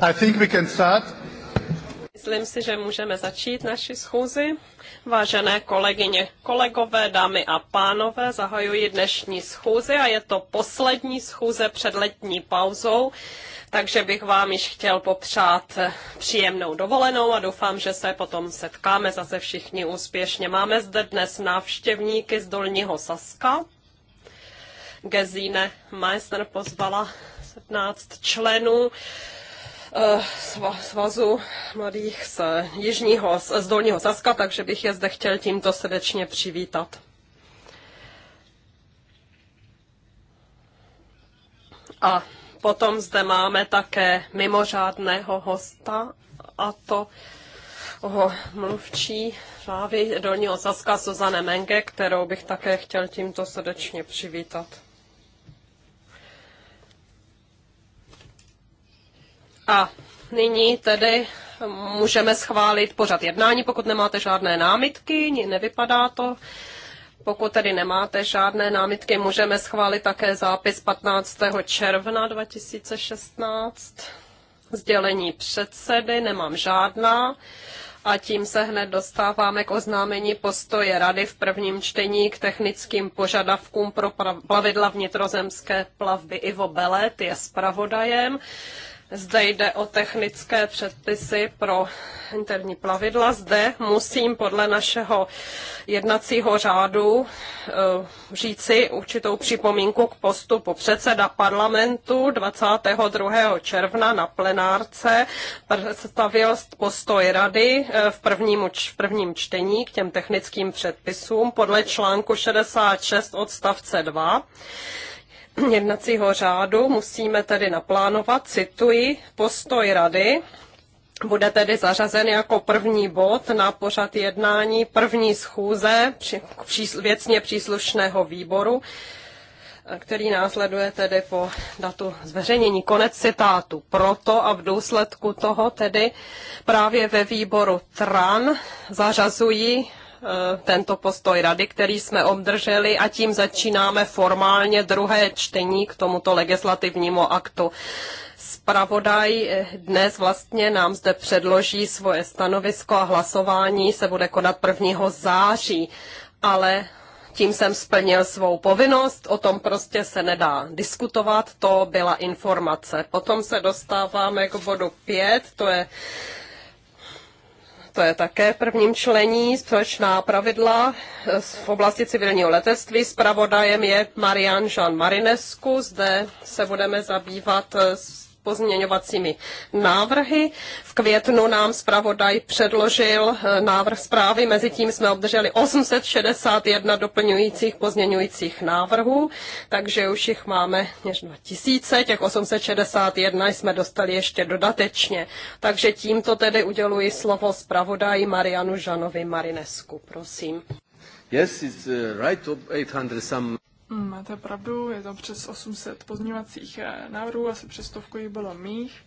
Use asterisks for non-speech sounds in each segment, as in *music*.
I think we can start. Myslím si, že můžeme začít naši schůzi. Vážené kolegyně, kolegové, dámy a pánové, zahajuji dnešní schůzi a je to poslední schůze před letní pauzou, takže bych vám již chtěl popřát příjemnou dovolenou a doufám, že se potom setkáme zase všichni úspěšně. Máme zde dnes návštěvníky z Dolního Saska. Gezíne Meissner pozvala 17 členů Eh, svazu mladých z Jižního, z Dolního Saska, takže bych je zde chtěl tímto srdečně přivítat. A potom zde máme také mimořádného hosta, a to oho, mluvčí Rávy Dolního Saska Suzane Menge, kterou bych také chtěl tímto srdečně přivítat. A nyní tedy můžeme schválit pořad jednání, pokud nemáte žádné námitky, nevypadá to. Pokud tedy nemáte žádné námitky, můžeme schválit také zápis 15. června 2016. Sdělení předsedy nemám žádná. A tím se hned dostáváme k oznámení postoje Rady v prvním čtení k technickým požadavkům pro plavidla vnitrozemské plavby. Ivo Belet je zpravodajem. Zde jde o technické předpisy pro interní plavidla. Zde musím podle našeho jednacího řádu eh, říci určitou připomínku k postupu. Předseda parlamentu 22. června na plenárce představil postoj rady eh, v, prvním, v prvním čtení k těm technickým předpisům podle článku 66 odstavce 2 *clears throat* jednacího řádu musíme tedy naplánovat, cituji, postoj rady bude tedy zařazen jako první bod na pořad jednání první schůze věcně příslušného výboru, který následuje tedy po datu zveřejnění. Konec citátu. Proto a v důsledku toho tedy právě ve výboru TRAN zařazují Eh, tento postoj rady, který jsme obdrželi a tím začínáme formálně druhé čtení k tomuto legislativnímu aktu. Spravodaj eh, dnes vlastně nám zde předloží svoje stanovisko a hlasování se bude konat 1. září, ale tím jsem splnil svou povinnost, o tom prostě se nedá diskutovat, to byla informace. Potom se dostáváme k bodu 5, to je to je také prvním člení, společná pravidla eh, v oblasti civilního letectví. Spravodajem je Marian Jean Marinescu. Zde se budeme zabývat eh, s pozměňovacími návrhy. V květnu nám zpravodaj předložil eh, návrh zprávy, mezi tím jsme obdrželi 861 doplňujících pozměňujících návrhů, takže už jich máme než 2000, těch 861 jsme dostali ještě dodatečně. Takže tímto tedy uděluji slovo zpravodaji Marianu Žanovi Marinesku, prosím. Yes, it's eh, right, 800 some Máte pravdu, je to přes 800 pozměňovacích eh, návrhů, asi přes stovku jich bylo mých.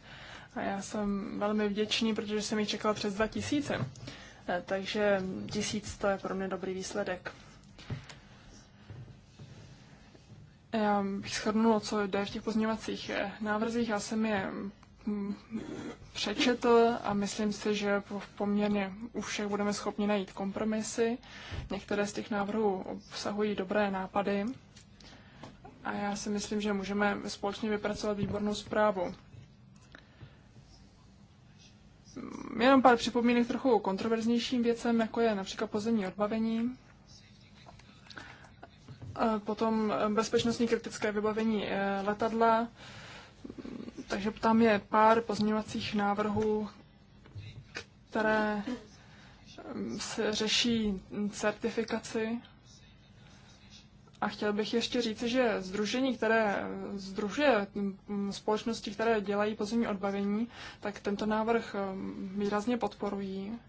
A já jsem velmi vděčný, protože jsem jich čekala přes 2000. Eh, takže tisíc to je pro mě dobrý výsledek. Já bych shrnula, co jde v těch pozměňovacích eh, návrzích. Já jsem je hm, přečetl a myslím si, že v poměrně u všech budeme schopni najít kompromisy. Některé z těch návrhů obsahují dobré nápady a já si myslím, že můžeme společně vypracovat výbornou zprávu. Jenom pár připomínek trochu kontroverznějším věcem, jako je například pozemní odbavení, potom bezpečnostní kritické vybavení eh, letadla, takže tam je pár pozměňovacích návrhů, které mm, se řeší certifikaci a chtěl bych ještě říct, že združení, které združuje mm, mm, společnosti, které dělají pozemní odbavení, tak tento návrh mm, výrazně podporují.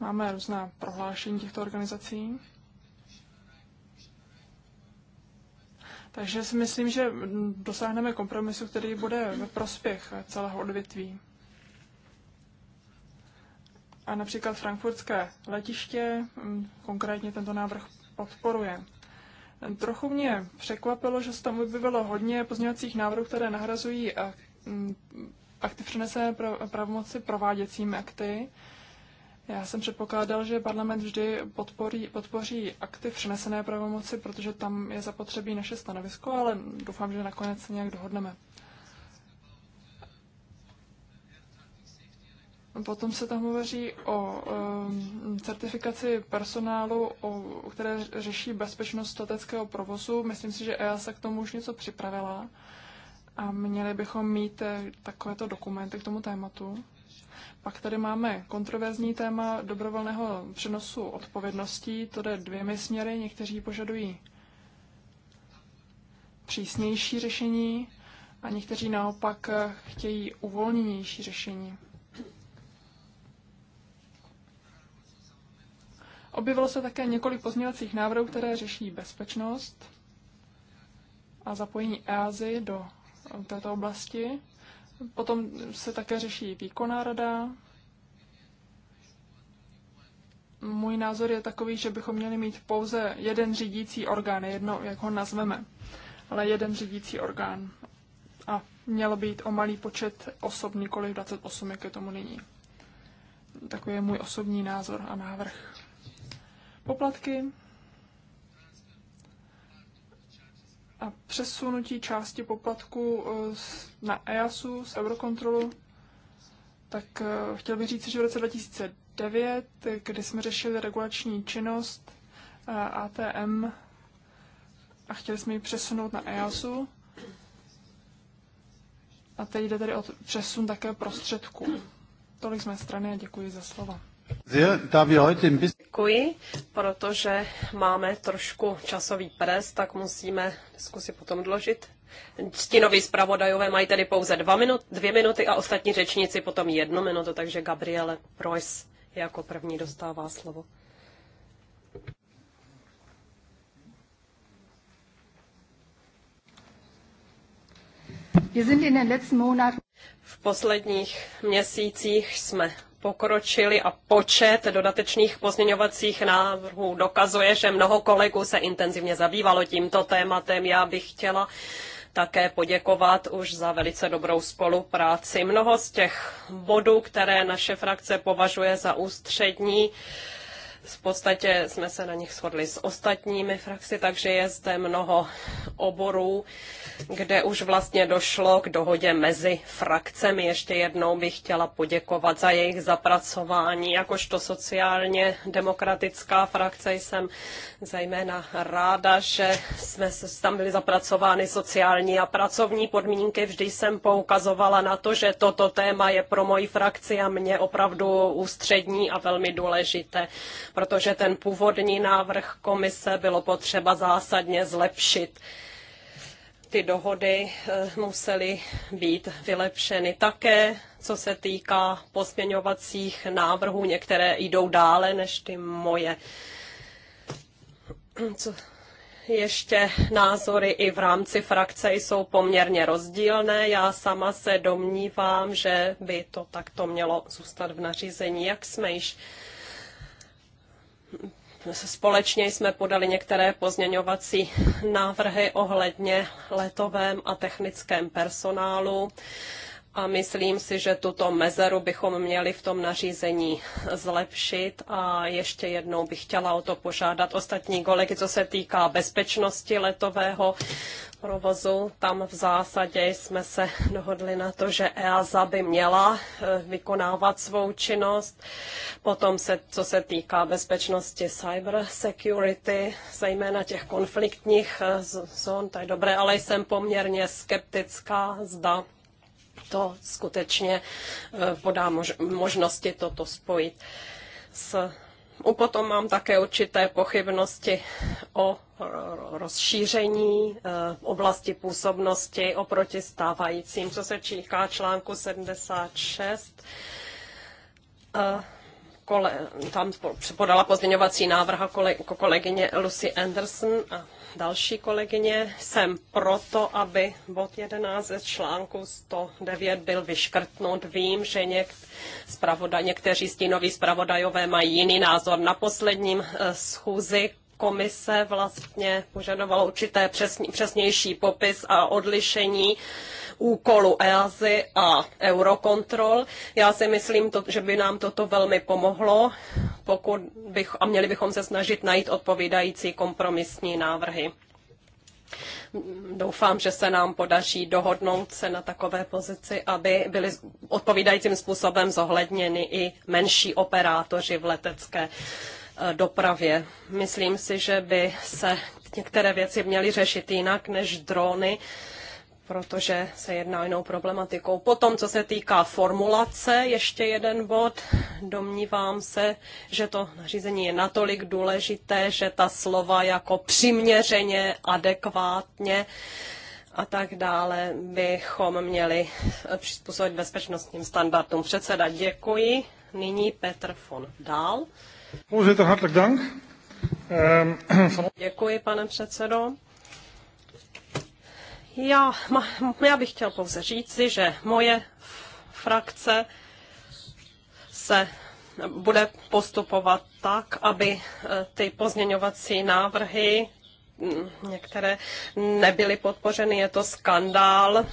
Máme různá prohlášení těchto organizací. Takže si myslím, že dosáhneme kompromisu, který bude ve prospěch celého odvětví. A například frankfurtské letiště, konkrétně tento návrh podporuje. Trochu mě překvapilo, že se tam objevilo hodně pozměňovacích návrhů, které nahrazují eh, mm, akty přenesené pravomoci prováděcím akty. Já jsem předpokládal, že parlament vždy podporí, podpoří akty přenesené pravomoci, protože tam je zapotřebí naše stanovisko, ale doufám, že nakonec se nějak dohodneme. Potom se tam hovoří o um, certifikaci personálu, o, které řeší bezpečnost leteckého provozu. Myslím si, že EASA k tomu už něco připravila a měli bychom mít eh, takovéto dokumenty k tomu tématu. Pak tady máme kontroverzní téma dobrovolného přenosu odpovědností. To jde dvěmi směry. Někteří požadují přísnější řešení a někteří naopak eh, chtějí uvolněnější řešení. Objevilo se také několik pozměňovacích návrhů, které řeší bezpečnost a zapojení EASY do této oblasti. Potom se také řeší výkonná rada. Můj názor je takový, že bychom měli mít pouze jeden řídící orgán, jedno, jak ho nazveme, ale jeden řídící orgán. A mělo být o malý počet osob, nikoli 28, jak je tomu nyní. Takový je můj osobní názor a návrh poplatky a přesunutí části poplatku eh, na EASu z Eurokontrolu, tak eh, chtěl bych říct, že v roce 2009, kdy jsme řešili regulační činnost eh, ATM a chtěli jsme ji přesunout na EASu, a teď jde tedy o přesun také prostředků. Tolik z mé strany a děkuji za slovo. Děkuji, protože máme trošku časový pres, tak musíme diskusi potom dložit. Stinoví zpravodajové mají tedy pouze dva minut, dvě minuty a ostatní řečníci potom jednu minutu, takže Gabriele Preuss jako první dostává slovo. V posledních měsících jsme pokročili a počet dodatečných pozměňovacích návrhů dokazuje, že mnoho kolegů se intenzivně zabývalo tímto tématem. Já bych chtěla také poděkovat už za velice dobrou spolupráci. Mnoho z těch bodů, které naše frakce považuje za ústřední, v podstatě jsme se na nich shodli s ostatními frakci, takže je zde mnoho oborů, kde už vlastně došlo k dohodě mezi frakcemi. Ještě jednou bych chtěla poděkovat za jejich zapracování. Jakožto sociálně demokratická frakce jsem zejména ráda, že jsme tam byly zapracovány sociální a pracovní podmínky. Vždy jsem poukazovala na to, že toto téma je pro moji frakci a mě opravdu ústřední a velmi důležité protože ten původní návrh komise bylo potřeba zásadně zlepšit ty dohody eh, musely být vylepšeny také, co se týká pozměňovacích návrhů. Některé jdou dále než ty moje. Co? Ještě názory i v rámci frakce jsou poměrně rozdílné. Já sama se domnívám, že by to takto mělo zůstat v nařízení, jak jsme již Společně jsme podali některé pozměňovací návrhy ohledně letovém a technickém personálu a myslím si, že tuto mezeru bychom měli v tom nařízení zlepšit a ještě jednou bych chtěla o to požádat ostatní kolegy, co se týká bezpečnosti letového provozu. Tam v zásadě jsme se *laughs* dohodli na to, že EASA by měla eh, vykonávat svou činnost. Potom, se, co se týká bezpečnosti cyber security, zejména těch konfliktních eh, zón, to je dobré, ale jsem poměrně skeptická, zda to skutečně eh, podá možnosti toto spojit s u potom mám také určité pochybnosti o rozšíření eh, oblasti působnosti oproti stávajícím, co se týká článku 76 eh, kole, tam podala pozměňovací návrh kolegyně Lucy Anderson a další kolegyně, jsem proto, aby bod 11 ze článku 109 byl vyškrtnut. Vím, že něk, spravoda, někteří stínoví zpravodajové mají jiný názor. Na posledním eh, schůzi komise vlastně požadovala určité přesně, přesnější popis a odlišení úkolu EASY a Eurocontrol. Já si myslím, to, že by nám toto velmi pomohlo, pokud bych, a měli bychom se snažit najít odpovídající kompromisní návrhy. Doufám, že se nám podaří dohodnout se na takové pozici, aby byly odpovídajícím způsobem zohledněny i menší operátoři v letecké eh, dopravě. Myslím si, že by se některé věci měly řešit jinak než drony. Uh, protože se jedná jinou problematikou. Potom, co se týká formulace, ještě jeden bod. Domnívám se, že to nařízení je natolik důležité, že ta slova jako přiměřeně, adekvátně a tak dále bychom měli přizpůsobit bezpečnostním standardům. Předseda, děkuji. Nyní Petr von Dál. Ehm, *clears throat* děkuji, pane předsedo. Já, já bych chtěl pouze říci, že moje frakce se bude postupovat tak, aby e, ty pozměňovací návrhy některé nebyly podpořeny. Je to skandál e,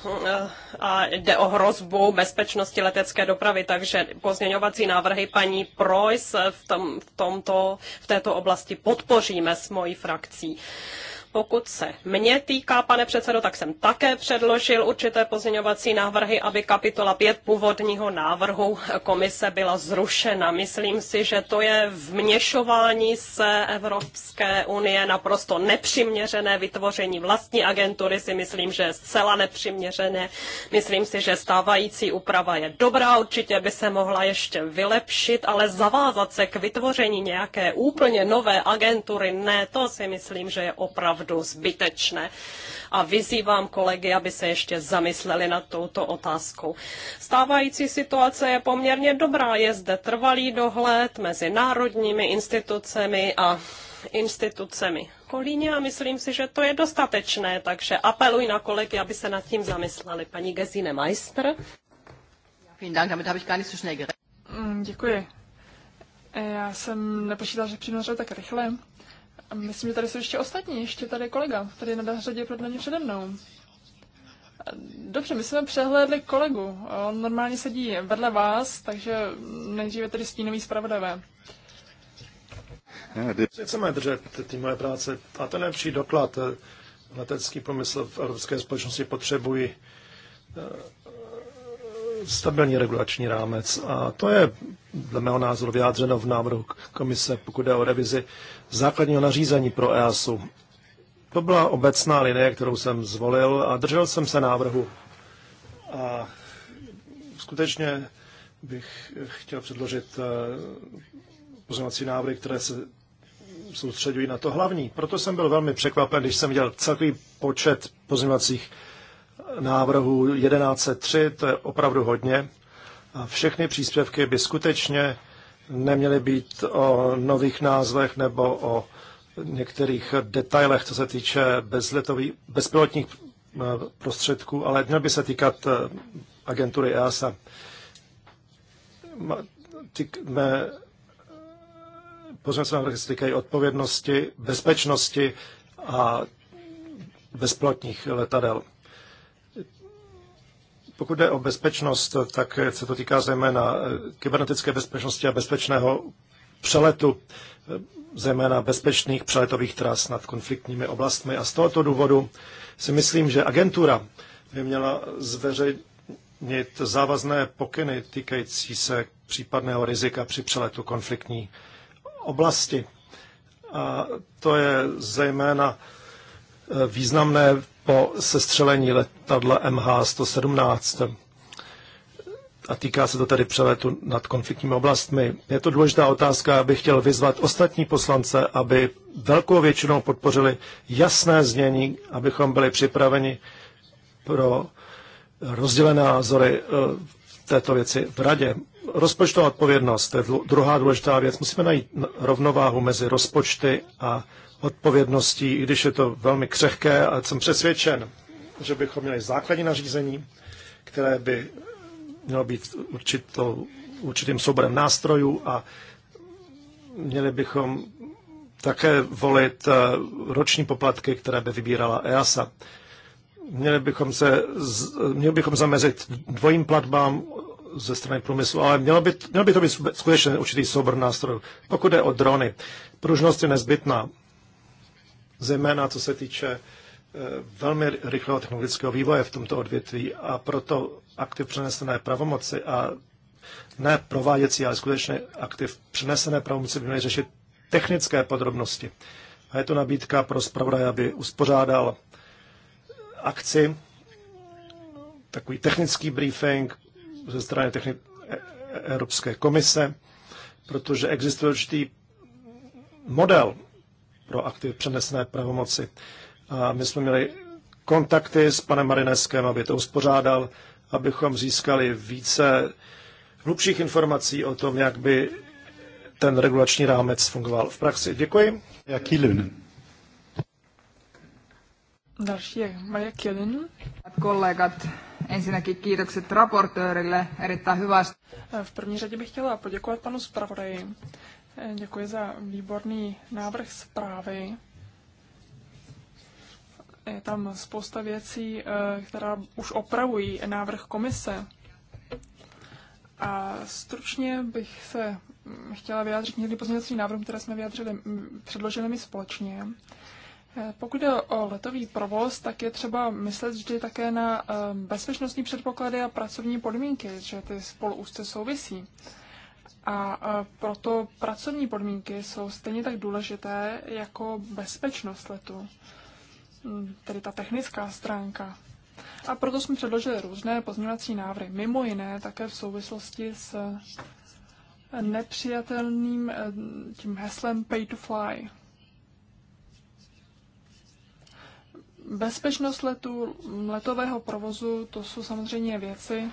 a jde o hrozbu bezpečnosti letecké dopravy, takže pozměňovací návrhy paní Preuss v, tom, v, tomto, v této oblasti podpoříme s mojí frakcí. Pokud se mě týká, pane předsedo, tak jsem také předložil určité pozměňovací návrhy, aby kapitola 5 původního návrhu komise byla zrušena. Myslím si, že to je vměšování se Evropské unie naprosto nepřiměřené vytvoření vlastní agentury si myslím, že je zcela nepřiměřené. Myslím si, že stávající úprava je dobrá, určitě by se mohla ještě vylepšit, ale zavázat se k vytvoření nějaké úplně nové agentury, ne, to si myslím, že je opravdu opravdu zbytečné. A vyzývám kolegy, aby se ještě zamysleli nad touto otázkou. Stávající situace je poměrně dobrá. Je zde trvalý dohled mezi národními institucemi a institucemi Kolíně a myslím si, že to je dostatečné, takže apeluji na kolegy, aby se nad tím zamysleli. Paní Gesine Meister. Děkuji. Já jsem nepočítala, že přijdu tak rychle myslím, že tady jsou ještě ostatní, ještě tady kolega, tady na řadě prodleně přede mnou. Dobře, my jsme přehlédli kolegu. On normálně sedí vedle vás, takže nejdříve tedy stínový zpravodajové. Eh, chceme držet týmové práce a ten nejlepší doklad eh, letecký pomysl v evropské společnosti potřebují eh, stabilní regulační rámec. A to je, dle mého názoru, vyjádřeno v návrhu komise, pokud jde o revizi základního nařízení pro EASu. To byla obecná linie, kterou jsem zvolil a držel jsem se návrhu. A skutečně bych chtěl předložit eh, pozornací návrhy, které se soustředují na to hlavní. Proto jsem byl velmi překvapen, když jsem viděl celkový počet pozměňovacích návrhu 1103, to je opravdu hodně. A všechny příspěvky by skutečně neměly být o nových názvech nebo o některých detailech, co se týče bezpilotních eh, prostředků, ale měl by se týkat eh, agentury EASA. Mé eh, pozměnce návrhy se týkají odpovědnosti, bezpečnosti a bezpilotních letadel. Pokud jde o bezpečnost, tak se to týká zejména eh, kybernetické bezpečnosti a bezpečného přeletu, eh, zejména bezpečných přeletových tras nad konfliktními oblastmi. A z tohoto důvodu si myslím, že agentura by měla zveřejnit závazné pokyny týkající se případného rizika při přeletu konfliktní oblasti. A to je zejména eh, významné po sestřelení letadla MH117. A týká se to tedy přeletu nad konfliktními oblastmi. Je to důležitá otázka, abych chtěl vyzvat ostatní poslance, aby velkou většinou podpořili jasné znění, abychom byli připraveni pro rozdělené názory eh, v této věci v radě. Rozpočtová odpovědnost, to je druhá důležitá věc. Musíme najít rovnováhu mezi rozpočty a odpovědností, i když je to velmi křehké, ale jsem přesvědčen, že bychom měli základní nařízení, které by mělo být určitou, určitým souborem nástrojů a měli bychom také volit eh, roční poplatky, které by vybírala EASA. Měli bychom, se, měli bychom zamezit dvojím platbám ze strany průmyslu, ale mělo by, mělo by to být skutečně určitý soubor nástrojů. Pokud je o drony, pružnost je nezbytná zejména co se týče eh, velmi rychlého technologického vývoje v tomto odvětví a proto aktiv přenesené pravomoci a ne prováděcí, ale skutečně aktiv přenesené pravomoci by měly řešit technické podrobnosti. A je to nabídka pro zpravodaj, aby uspořádal akci, takový technický briefing ze strany techni- e- e- Evropské komise, protože existuje určitý model pro aktiv přenesné pravomoci. A my jsme měli kontakty s panem Marineskem, aby to uspořádal, abychom získali více hlubších informací o tom, jak by ten regulační rámec fungoval v praxi. Děkuji. Jaký lyn? Další je Maria Kielinen. Kolegat, ensinnäkin kiitokset raportöörille erittäin hyvästä. V první řadě bych chtěla poděkovat panu zpravodaji Děkuji za výborný návrh zprávy. Je tam spousta věcí, eh, která už opravují návrh komise. A stručně bych se mm, chtěla vyjádřit někdy pozměňovací návrhům, které jsme vyjádřili, mm, předložili mi společně. Eh, pokud jde o letový provoz, tak je třeba myslet vždy také na eh, bezpečnostní předpoklady a pracovní podmínky, že ty spolu úzce souvisí. A proto pracovní podmínky jsou stejně tak důležité jako bezpečnost letu, tedy ta technická stránka. A proto jsme předložili různé pozměňovací návrhy, mimo jiné také v souvislosti s nepřijatelným eh, tím heslem pay to fly. Bezpečnost letu, letového provozu, to jsou samozřejmě věci,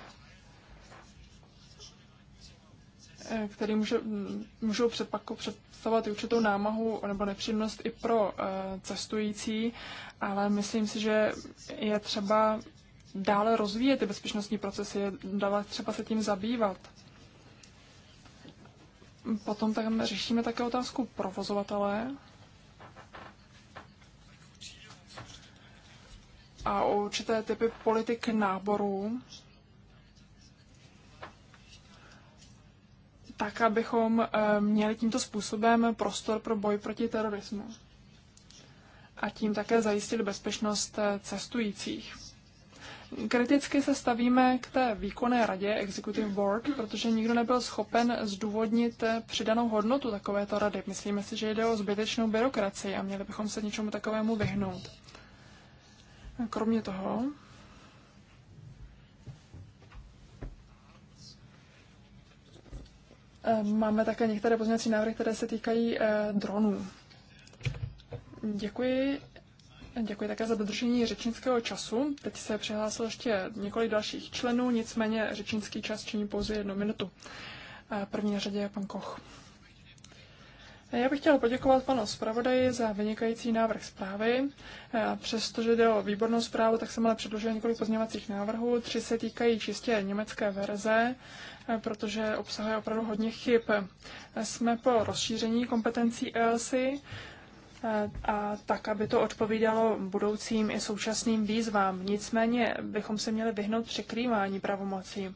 Eh, které může, můžou předpako představovat určitou námahu nebo nepříjemnost i pro eh, cestující, ale myslím si, že je třeba dále rozvíjet ty bezpečnostní procesy, je dále třeba se tím zabývat. Potom tam řešíme také otázku provozovatele. A určité typy politik náborů. tak abychom eh, měli tímto způsobem prostor pro boj proti terorismu. A tím také zajistili bezpečnost eh, cestujících. Kriticky se stavíme k té výkonné radě, Executive Board, protože nikdo nebyl schopen zdůvodnit eh, přidanou hodnotu takovéto rady. Myslíme si, že jde o zbytečnou byrokracii a měli bychom se něčemu takovému vyhnout. Kromě toho, Eh, máme také některé pozměňovací návrhy, které se týkají eh, dronů. Děkuji. Děkuji také za dodržení řečnického času. Teď se přihlásil ještě několik dalších členů, nicméně řečnický čas činí pouze jednu minutu. Eh, první na řadě je pan Koch. Já bych chtěla poděkovat panu zpravodaji za vynikající návrh zprávy. Přestože jde o výbornou zprávu, tak jsem ale předložila několik pozměňovacích návrhů. Tři se týkají čistě německé verze, eh, protože obsahuje opravdu hodně chyb. Jsme po rozšíření kompetencí ELSI a tak, aby to odpovídalo budoucím i současným výzvám. Nicméně bychom se měli vyhnout překrývání pravomocí.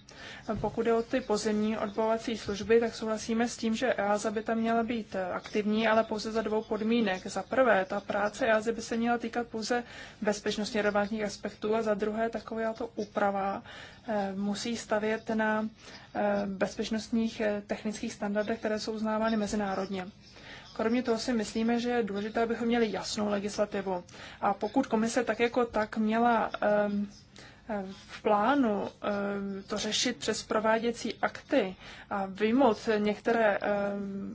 Pokud je o ty pozemní odbovací služby, tak souhlasíme s tím, že EASA by tam měla být aktivní, ale pouze za dvou podmínek. Za prvé, ta práce EASA by se měla týkat pouze bezpečnostně relevantních aspektů a za druhé, taková to úprava eh, musí stavět na eh, bezpečnostních eh, technických standardech, které jsou uznávány mezinárodně. Kromě toho si myslíme, že je důležité, abychom měli jasnou legislativu. A pokud komise tak jako tak měla v plánu to řešit přes prováděcí akty a vyjmout některé,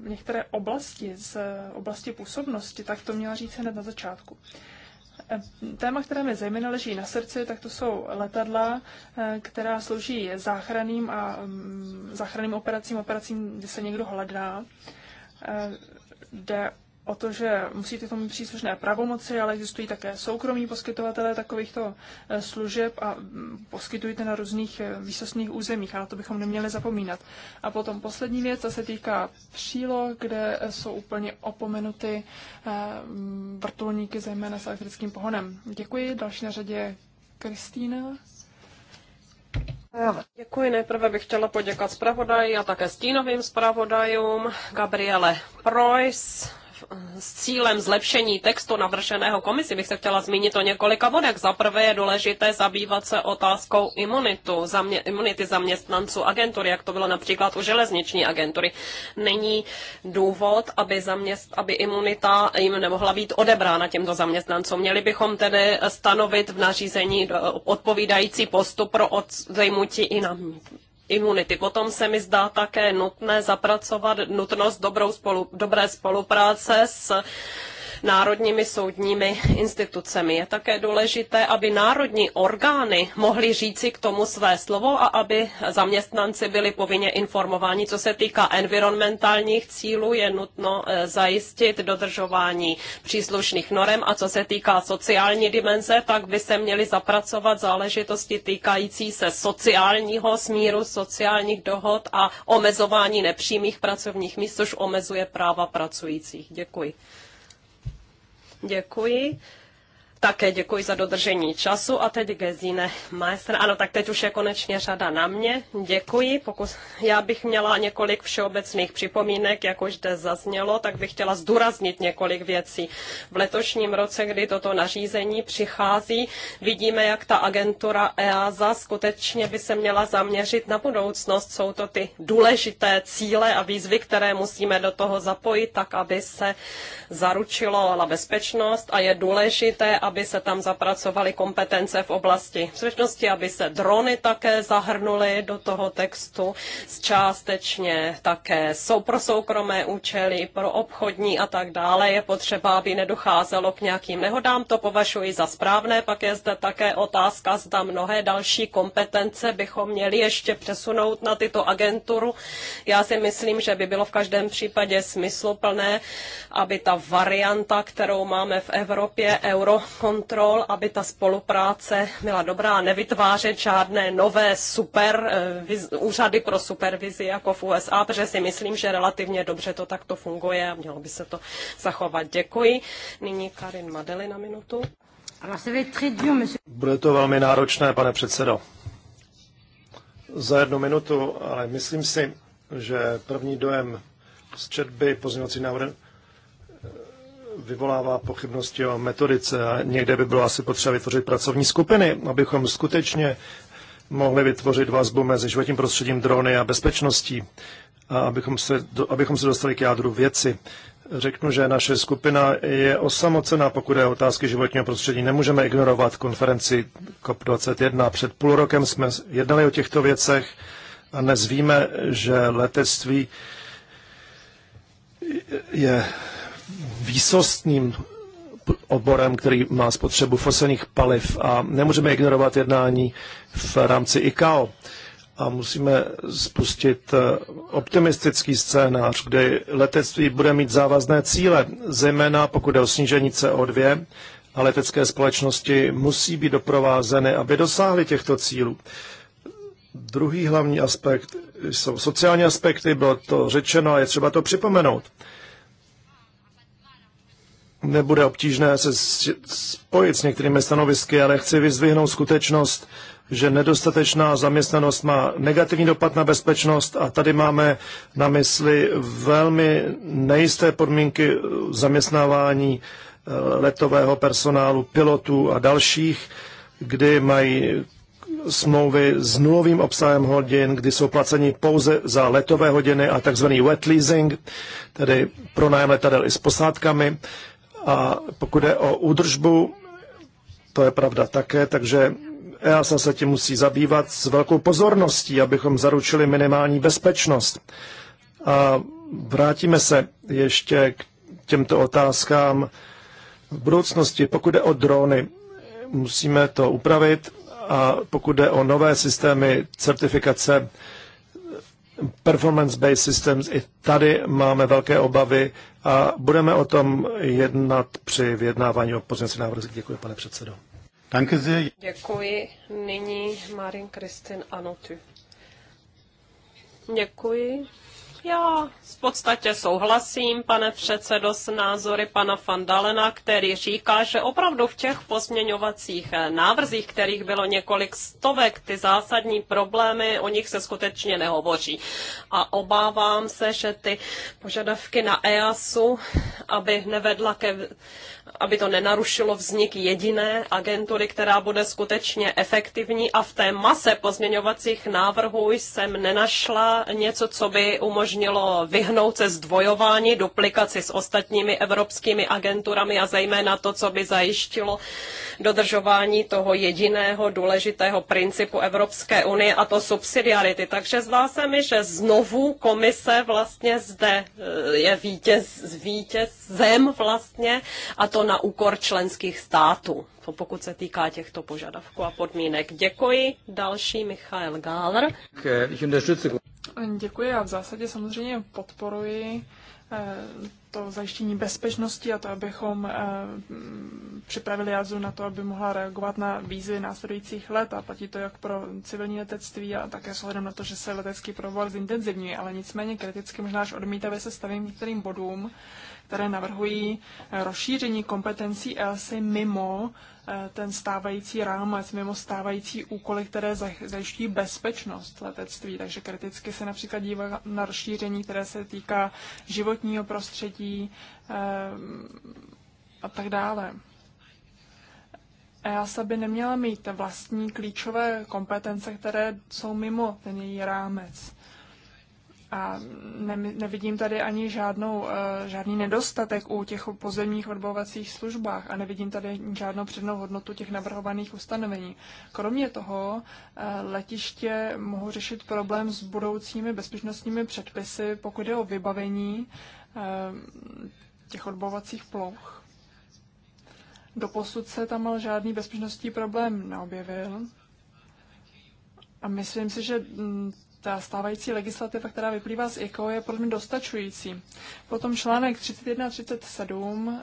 některé oblasti z oblasti působnosti, tak to měla říct hned na začátku. Téma, které mi zejména leží na srdci, tak to jsou letadla, která slouží záchranným a záchranným operacím, operacím, kde se někdo hledá jde o to, že musíte tomu příslušné pravomoci, ale existují také soukromí poskytovatelé takovýchto eh, služeb a mm, poskytujete na různých eh, výsostných územích a na to bychom neměli zapomínat. A potom poslední věc, co se týká příloh, kde eh, jsou úplně opomenuty mm, vrtulníky, zejména s elektrickým pohonem. Děkuji, další na řadě je Kristýna. Děkuji. Nejprve bych chtěla poděkat zpravodaji a také stínovým zpravodajům Gabriele Preuss, s cílem zlepšení textu navrženého komisi bych se chtěla zmínit o několika bodech. Za prvé je důležité zabývat se otázkou imunitu, zamě, imunity zaměstnanců agentury, jak to bylo například u železniční agentury. Není důvod, aby, zaměst, aby imunita jim nemohla být odebrána těmto zaměstnancům. Měli bychom tedy stanovit v nařízení odpovídající postup pro odejmutí i na imunity. Potom se mi zdá také nutné zapracovat nutnost dobrou spolu, dobré spolupráce s národními soudními institucemi. Je také důležité, aby národní orgány mohly říci k tomu své slovo a aby zaměstnanci byli povinně informováni. Co se týká environmentálních cílů, je nutno eh, zajistit dodržování příslušných norem a co se týká sociální dimenze, tak by se měly zapracovat záležitosti týkající se sociálního smíru, sociálních dohod a omezování nepřímých pracovních míst, což omezuje práva pracujících. Děkuji. Děkuji. Také děkuji za dodržení času a teď Gezine Maestr. Ano, tak teď už je konečně řada na mě. Děkuji. Pokud já bych měla několik všeobecných připomínek, jak už zde zaznělo, tak bych chtěla zdůraznit několik věcí. V letošním roce, kdy toto nařízení přichází, vidíme, jak ta agentura EASA skutečně by se měla zaměřit na budoucnost. Jsou to ty důležité cíle a výzvy, které musíme do toho zapojit, tak aby se zaručilo bezpečnost a je důležité, aby aby se tam zapracovaly kompetence v oblasti bezpečnosti, aby se drony také zahrnuly do toho textu, částečně také jsou pro soukromé účely, pro obchodní a tak dále. Je potřeba, aby nedocházelo k nějakým nehodám, to považuji za správné. Pak je zde také otázka, zda mnohé další kompetence bychom měli ještě přesunout na tyto agenturu. Já si myslím, že by bylo v každém případě smysluplné, aby ta varianta, kterou máme v Evropě, euro kontrol, aby ta spolupráce byla dobrá a nevytvářet žádné nové super eh, úřady pro supervizi jako v USA, protože si myslím, že relativně dobře to takto funguje a mělo by se to zachovat. Děkuji. Nyní Karin Madeli na minutu. Bude to velmi náročné, pane předsedo. Za jednu minutu, ale myslím si, že první dojem z četby pozměňovací návrh vyvolává pochybnosti o metodice a někde by bylo asi potřeba vytvořit pracovní skupiny, abychom skutečně mohli vytvořit vazbu mezi životním prostředím drony a bezpečností, a abychom, se, abychom se dostali k jádru věci. Řeknu, že naše skupina je osamocená, pokud je otázky životního prostředí. Nemůžeme ignorovat konferenci COP21. Před půl rokem jsme jednali o těchto věcech a dnes víme, že letectví je výsostným oborem, který má spotřebu fosilních paliv a nemůžeme ignorovat jednání v rámci ICAO. A musíme spustit eh, optimistický scénář, kde letectví bude mít závazné cíle, zejména pokud je o snížení CO2, a letecké společnosti musí být doprovázeny, aby dosáhly těchto cílů. Druhý hlavní aspekt jsou sociální aspekty, bylo to řečeno a je třeba to připomenout nebude obtížné se spojit s některými stanovisky, ale chci vyzvihnout skutečnost, že nedostatečná zaměstnanost má negativní dopad na bezpečnost a tady máme na mysli velmi nejisté podmínky zaměstnávání eh, letového personálu, pilotů a dalších, kdy mají smlouvy s nulovým obsahem hodin, kdy jsou placeni pouze za letové hodiny a takzvaný wet leasing, tedy pronájem letadel i s posádkami. A pokud je o údržbu, to je pravda také, takže EASA se tím musí zabývat s velkou pozorností, abychom zaručili minimální bezpečnost. A vrátíme se ještě k těmto otázkám v budoucnosti. Pokud jde o drony, musíme to upravit a pokud jde o nové systémy certifikace, performance-based systems. I tady máme velké obavy a budeme o tom jednat při vyjednávání o pozměnci návrhu. Děkuji, pane předsedo. Děkuji. Nyní Marin Kristin Anotu. Děkuji. Já v podstatě souhlasím, pane předsedo, s názory pana Fandalena, který říká, že opravdu v těch pozměňovacích eh, návrzích, kterých bylo několik stovek, ty zásadní problémy, o nich se skutečně nehovoří. A obávám se, že ty požadavky na EASu, aby nevedla ke aby to nenarušilo vznik jediné agentury, která bude skutečně efektivní a v té mase pozměňovacích návrhů jsem nenašla něco, co by umožnilo vyhnout se zdvojování, duplikaci s ostatními evropskými agenturami a zejména to, co by zajištilo dodržování toho jediného důležitého principu Evropské unie a to subsidiarity. Takže zdá se mi, že znovu komise vlastně zde eh, je vítěz, vítězem vlastně a to na úkor členských států, pokud se týká těchto požadavků a podmínek. Děkuji. Další Michael Gáler. Děkuji a v zásadě samozřejmě podporuji eh, to zajištění bezpečnosti a to, abychom eh, připravili jazu na to, aby mohla reagovat na výzvy následujících let a platí to jak pro civilní letectví a také s ohledem na to, že se letecký provoz zintenzivňuje, ale nicméně kriticky možná až odmítavě se stavím některým bodům, které navrhují eh, rozšíření kompetencí ELSI mimo eh, ten stávající rámec, mimo stávající úkoly, které zajišťují bezpečnost letectví. Takže kriticky se například dívá na rozšíření, které se týká životního prostředí eh, a tak dále. EASA by neměla mít vlastní klíčové kompetence, které jsou mimo ten její rámec. A ne, nevidím tady ani žádnou, eh, žádný nedostatek u těch pozemních odbovacích službách a nevidím tady žádnou přednou hodnotu těch navrhovaných ustanovení. Kromě toho eh, letiště mohou řešit problém s budoucími bezpečnostními předpisy, pokud je o vybavení eh, těch odbovacích ploch. Doposud se tam ale žádný bezpečnostní problém neobjevil. A myslím si, že mm, ta stávající legislativa, která vyplývá z ICAO, je podle mě dostačující. Potom článek 31 a 37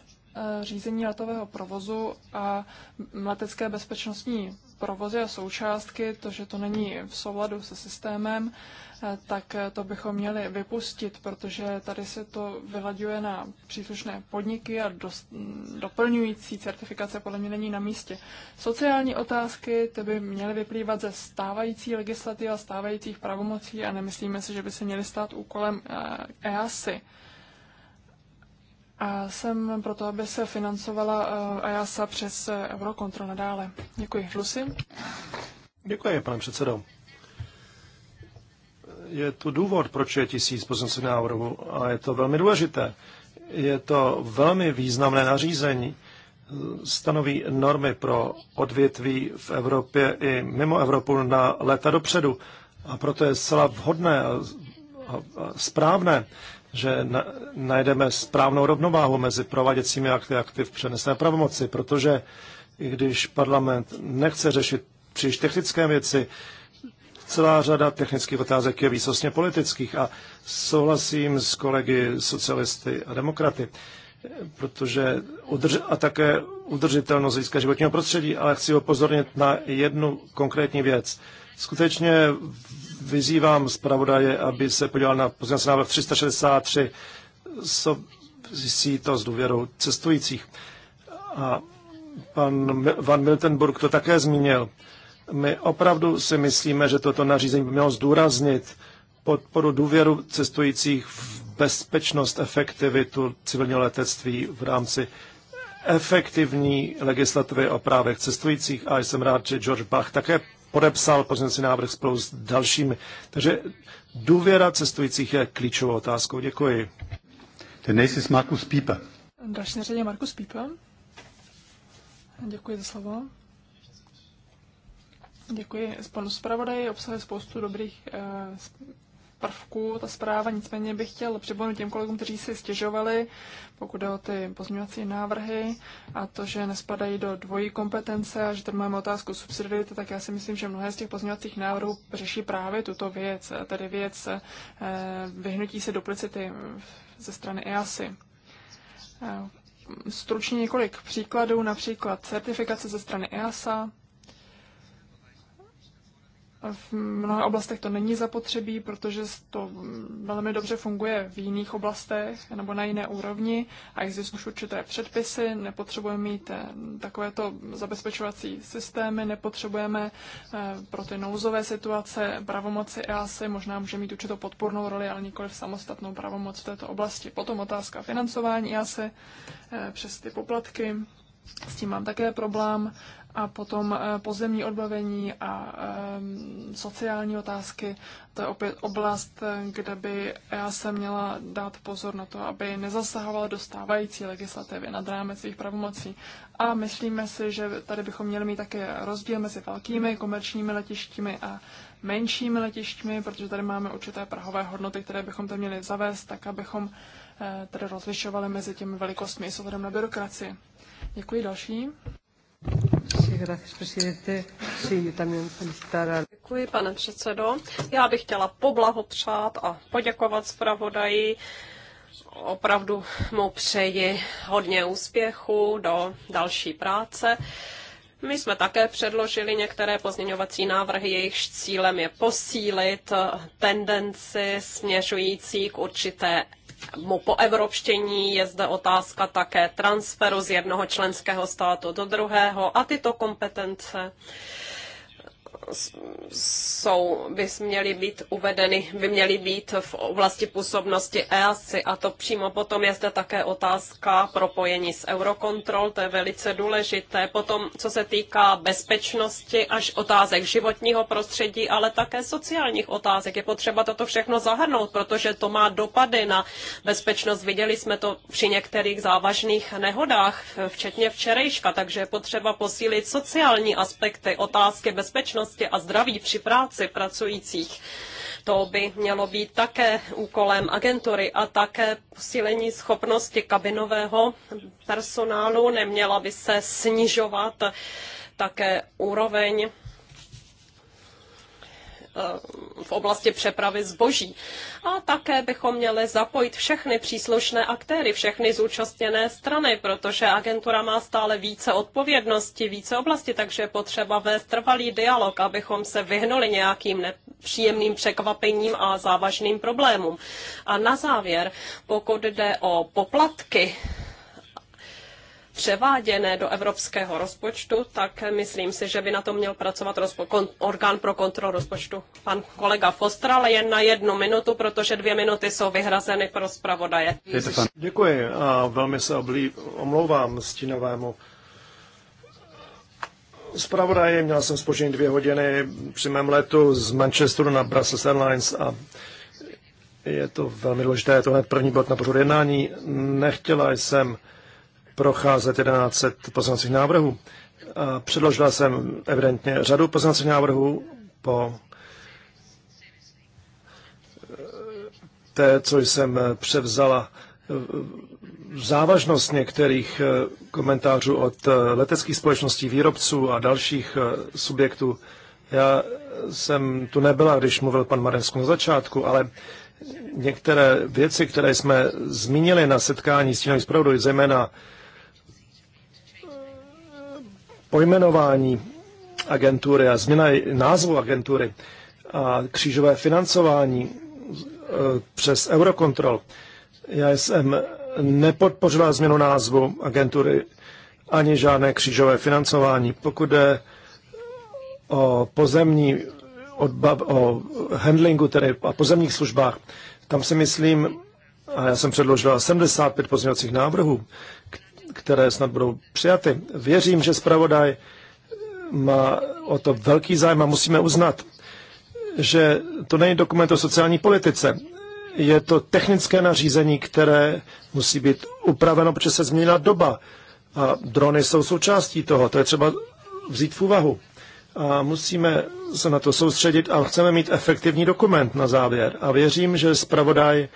řízení letového provozu a letecké bezpečnostní provozy a součástky, to, že to není v souladu se systémem, eh, tak eh, to bychom měli vypustit, protože tady se to vyladuje na příslušné podniky a dost, mm, doplňující certifikace podle mě není na místě. Sociální otázky ty by měly vyplývat ze stávající legislativy a stávajících pravomocí a nemyslíme si, že by se měly stát úkolem eh, EASY. Eh, a jsem proto, aby se financovala EASA eh, e přes eh, Eurokontrol nadále. Děkuji. Lucy? Děkuji, pane předsedo. Je tu důvod, proč je tisíc pozemců návrhů a je to velmi důležité. Je to velmi významné nařízení. Stanoví normy pro odvětví v Evropě i mimo Evropu na léta dopředu. A proto je zcela vhodné a správné, že na, najdeme správnou rovnováhu mezi prováděcími akty a aktiv přenesené pravomoci, protože i když parlament nechce řešit příliš technické věci, celá řada technických otázek je výsostně politických a souhlasím s kolegy socialisty a demokraty, protože udrž- a také udržitelnost získá životního prostředí, ale chci upozornit na jednu konkrétní věc. Skutečně vyzývám zpravodaje, aby se podíval na pozměnací návrh 363, si to s důvěrou cestujících. A pan Van Miltenburg to také zmínil. My opravdu si myslíme, že toto nařízení by mělo zdůraznit podporu důvěru cestujících v bezpečnost, efektivitu civilního letectví v rámci efektivní legislativy o právech cestujících a jsem rád, že George Bach také podepsal pozměňovací návrh spolu s dalšími. Takže důvěra cestujících je klíčovou otázkou. Děkuji. Ten nejsi Markus Pípe. Další na řadě Markus Pípe. Děkuji za slovo. Děkuji panu zpravodaji, obsahuje spoustu dobrých eh, prvků ta zpráva, nicméně bych chtěl připomenout těm kolegům, kteří si stěžovali, pokud jde o ty pozměňovací návrhy a to, že nespadají do dvojí kompetence a že tady máme otázku subsidiarity, tak já si myslím, že mnohé z těch pozměňovacích návrhů řeší právě tuto věc, tedy věc eh, vyhnutí se duplicity ze strany EASY. Eh, stručně několik příkladů, například certifikace ze strany EASA, v mnoha oblastech to není zapotřebí, protože to velmi dobře funguje v jiných oblastech nebo na jiné úrovni a existují už určité předpisy, nepotřebujeme mít eh, takovéto zabezpečovací systémy, nepotřebujeme eh, pro ty nouzové situace pravomoci EASY, možná může mít určitou podpornou roli, ale nikoli v samostatnou pravomoc v této oblasti. Potom otázka financování EASY eh, přes ty poplatky, s tím mám také problém. A potom eh, pozemní odbavení a ehm, sociální otázky. To je opět oblast, eh, kde by já se měla dát pozor na to, aby nezasahovala do stávající legislativy nad rámec svých pravomocí. A myslíme si, že tady bychom měli mít také rozdíl mezi velkými komerčními letištími a menšími letištími, protože tady máme určité prahové hodnoty, které bychom tam měli zavést, tak abychom eh, tady rozlišovali mezi těmi velikostmi s ohledem na byrokracii. Děkuji další. Děkuji, pane předsedo. Já bych chtěla poblahopřát a poděkovat zpravodaji. Opravdu mu přeji hodně úspěchu do další práce. My jsme také předložili některé pozměňovací návrhy, jejichž cílem je posílit tendenci směřující k určité po evropštění je zde otázka také transferu z jednoho členského státu do druhého a tyto kompetence jsou, by měly být uvedeny, by měly být v oblasti působnosti EASI a to přímo potom je zde také otázka propojení s Eurocontrol, to je velice důležité. Potom, co se týká bezpečnosti až otázek životního prostředí, ale také sociálních otázek, je potřeba toto všechno zahrnout, protože to má dopady na bezpečnost. Viděli jsme to při některých závažných nehodách, včetně včerejška, takže je potřeba posílit sociální aspekty, otázky bezpečnosti bezpečnosti a zdraví při práci pracujících. To by mělo být také úkolem agentury a také posílení schopnosti kabinového personálu. Neměla by se snižovat také úroveň Eh, v oblasti přepravy zboží. A také bychom měli zapojit všechny příslušné aktéry, všechny zúčastněné strany, protože agentura má stále více odpovědnosti, více oblasti, takže je potřeba vést trvalý dialog, abychom se vyhnuli nějakým příjemným překvapením a závažným problémům. A na závěr, pokud jde o poplatky, převáděné do evropského rozpočtu, tak myslím si, že by na to měl pracovat rozpo- orgán pro kontrolu rozpočtu. Pan kolega Foster, ale jen na jednu minutu, protože dvě minuty jsou vyhrazeny pro zpravodaje. Děkuji a velmi se oblí- omlouvám stínovému zpravodaji. Měl jsem spožení dvě hodiny při mém letu z Manchesteru na Brussels Airlines a je to velmi důležité, je to hned první bod na pořád jednání. Nechtěla jsem procházet 11 poznacích návrhů. předložila jsem evidentně řadu poznacích návrhů po té, co jsem převzala závažnost některých komentářů od leteckých společností, výrobců a dalších subjektů. Já jsem tu nebyla, když mluvil pan Marensko na začátku, ale některé věci, které jsme zmínili na setkání s tím zpravodaj, zejména pojmenování agentury a změna názvu agentury a křížové financování e, přes Eurocontrol. Já jsem nepodpořila změnu názvu agentury ani žádné křížové financování. Pokud jde o pozemní odbav, o handlingu tedy a pozemních službách, tam si myslím, a já jsem předložila 75 pozměňovacích návrhů, které snad budou přijaty. Věřím, že zpravodaj má o to velký zájem a musíme uznat, že to není dokument o sociální politice. Je to technické nařízení, které musí být upraveno, protože se změnila doba. A drony jsou součástí toho, to je třeba vzít v úvahu. A musíme se na to soustředit a chceme mít efektivní dokument na závěr. A věřím, že zpravodaj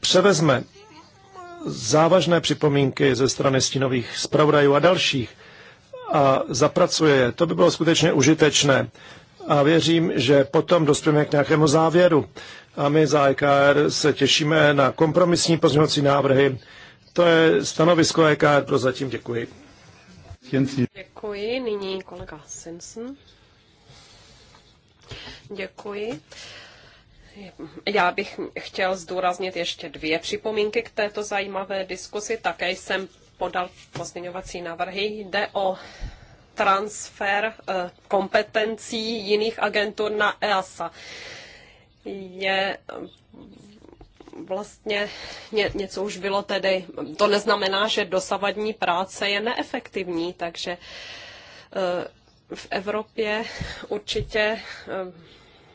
převezme závažné připomínky ze strany stínových zpravodajů a dalších a zapracuje je. To by bylo skutečně užitečné. A věřím, že potom dospěme k nějakému závěru. A my za EKR se těšíme na kompromisní pozměňovací návrhy. To je stanovisko EKR pro zatím. Děkuji. Děkuji. Nyní kolega Simpson. Děkuji. Já bych chtěl zdůraznit ještě dvě připomínky k této zajímavé diskusi. Také jsem podal pozměňovací návrhy. Jde o transfer eh, kompetencí jiných agentur na EASA. Je eh, vlastně ně, něco už bylo tedy, to neznamená, že dosavadní práce je neefektivní, takže eh, v Evropě určitě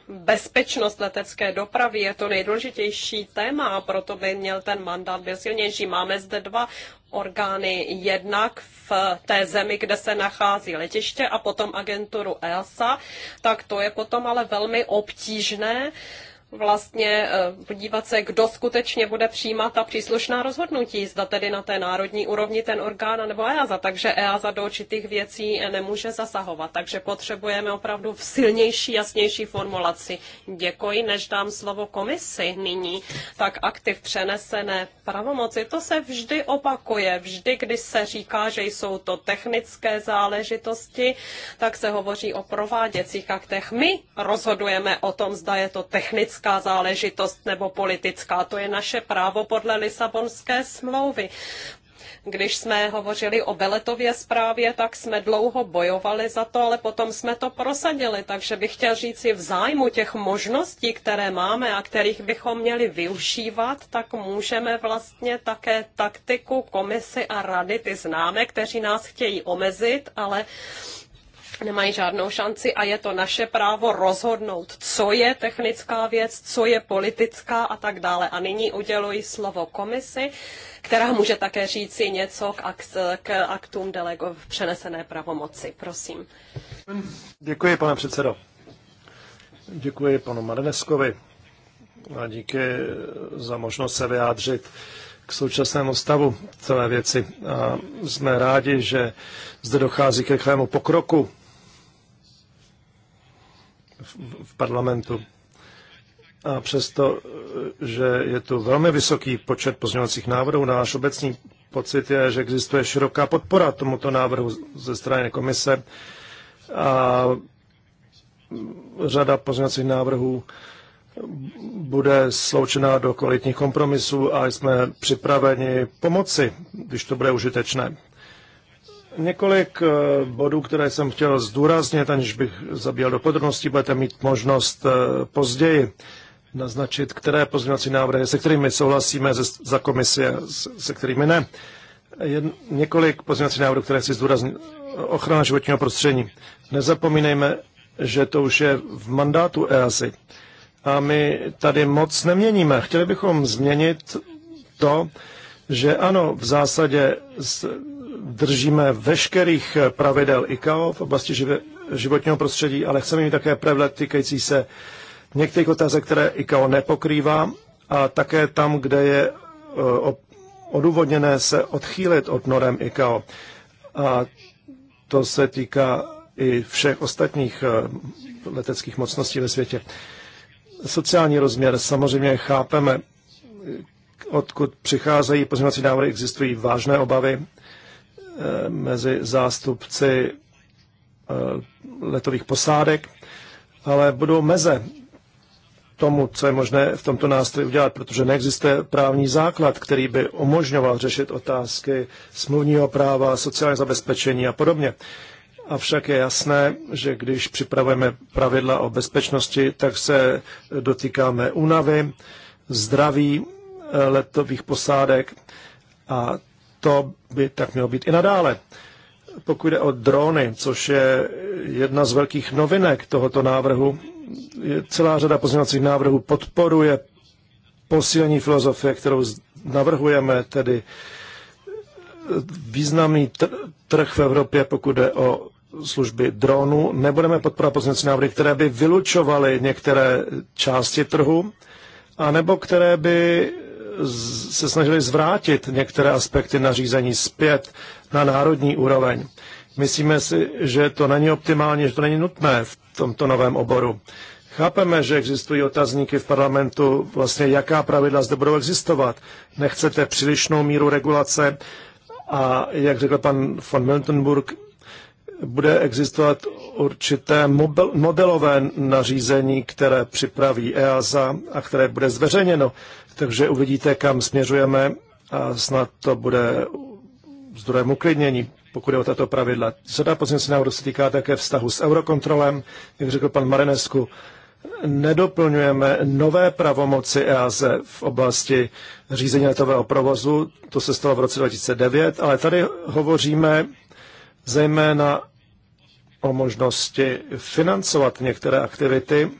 bezpečnost letecké dopravy je to nejdůležitější téma a proto by měl ten mandát být silnější. Máme zde dva orgány jednak v té zemi, kde se nachází letiště a potom agenturu EASA, tak to je potom ale velmi obtížné vlastně eh, podívat se, kdo skutečně bude přijímat ta příslušná rozhodnutí, zda tedy na té národní úrovni ten orgán nebo EASA, takže EASA do určitých věcí eh, nemůže zasahovat, takže potřebujeme opravdu v silnější, jasnější formulaci. Děkuji, než dám slovo komisi nyní, tak aktiv přenesené pravomoci, to se vždy opakuje, vždy, když se říká, že jsou to technické záležitosti, tak se hovoří o prováděcích aktech. My rozhodujeme o tom, zda je to technické politická záležitost nebo politická. To je naše právo podle Lisabonské smlouvy. Když jsme hovořili o Beletově zprávě, tak jsme dlouho bojovali za to, ale potom jsme to prosadili. Takže bych chtěl říct si v zájmu těch možností, které máme a kterých bychom měli využívat, tak můžeme vlastně také taktiku komisy a rady, ty známe, kteří nás chtějí omezit, ale nemají žádnou šanci a je to naše právo rozhodnout, co je technická věc, co je politická a tak dále. A nyní uděluji slovo komisi, která může také říct si něco k, akt, k aktům delego v přenesené pravomoci. Prosím. Děkuji, pane předsedo. Děkuji panu Madeneskovi a díky za možnost se vyjádřit k současnému stavu celé věci. A jsme rádi, že zde dochází k rychlému pokroku v parlamentu. A přesto, že je tu velmi vysoký počet pozměňovacích návrhů, náš obecný pocit je, že existuje široká podpora tomuto návrhu ze strany komise a řada pozměňovacích návrhů bude sloučená do kvalitních kompromisů a jsme připraveni pomoci, když to bude užitečné. Několik eh, bodů, které jsem chtěl zdůraznit, aniž bych zabíjel do podrobností, budete mít možnost eh, později naznačit, které pozměňovací návrhy, se kterými souhlasíme ze, za komisi a se, se kterými ne. Jen, několik pozměňovacích návrhů, které chci zdůraznit. Ochrana životního prostředí. Nezapomínejme, že to už je v mandátu EASY. A my tady moc neměníme. Chtěli bychom změnit to, že ano, v zásadě držíme veškerých pravidel ICAO v oblasti životního prostředí, ale chceme mít také pravidla týkající se některých otázek, které ICAO nepokrývá a také tam, kde je eh, odůvodněné se odchýlit od norem ICAO. A to se týká i všech ostatních eh, leteckých mocností ve světě. Sociální rozměr samozřejmě chápeme, odkud přicházejí pozměňovací návrhy, existují vážné obavy mezi zástupci eh, letových posádek, ale budou meze tomu, co je možné v tomto nástroji udělat, protože neexistuje právní základ, který by umožňoval řešit otázky smluvního práva, sociální zabezpečení a podobně. Avšak je jasné, že když připravujeme pravidla o bezpečnosti, tak se dotýkáme únavy, zdraví eh, letových posádek a to by tak mělo být i nadále. Pokud jde o drony, což je jedna z velkých novinek tohoto návrhu, je celá řada pozměňovacích návrhů podporuje posílení filozofie, kterou navrhujeme, tedy významný trh v Evropě, pokud jde o služby dronů. Nebudeme podporovat pozměňovací návrhy, které by vylučovaly některé části trhu, anebo které by se snažili zvrátit některé aspekty nařízení zpět na národní úroveň. Myslíme si, že to není optimální, že to není nutné v tomto novém oboru. Chápeme, že existují otazníky v parlamentu, vlastně jaká pravidla zde budou existovat. Nechcete přílišnou míru regulace a, jak řekl pan von Miltenburg, bude existovat určité modelové nařízení, které připraví EASA a které bude zveřejněno. Takže uvidíte, kam směřujeme a snad to bude zdrojem uklidnění, pokud je o tato pravidla. Řada pozměnce návrhu se týká také vztahu s eurokontrolem, jak řekl pan Marinesku, nedoplňujeme nové pravomoci EASE v oblasti řízení letového provozu, to se stalo v roce 2009, ale tady hovoříme zejména o možnosti financovat některé aktivity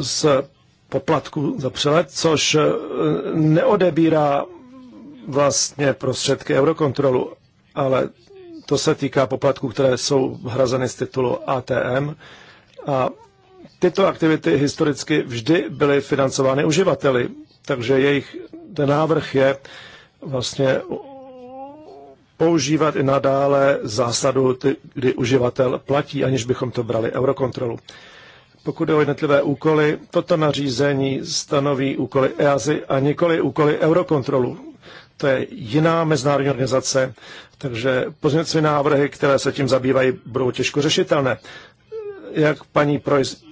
z poplatku za přelet, což e, neodebírá vlastně prostředky eurokontrolu, ale to se týká poplatků, které jsou hrazeny z titulu ATM. A tyto aktivity historicky vždy byly financovány uživateli, takže jejich ten návrh je vlastně používat i nadále zásadu, kdy uživatel platí, aniž bychom to brali eurokontrolu. Pokud jde o jednotlivé úkoly, toto nařízení stanoví úkoly EASY a nikoli úkoly Eurokontrolu. To je jiná mezinárodní organizace, takže pozměňovací návrhy, které se tím zabývají, budou těžko řešitelné. Jak paní Projs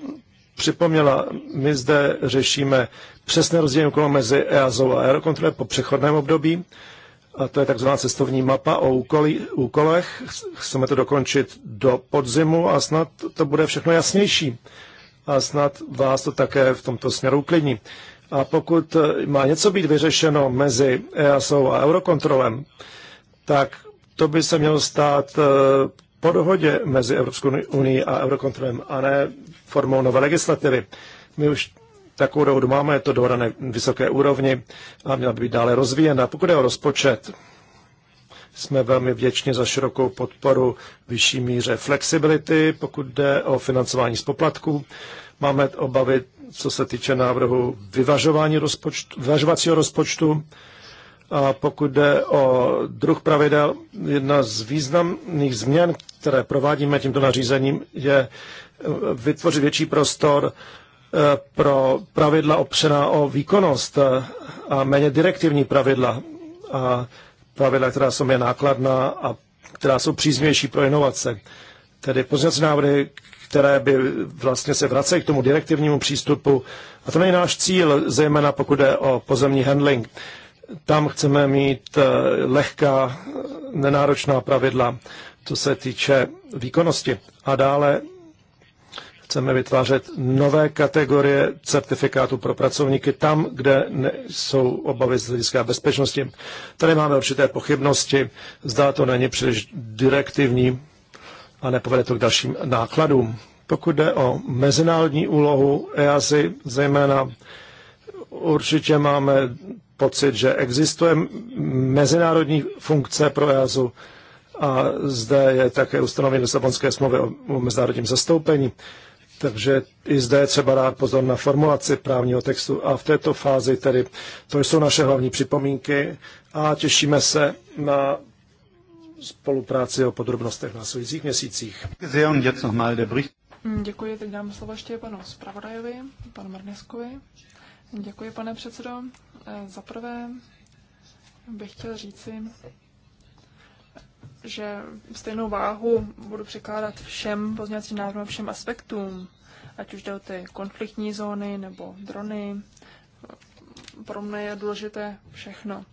připomněla, my zde řešíme přesné rozdělení úkolů mezi EASO a Eurokontrole po přechodném období. A to je takzvaná cestovní mapa o úkolí, úkolech. Chceme to dokončit do podzimu a snad to bude všechno jasnější a snad vás to také v tomto směru uklidní. A pokud eh, má něco být vyřešeno mezi EASO a Eurokontrolem, tak to by se mělo stát eh, po dohodě mezi Evropskou unii a Eurokontrolem a ne formou nové legislativy. My už takovou dohodu máme, je to dohoda na vysoké úrovni a měla by být dále rozvíjena. Pokud je o rozpočet, jsme velmi vděční za širokou podporu vyšší míře flexibility, pokud jde o financování z poplatků. Máme obavy, co se týče návrhu vyvažování rozpočtu, vyvažovacího rozpočtu. A pokud jde o druh pravidel, jedna z významných změn, které provádíme tímto nařízením, je eh, vytvořit větší prostor eh, pro pravidla opřená o výkonnost eh, a méně direktivní pravidla. A pravidla, která jsou je nákladná a která jsou příznější pro inovace. Tedy pozměňovací návrhy, které by vlastně se vracely k tomu direktivnímu přístupu. A to není náš cíl, zejména pokud jde o pozemní handling. Tam chceme mít eh, lehká, eh, nenáročná pravidla, co se týče výkonnosti. A dále Chceme vytvářet nové kategorie certifikátů pro pracovníky tam, kde jsou obavy z hlediska bezpečnosti. Tady máme určité pochybnosti, zdá to není příliš direktivní a nepovede to k dalším nákladům. Pokud jde o mezinárodní úlohu EASY, zejména určitě máme pocit, že existuje mezinárodní funkce pro EASu a zde je také ustanovení Lisabonské smlouvy o mezinárodním zastoupení. Takže i zde je třeba dát pozor na formulaci právního textu a v této fázi tedy to jsou naše hlavní připomínky a těšíme se na spolupráci o podrobnostech na svých měsících. Děkuji, teď dám slovo ještě panu Spravodajovi, panu Marneskovi. Děkuji, pane předsedo. E, za prvé bych chtěl říci, že stejnou váhu budu překládat všem pozměňovacím návrhům, všem aspektům, ať už jde o ty konfliktní zóny nebo drony. Pro mě je důležité všechno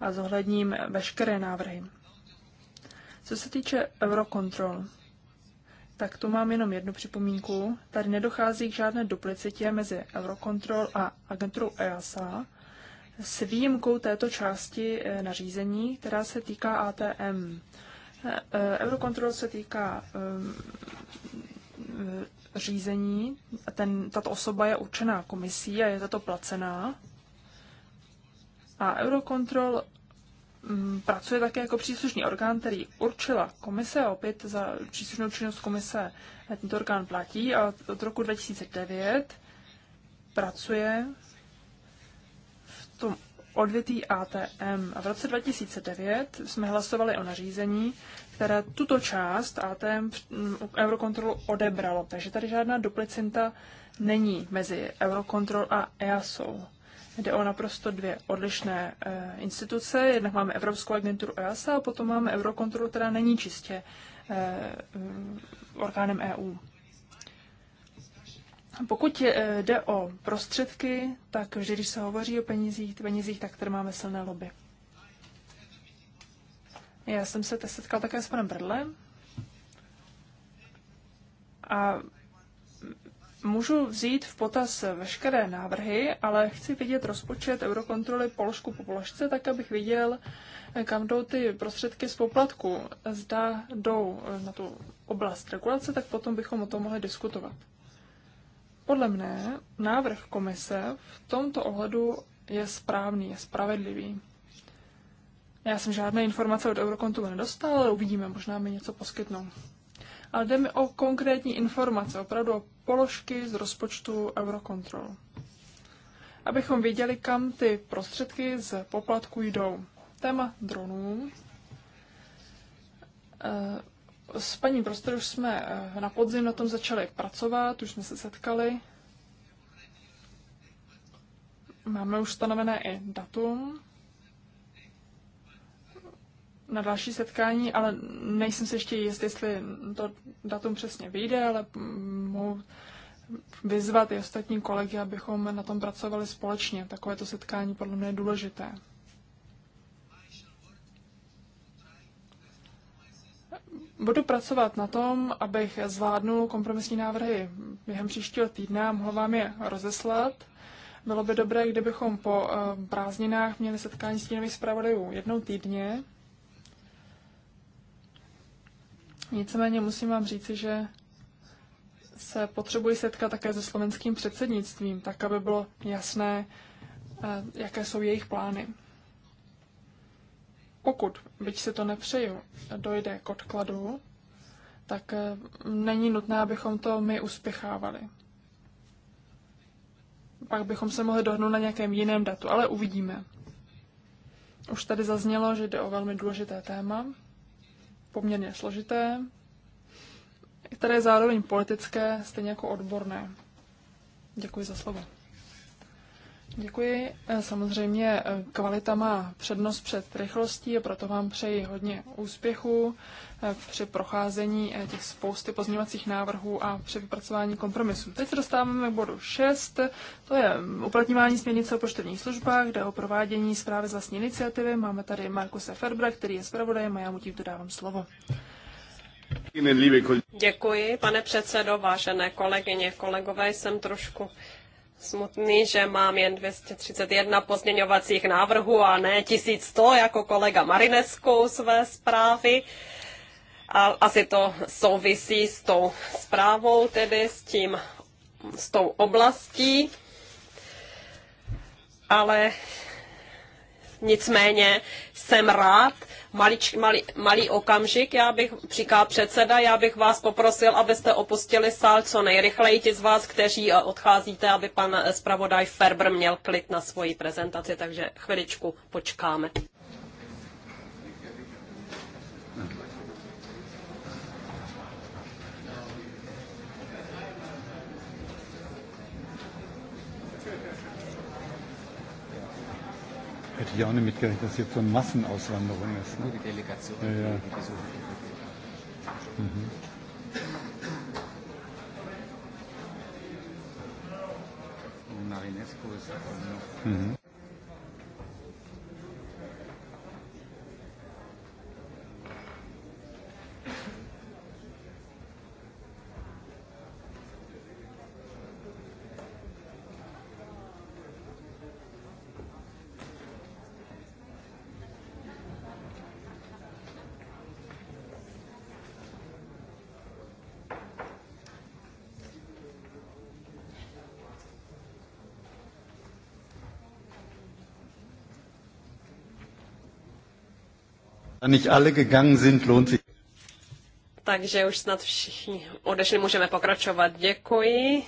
a zohledním veškeré návrhy. Co se týče Eurocontrol, tak tu mám jenom jednu připomínku. Tady nedochází k žádné duplicitě mezi Eurocontrol a agenturou EASA, s výjimkou této části eh, nařízení, která se týká ATM. Eh, eh, Eurokontrol se týká ehm, řízení. Ten, tato osoba je určená komisí a je tato placená. A Eurokontrol mm, pracuje také jako příslušný orgán, který určila komise a opět za příslušnou činnost komise tento orgán platí a od roku 2009 pracuje odvětví ATM. A v roce 2009 jsme hlasovali o nařízení, které tuto část ATM mm, Eurokontrolu odebralo. Takže tady žádná duplicinta není mezi Eurocontrol a EASO, Jde o naprosto dvě odlišné e, instituce. Jednak máme Evropskou agenturu EASA a potom máme Eurocontrol, která není čistě eh, mm, e, orgánem EU. Pokud eh, jde o prostředky, tak vždy, když se hovoří o penězích, penězích tak tady máme silné lobby. Já jsem se setkal také s panem Brdlem a můžu vzít v potaz veškeré návrhy, ale chci vidět rozpočet eurokontroly položku po položce, tak abych viděl, eh, kam jdou ty prostředky z poplatku. Zda jdou eh, na tu oblast regulace, tak potom bychom o tom mohli diskutovat. Podle mne návrh komise v tomto ohledu je správný, je spravedlivý. Já jsem žádné informace od Eurokontu nedostal, ale uvidíme, možná mi něco poskytnou. Ale jde mi o konkrétní informace, opravdu o položky z rozpočtu Eurocontrol. Abychom věděli, kam ty prostředky z poplatku jdou. Téma dronů. Eh, s paní Prostor už jsme eh, na podzim na tom začali pracovat, už jsme se setkali. Máme už stanovené i datum na další setkání, ale nejsem si ještě jist, jestli to datum přesně vyjde, ale mohu vyzvat i ostatní kolegy, abychom na tom pracovali společně. Takovéto setkání podle mě je důležité. Budu pracovat na tom, abych zvládnul kompromisní návrhy během příštího týdne a mohl vám je rozeslat. Bylo by dobré, kdybychom po eh, prázdninách měli setkání stínových zpravodajů jednou týdně. Nicméně musím vám říci, že se potřebuji setkat také se slovenským předsednictvím, tak aby bylo jasné, eh, jaké jsou jejich plány. Pokud, byť si to nepřeju, dojde k odkladu, tak eh, není nutné, abychom to my uspěchávali. Pak bychom se mohli dohnout na nějakém jiném datu, ale uvidíme. Už tady zaznělo, že jde o velmi důležité téma, poměrně složité, které je zároveň politické, stejně jako odborné. Děkuji za slovo. Děkuji. E, samozřejmě e, kvalita má přednost před rychlostí a proto vám přeji hodně úspěchu e, při procházení těch spousty pozměňovacích návrhů a při vypracování kompromisů. Teď se dostáváme k bodu 6, to je uplatňování směrnice o poštovních službách, kde o provádění zprávy z vlastní iniciativy. Máme tady Markuse Ferbra, který je zpravodajem a já mu tímto dávám slovo. Děkuji, pane předsedo, vážené kolegyně, kolegové, jsem trošku smutný, že mám jen 231 pozměňovacích návrhů a ne 1100 jako kolega Marinesku své zprávy. A asi to souvisí s tou zprávou, tedy s tím, s tou oblastí. Ale nicméně jsem rád, malič, mali, malý okamžik, já bych, říká předseda, já bych vás poprosil, abyste opustili sál co nejrychleji, ti z vás, kteří eh, odcházíte, aby pan eh, zpravodaj Ferber měl klid na svoji prezentaci, takže chviličku počkáme. Hätte ich auch nicht mitgerechnet, dass jetzt so eine Massenauswanderung ist. Ne? Nur die Delegation, ja, ja. die besuchen. Mhm. Marinescu ist auch noch. Mhm. Takže už snad všichni odešli, můžeme pokračovat. Děkuji.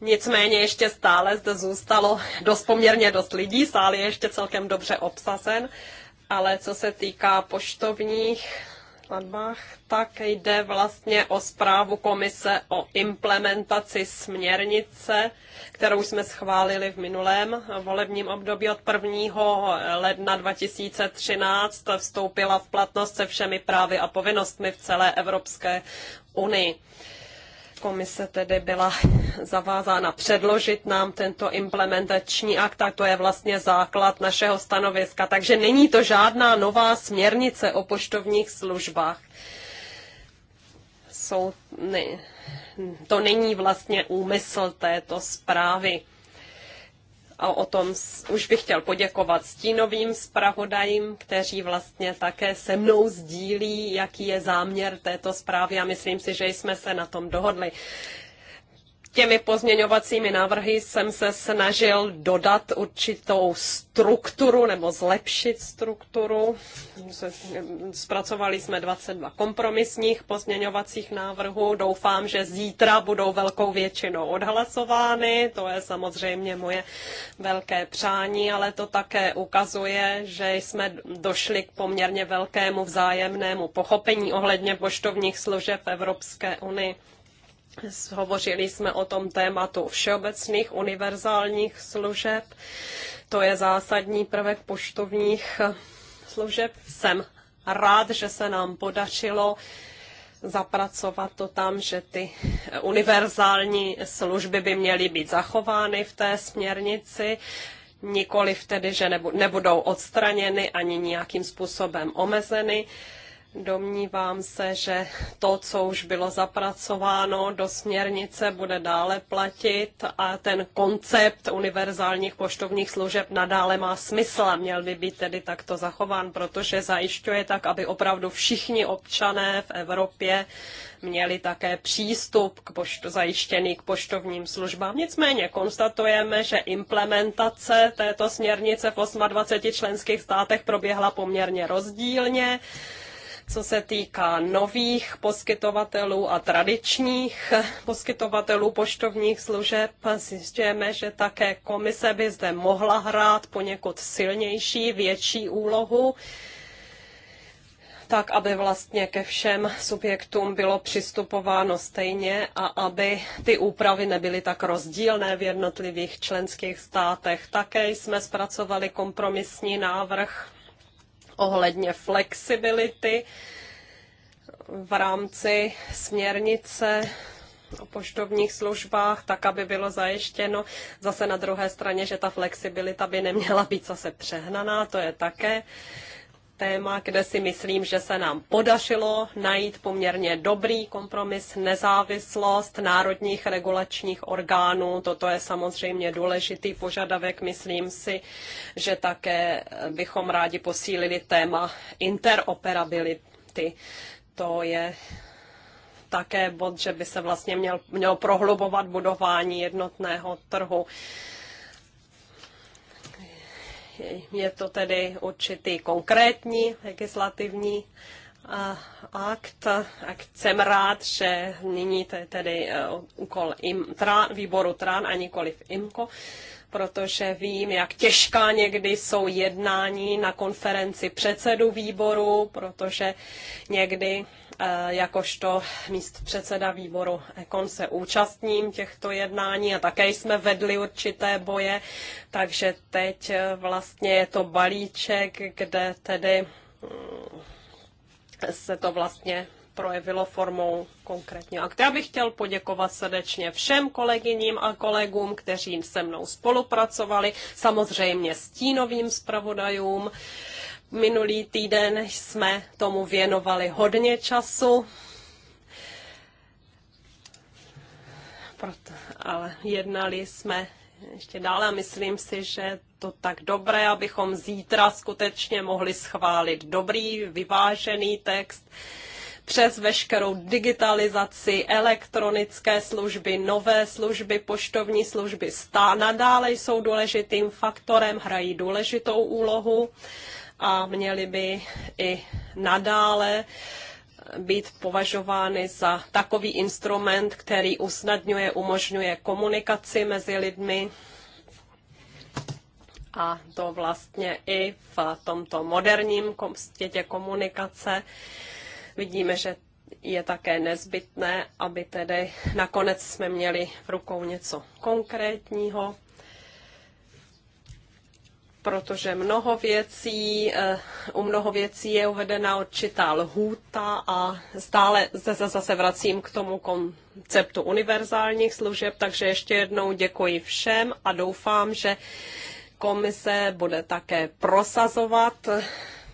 Nicméně ještě stále zde zůstalo dost poměrně dost lidí, sál je ještě celkem dobře obsazen, ale co se týká poštovních skladbách, tak jde vlastně o zprávu komise o implementaci směrnice, kterou jsme schválili v minulém volebním období od 1. ledna 2013. Vstoupila v platnost se všemi právy a povinnostmi v celé Evropské unii komise tedy byla zavázána předložit nám tento implementační akt, a to je vlastně základ našeho stanoviska. Takže není to žádná nová směrnice o poštovních službách. Jsou, ne, to není vlastně úmysl této zprávy a o tom už bych chtěl poděkovat stínovým zpravodajím, kteří vlastně také se mnou sdílí, jaký je záměr této zprávy a myslím si, že jsme se na tom dohodli těmi pozměňovacími návrhy jsem se snažil dodat určitou strukturu nebo zlepšit strukturu. Zpracovali jsme 22 kompromisních pozměňovacích návrhů. Doufám, že zítra budou velkou většinou odhlasovány. To je samozřejmě moje velké přání, ale to také ukazuje, že jsme došli k poměrně velkému vzájemnému pochopení ohledně poštovních služeb Evropské unii. Hovořili jsme o tom tématu všeobecných univerzálních služeb. To je zásadní prvek poštovních služeb. Jsem rád, že se nám podařilo zapracovat to tam, že ty univerzální služby by měly být zachovány v té směrnici, nikoliv tedy, že nebudou odstraněny ani nějakým způsobem omezeny. Domnívám se, že to, co už bylo zapracováno do směrnice, bude dále platit a ten koncept univerzálních poštovních služeb nadále má smysl a měl by být tedy takto zachován, protože zajišťuje tak, aby opravdu všichni občané v Evropě měli také přístup k poštu, zajištěný k poštovním službám. Nicméně konstatujeme, že implementace této směrnice v 28 členských státech proběhla poměrně rozdílně co se týká nových poskytovatelů a tradičních poskytovatelů poštovních služeb, zjistujeme, že také komise by zde mohla hrát poněkud silnější, větší úlohu tak, aby vlastně ke všem subjektům bylo přistupováno stejně a aby ty úpravy nebyly tak rozdílné v jednotlivých členských státech. Také jsme zpracovali kompromisní návrh ohledně flexibility v rámci směrnice o poštovních službách, tak aby bylo zajištěno zase na druhé straně, že ta flexibilita by neměla být zase přehnaná, to je také téma, kde si myslím, že se nám podařilo najít poměrně dobrý kompromis, nezávislost národních regulačních orgánů. Toto je samozřejmě důležitý požadavek. Myslím si, že také bychom rádi posílili téma interoperability. To je také bod, že by se vlastně měl, mělo prohlubovat budování jednotného trhu je to tedy určitý konkrétní legislativní akt. A jsem rád, že nyní to je tedy e, úkol im, trán, výboru TRAN a nikoliv IMKO, protože vím, jak těžká někdy jsou jednání na konferenci předsedu výboru, protože někdy E, jakožto míst předseda výboru Ekon se účastním těchto jednání a také jsme vedli určité boje, takže teď e, vlastně je to balíček, kde tedy mm, se to vlastně projevilo formou konkrétně. A já bych chtěl poděkovat srdečně všem kolegyním a kolegům, kteří se mnou spolupracovali, samozřejmě stínovým zpravodajům Minulý týden jsme tomu věnovali hodně času, proto, ale jednali jsme ještě dále a myslím si, že to tak dobré, abychom zítra skutečně mohli schválit dobrý, vyvážený text přes veškerou digitalizaci, elektronické služby, nové služby, poštovní služby stá nadále jsou důležitým faktorem, hrají důležitou úlohu a měly by i nadále být považovány za takový instrument, který usnadňuje, umožňuje komunikaci mezi lidmi a to vlastně i v tomto moderním světě komunikace. Vidíme, že je také nezbytné, aby tedy nakonec jsme měli v rukou něco konkrétního protože mnoho věcí, eh, u mnoho věcí je uvedena určitá lhůta a stále zase, zase vracím k tomu konceptu univerzálních služeb, takže ještě jednou děkuji všem a doufám, že komise bude také prosazovat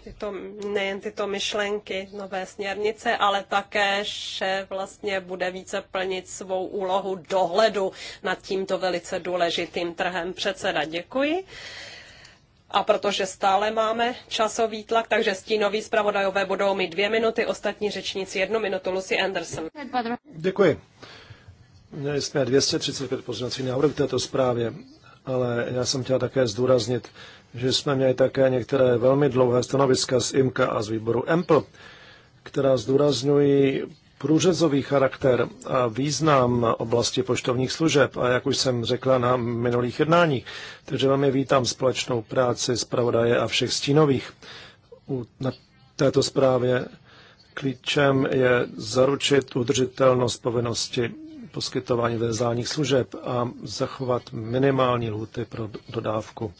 tyto, nejen tyto myšlenky nové směrnice, ale také, že vlastně bude více plnit svou úlohu dohledu nad tímto velice důležitým trhem. Předseda, děkuji. A protože stále máme časový tlak, takže stínoví zpravodajové budou mít dvě minuty, ostatní řečníci jednu minutu. Lucy Anderson. Děkuji. Měli jsme 235 pozornosti návrhů k této zprávě, ale já jsem chtěl také zdůraznit, že jsme měli také některé velmi dlouhé stanoviska z IMKA a z výboru EMPL, která zdůrazňují průřezový charakter a význam oblasti poštovních služeb a jak už jsem řekla na minulých jednáních. Takže velmi vítám společnou práci zpravodaje a všech stínových. Na této zprávě klíčem je zaručit udržitelnost povinnosti poskytování vezáních služeb a zachovat minimální lhuty pro dodávku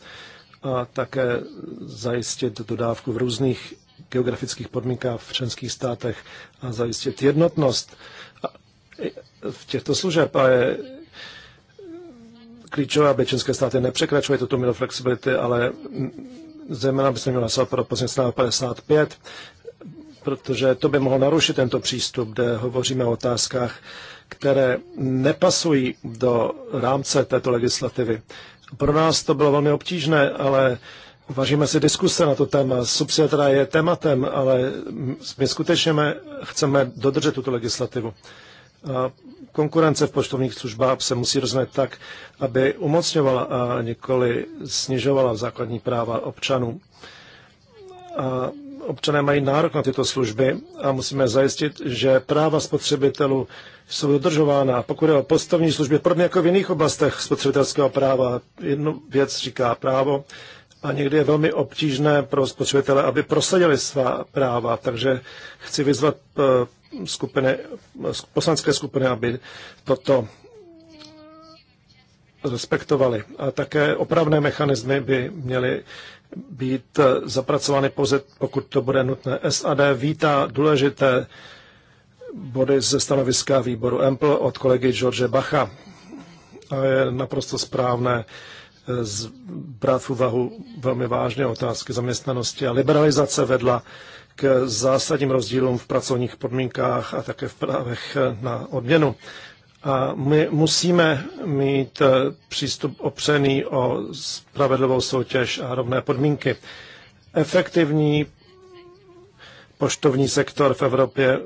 a také zajistit dodávku v různých geografických podmínkách v členských státech a zajistit jednotnost v těchto služeb a je klíčové, aby české státy nepřekračovaly tuto míru flexibility, ale zejména by se měl hlasovat pro pozici 55, protože to by mohlo narušit tento přístup, kde hovoříme o otázkách, které nepasují do rámce této legislativy. Pro nás to bylo velmi obtížné, ale Vážíme si diskuse na to téma. Subsidiarita je tématem, ale my skutečně chceme dodržet tuto legislativu. A konkurence v poštovních službách se musí rozhodnout tak, aby umocňovala a nikoli snižovala základní práva občanů. A občané mají nárok na tyto služby a musíme zajistit, že práva spotřebitelů jsou dodržována. Pokud je o postovní služby, podobně jako v jiných oblastech spotřebitelského práva, jednu věc říká právo, a někdy je velmi obtížné pro spotřebitele, aby prosadili svá práva. Takže chci vyzvat eh, skupiny, eh, poslanské skupiny, aby toto respektovali. A také opravné mechanismy by měly být eh, zapracovány pouze, pokud to bude nutné. SAD vítá důležité body ze stanoviska výboru EMPL od kolegy George Bacha. A je naprosto správné, brát v úvahu velmi vážné otázky zaměstnanosti a liberalizace vedla k zásadním rozdílům v pracovních podmínkách a také v právech na odměnu. A my musíme mít eh, přístup opřený o spravedlivou soutěž a rovné podmínky. Efektivní poštovní sektor v Evropě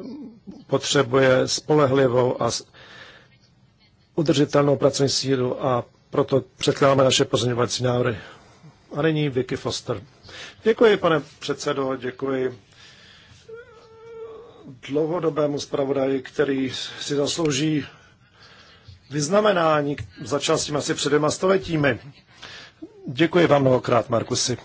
potřebuje spolehlivou a udržitelnou pracovní sílu a proto předkládáme naše pozměňovací návrhy. A nyní Vicky Foster. Děkuji, pane předsedo, děkuji dlouhodobému zpravodaji, který si zaslouží vyznamenání. Začal s tím asi před dvěma stoletími. Děkuji vám mnohokrát, Markusi.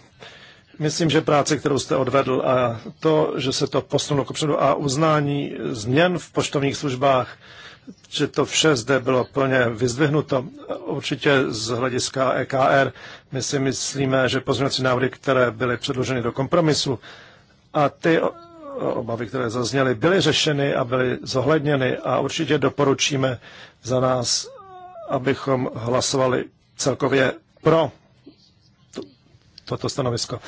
Myslím, že práce, kterou jste odvedl a to, že se to posunulo kopředu a uznání změn v poštovních službách, že to vše zde bylo plně vyzdvihnuto. Určitě z hlediska EKR my si myslíme, že pozměňovací návrhy, které byly předloženy do kompromisu a ty obavy, které zazněly, byly řešeny a byly zohledněny a určitě doporučíme za nás, abychom hlasovali celkově pro toto stanovisko.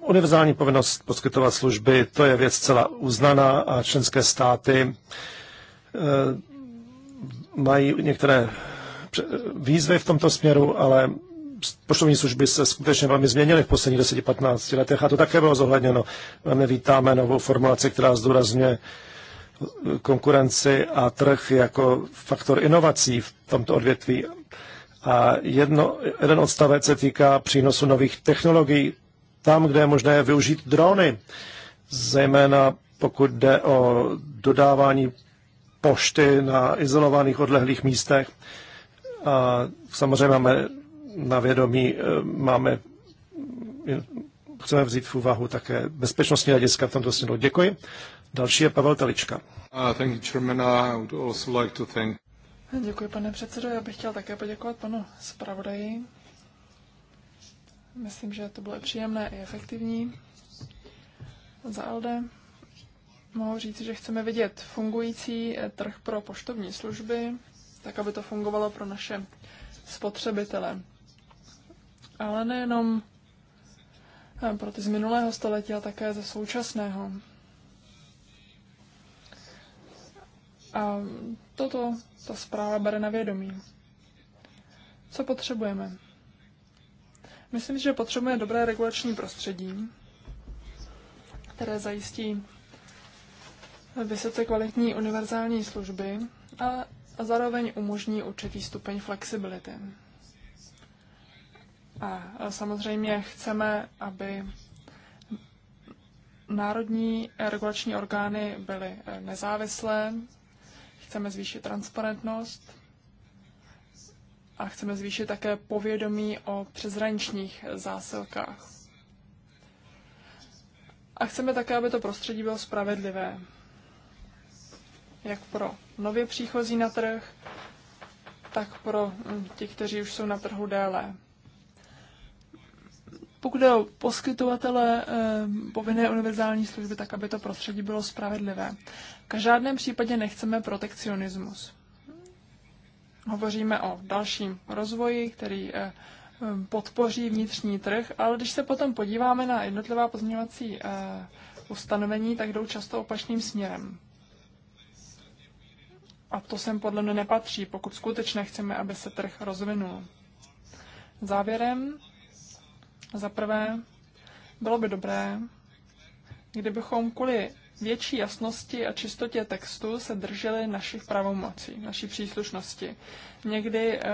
Univerzální povinnost poskytovat služby, to je věc celá uznaná a členské státy Eh, mají některé výzvy v tomto směru, ale poštovní služby se skutečně velmi změnily v posledních 10-15 letech a to také bylo zohledněno. Velmi vítáme novou formulaci, která zdůrazňuje konkurenci a trh jako faktor inovací v tomto odvětví. A jedno, jeden odstavec se týká přínosu nových technologií tam, kde je možné využít drony, zejména pokud jde o dodávání pošty na izolovaných odlehlých místech. A samozřejmě máme na vědomí, eh, máme, chceme vzít v úvahu také bezpečnostní hlediska v tomto směru. Děkuji. Další je Pavel Telička. Uh, Děkuji, pane předsedo. Já bych chtěl také poděkovat panu zpravodaji. Myslím, že to bylo příjemné i efektivní za LD mohu říct, že chceme vidět fungující eh, trh pro poštovní služby, tak aby to fungovalo pro naše spotřebitele. Ale nejenom eh, pro ty z minulého století, ale také ze současného. A toto ta zpráva bere na vědomí. Co potřebujeme? Myslím, že potřebujeme dobré regulační prostředí, které zajistí vysoce kvalitní univerzální služby a, a zároveň umožní určitý stupeň flexibility. A samozřejmě chceme, aby národní regulační orgány byly e, nezávislé, chceme zvýšit transparentnost a chceme zvýšit také povědomí o přezraničních zásilkách. A chceme také, aby to prostředí bylo spravedlivé jak pro nově příchozí na trh, tak pro mm, ti, kteří už jsou na trhu déle. Pokud je o poskytovatele eh, povinné univerzální služby, tak aby to prostředí bylo spravedlivé. V žádném případě nechceme protekcionismus. Hovoříme o dalším rozvoji, který eh, eh, podpoří vnitřní trh, ale když se potom podíváme na jednotlivá pozměňovací ustanovení, tak jdou často opačným směrem. A to sem podle mě nepatří, pokud skutečně chceme, aby se trh rozvinul. Závěrem, za prvé, bylo by dobré, kdybychom kvůli větší jasnosti a čistotě textu se drželi našich pravomocí, naší příslušnosti. Někdy e,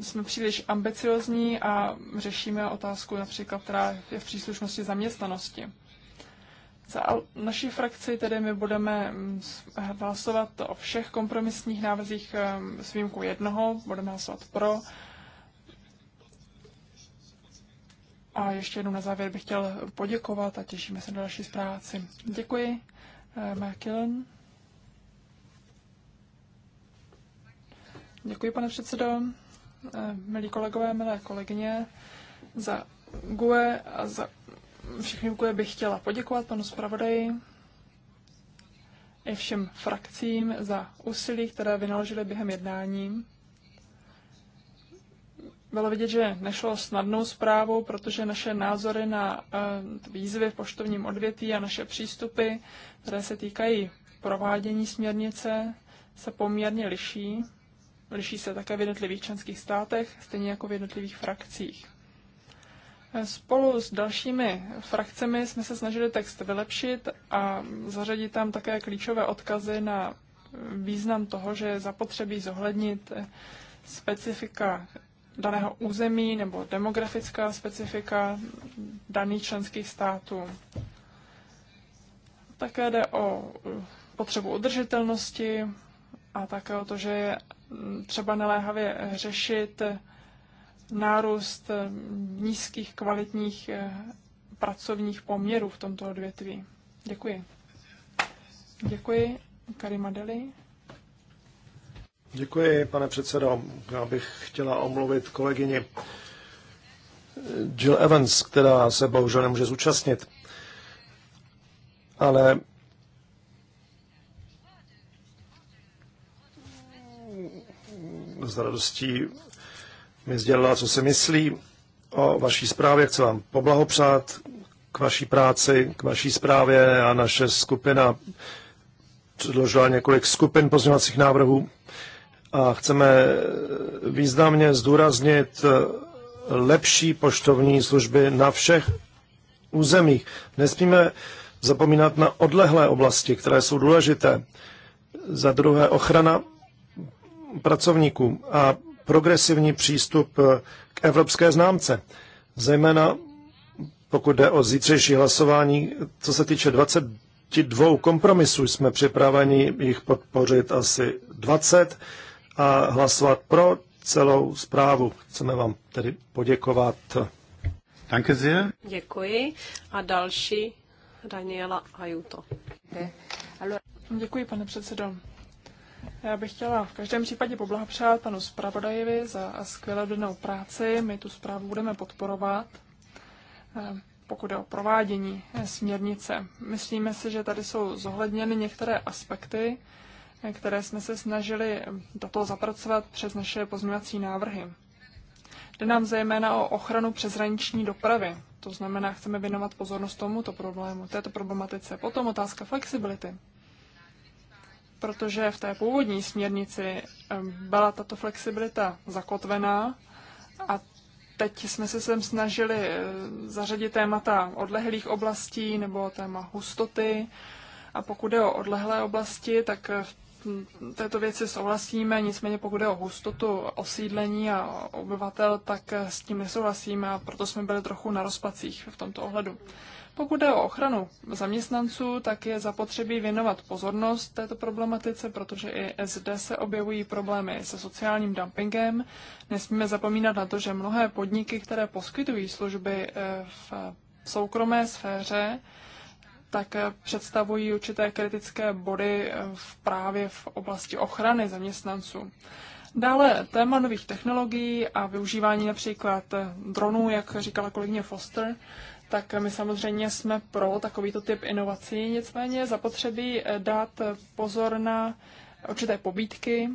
jsme příliš ambiciozní a řešíme otázku například, která je v příslušnosti zaměstnanosti. Za naší frakci tedy my budeme mm, hlasovat o všech kompromisních návrzích ehm, s výjimkou jednoho, budeme hlasovat pro. A ještě jednou na závěr bych chtěl poděkovat a těšíme se na další zpráci. Děkuji, eh, Markilen. Děkuji, pane předsedo, eh, milí kolegové, milé kolegyně, za GUE a za všechny úkoly bych chtěla poděkovat panu zpravodaji i všem frakcím za úsilí, které vynaložili během jednání. Bylo vidět, že nešlo snadnou zprávou, protože naše názory na eh, výzvy v poštovním odvětví a naše přístupy, které se týkají provádění směrnice, se poměrně liší. Liší se také v jednotlivých členských státech, stejně jako v jednotlivých frakcích. Spolu s dalšími frakcemi jsme se snažili text vylepšit a zařadit tam také klíčové odkazy na význam toho, že je zapotřebí zohlednit specifika daného území nebo demografická specifika daných členských států. Také jde o potřebu udržitelnosti a také o to, že je třeba naléhavě řešit nárůst eh, nízkých kvalitních eh, pracovních poměrů v tomto odvětví. Děkuji. Děkuji. Karima Deli. Děkuji, pane předsedo. Já bych chtěla omluvit kolegyni eh, Jill Evans, která se bohužel nemůže zúčastnit. Ale s radostí mi sdělila, co si myslí o vaší zprávě. Chci vám poblahopřát k vaší práci, k vaší zprávě a naše skupina předložila několik skupin pozměňovacích návrhů a chceme významně zdůraznit lepší poštovní služby na všech územích. Nesmíme zapomínat na odlehlé oblasti, které jsou důležité. Za druhé ochrana pracovníků a progresivní přístup eh, k evropské známce. Zejména pokud jde o zítřejší hlasování, co se týče 22 kompromisů, jsme připraveni jich podpořit asi 20 a hlasovat pro celou zprávu. Chceme vám tedy poděkovat. Danke sehr. Děkuji. A další Daniela Ajuto. Děkuji, pane předsedo. Já bych chtěla v každém případě poblahopřát panu zpravodajovi za skvěle danou práci. My tu zprávu budeme podporovat, eh, pokud je o provádění eh, směrnice. Myslíme si, že tady jsou zohledněny některé aspekty, eh, které jsme se snažili do toho zapracovat přes naše pozměňovací návrhy. Jde nám zejména o ochranu přeshraniční dopravy. To znamená, chceme věnovat pozornost tomuto problému, této problematice. Potom otázka flexibility protože v té původní směrnici byla tato flexibilita zakotvená a teď jsme se sem snažili eh, zařadit témata odlehlých oblastí nebo téma hustoty. A pokud je o odlehlé oblasti, tak eh, v této věci souhlasíme, nicméně pokud je o hustotu osídlení a obyvatel, tak eh, s tím nesouhlasíme a proto jsme byli trochu na rozpacích v tomto ohledu. Pokud jde o ochranu zaměstnanců, tak je zapotřebí věnovat pozornost této problematice, protože i zde se objevují problémy se sociálním dumpingem. Nesmíme zapomínat na to, že mnohé podniky, které poskytují služby eh, v soukromé sféře, tak eh, představují určité kritické body eh, v právě v oblasti ochrany zaměstnanců. Dále téma nových technologií a využívání například dronů, jak říkala kolegyně Foster, tak my samozřejmě jsme pro takovýto typ inovací, nicméně zapotřebí eh, dát pozor na určité pobídky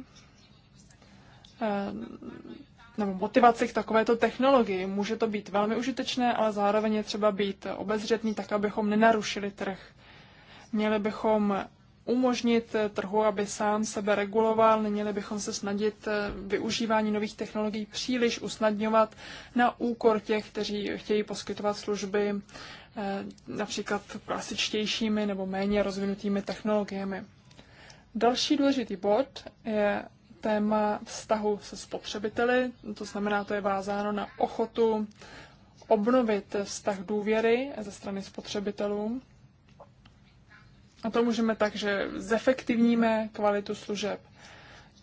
eh, nebo motivaci k takovéto technologii. Může to být velmi užitečné, ale zároveň je třeba být obezřetný tak, abychom nenarušili trh. Měli bychom umožnit eh, trhu, aby sám sebe reguloval, neměli bychom se snadit eh, využívání nových technologií příliš usnadňovat na úkor těch, kteří chtějí poskytovat služby eh, například klasičtějšími nebo méně rozvinutými technologiemi. Další důležitý bod je téma vztahu se spotřebiteli, to znamená, to je vázáno na ochotu obnovit vztah důvěry ze strany spotřebitelů a to můžeme tak, že zefektivníme kvalitu služeb.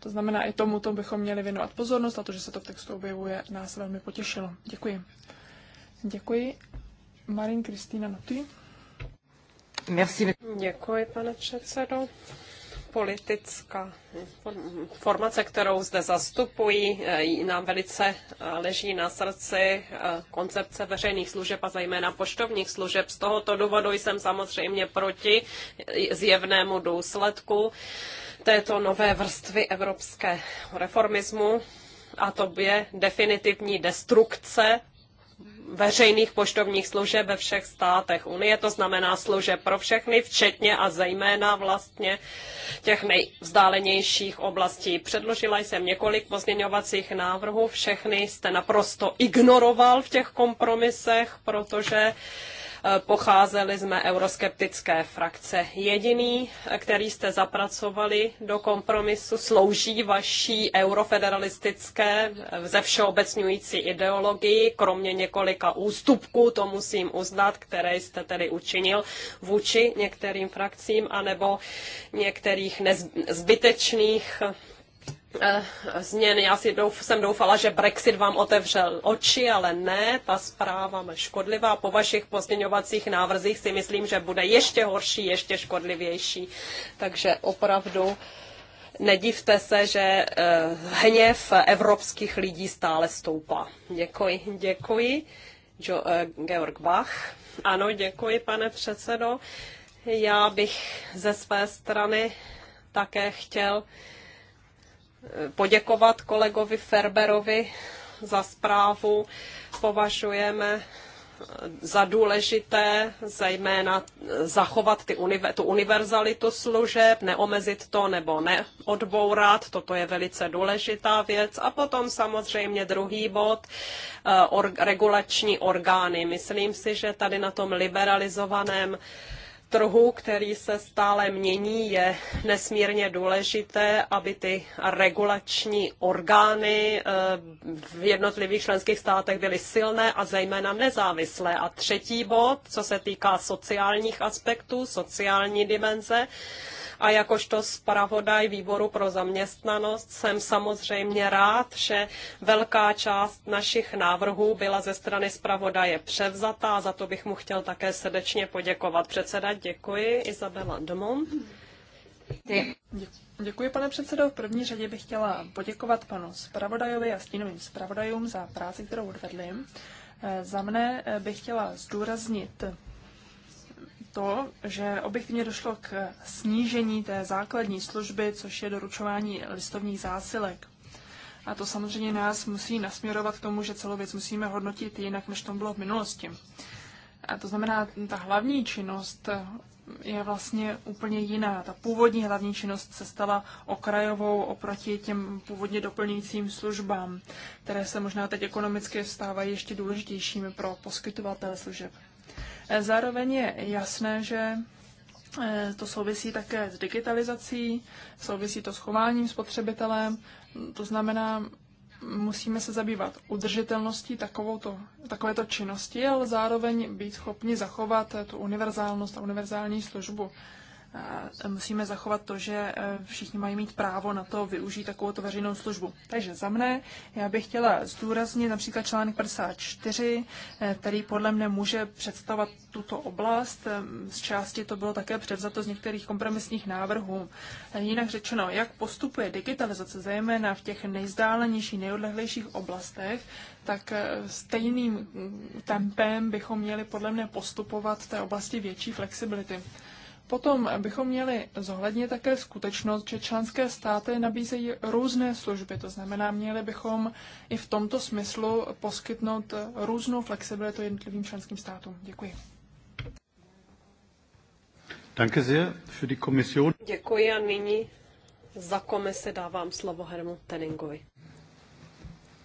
To znamená, i tomu, to bychom měli věnovat pozornost a to, že se to v textu objevuje, nás velmi potěšilo. Děkuji. Děkuji. Marin Kristýna Noty. Merci. Děkuji, pane předsedo politická formace, kterou zde zastupují, eh, nám velice eh, leží na srdci eh, koncepce veřejných služeb a zejména poštovních služeb. Z tohoto důvodu jsem samozřejmě proti zjevnému důsledku této nové vrstvy evropské reformismu a to je definitivní destrukce veřejných poštovních služeb ve všech státech Unie, to znamená služeb pro všechny, včetně a zejména vlastně těch nejvzdálenějších oblastí. Předložila jsem několik pozměňovacích návrhů, všechny jste naprosto ignoroval v těch kompromisech, protože Eh, pocházeli jsme euroskeptické frakce. Jediný, eh, který jste zapracovali do kompromisu, slouží vaší eurofederalistické eh, ze všeobecňující ideologii, kromě několika ústupků, to musím uznat, které jste tedy učinil vůči některým frakcím, anebo některých nezbytečných Eh, změny. Já si douf, jsem doufala, že Brexit vám otevřel oči, ale ne, ta zpráva je škodlivá. Po vašich pozměňovacích návrzích si myslím, že bude ještě horší, ještě škodlivější. Takže opravdu nedivte se, že eh, hněv evropských lidí stále stoupá. Děkuji, děkuji. Jo, eh, Georg Bach. Ano, děkuji, pane předsedo. Já bych ze své strany také chtěl poděkovat kolegovi Ferberovi za zprávu. Považujeme za důležité zejména zachovat ty univer, tu univerzalitu služeb, neomezit to nebo neodbourat, toto je velice důležitá věc. A potom samozřejmě druhý bod, eh, or, regulační orgány. Myslím si, že tady na tom liberalizovaném uh, trhu, který se stále mění, je nesmírně důležité, aby ty regulační orgány eh, v jednotlivých členských státech byly silné a zejména nezávislé. A třetí bod, co se týká sociálních aspektů, sociální dimenze, a jakožto zpravodaj výboru pro zaměstnanost jsem samozřejmě rád, že velká část našich návrhů byla ze strany zpravodaje převzata a za to bych mu chtěl také srdečně poděkovat. Předseda, děkuji. Izabela Domon. Děkuji, pane předsedo. V první řadě bych chtěla poděkovat panu zpravodajovi a stínovým zpravodajům za práci, kterou odvedli. Eh, za mne eh, bych chtěla zdůraznit to, že objektivně došlo k snížení té základní služby, což je doručování listovních zásilek. A to samozřejmě nás musí nasměrovat k tomu, že celou věc musíme hodnotit jinak, než to bylo v minulosti. A to znamená, ta hlavní činnost je vlastně úplně jiná. Ta původní hlavní činnost se stala okrajovou oproti těm původně doplňujícím službám, které se možná teď ekonomicky stávají ještě důležitějšími pro poskytovatele služeb. Zároveň je jasné, že eh, to souvisí také s digitalizací, souvisí to s chováním spotřebitelem, to znamená, musíme se zabývat udržitelností takovouto, takovéto činnosti, ale zároveň být schopni zachovat tu univerzálnost a univerzální službu musíme zachovat to, že eh, všichni mají mít právo na to využít takovou veřejnou službu. Takže za mne, já bych chtěla zdůraznit například článek 54, eh, který podle mne může představovat tuto oblast. Eh, z části to bylo také převzato z některých kompromisních návrhů. Jinak řečeno, jak postupuje digitalizace, zejména v těch nejzdálenějších, nejodlehlejších oblastech, tak stejným tempem bychom měli podle mne postupovat v té oblasti větší flexibility. Potom bychom měli zohlednit také skutečnost, že členské státy nabízejí různé služby, to znamená, měli bychom i v tomto smyslu poskytnout různou flexibilitu jednotlivým členským státům. Děkuji. Danke sehr für die Kommission. Děkuji a nyní za komise dávám slovo Hermu Teningovi.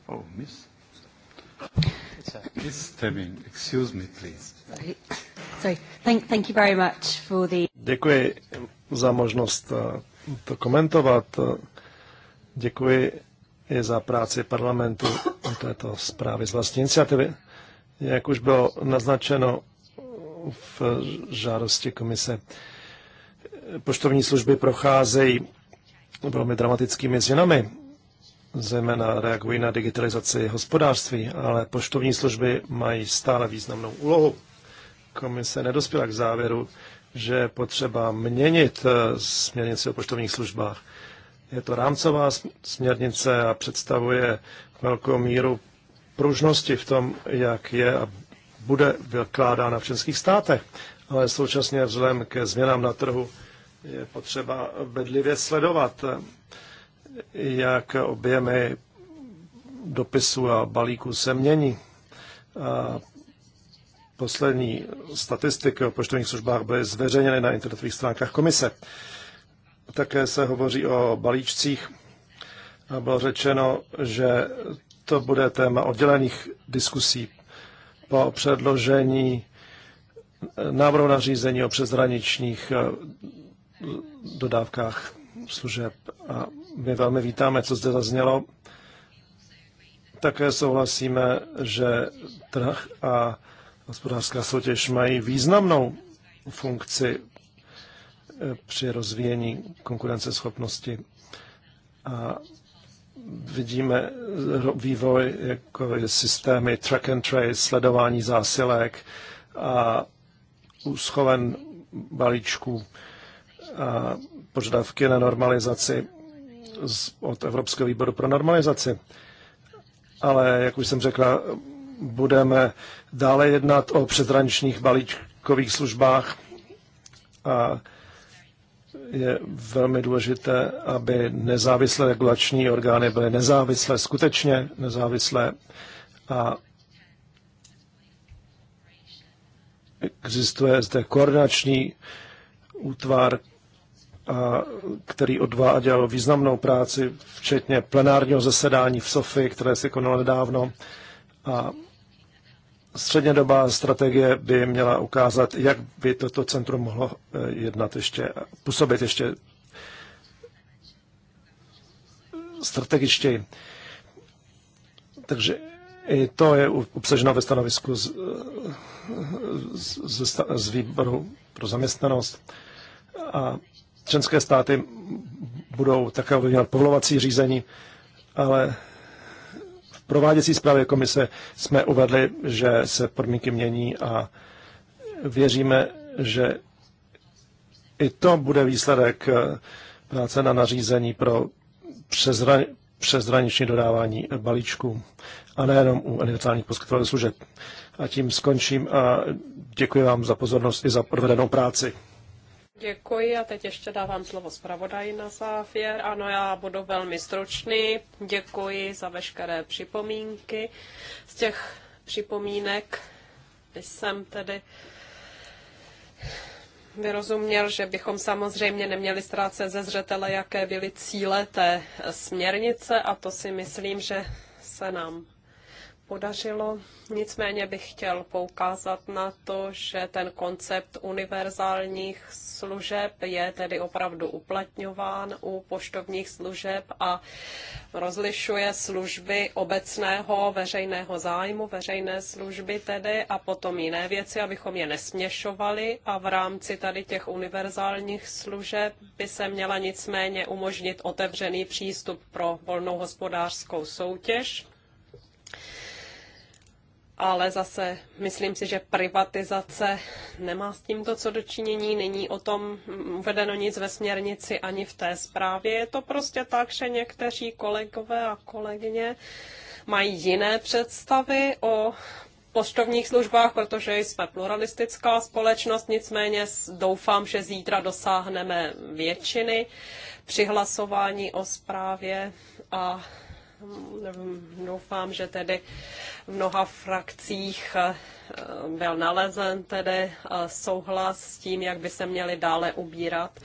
Oh, miss. Děkuji za možnost eh, to komentovat. Eh, děkuji i za práci parlamentu na této zprávy z vlastní iniciativy. Jak už bylo naznačeno v žádosti komise, poštovní služby procházejí velmi dramatickými změnami zejména reagují na digitalizaci hospodářství, ale poštovní služby mají stále významnou úlohu. Komise nedospěla k závěru, že je potřeba měnit eh, směrnici o poštovních službách. Je to rámcová směrnice a představuje velkou míru pružnosti v tom, jak je a bude vykládána v členských státech. Ale současně vzhledem ke změnám na trhu je potřeba bedlivě sledovat eh, jak objemy dopisů a balíků se mění. A poslední statistiky o poštovních službách byly zveřejněny na internetových stránkách komise. Také se hovoří o balíčcích a bylo řečeno, že to bude téma oddělených diskusí po předložení návrhu nařízení o přezraničních eh, dodávkách služeb a my velmi vítáme, co zde zaznělo. Také souhlasíme, že trh a hospodářská soutěž mají významnou funkci eh, při rozvíjení konkurenceschopnosti. A vidíme eh, vývoj jako systémy track and trace, sledování zásilek a uschoven balíčků a požadavky na normalizaci z od Evropského výboru pro normalizaci. Ale, jak už jsem řekla, budeme dále jednat o předraničních balíčkových službách a je velmi důležité, aby nezávislé regulační orgány byly nezávislé, skutečně nezávislé a existuje zde koordinační útvar, a který odváděl významnou práci, včetně plenárního zasedání v Sofii, které se konalo nedávno. A střednědobá strategie by měla ukázat, jak by toto centrum mohlo eh, jednat ještě, působit ještě strategičtěji. Takže i to je obsaženo ve stanovisku z, eh, z, z, z výboru pro zaměstnanost. A Členské státy budou také ovlivňovat povolovací řízení, ale v prováděcí zprávě komise jsme uvedli, že se podmínky mění a věříme, že i to bude výsledek eh, práce na nařízení pro přezraň, přezraniční dodávání balíčků a nejenom u univerzálních poskytovatelů služeb. A tím skončím a děkuji vám za pozornost i za provedenou práci. Děkuji a teď ještě dávám slovo zpravodaji na závěr. Ano, já budu velmi stručný. Děkuji za veškeré připomínky. Z těch připomínek jsem tedy vyrozuměl, že bychom samozřejmě neměli ztrácet ze zřetele, jaké byly cíle té směrnice a to si myslím, že se nám podařilo. Nicméně bych chtěl poukázat na to, že ten koncept univerzálních služeb je tedy opravdu uplatňován u poštovních služeb a rozlišuje služby obecného veřejného zájmu, veřejné služby tedy a potom jiné věci, abychom je nesměšovali a v rámci tady těch univerzálních služeb by se měla nicméně umožnit otevřený přístup pro volnou hospodářskou soutěž ale zase myslím si, že privatizace nemá s tímto co dočinění, není o tom uvedeno nic ve směrnici ani v té zprávě. Je to prostě tak, že někteří kolegové a kolegyně mají jiné představy o poštovních službách, protože jsme pluralistická společnost, nicméně doufám, že zítra dosáhneme většiny při hlasování o zprávě a Doufám, že tedy v mnoha frakcích eh, byl nalezen tedy eh, souhlas s tím, jak by se měly dále ubírat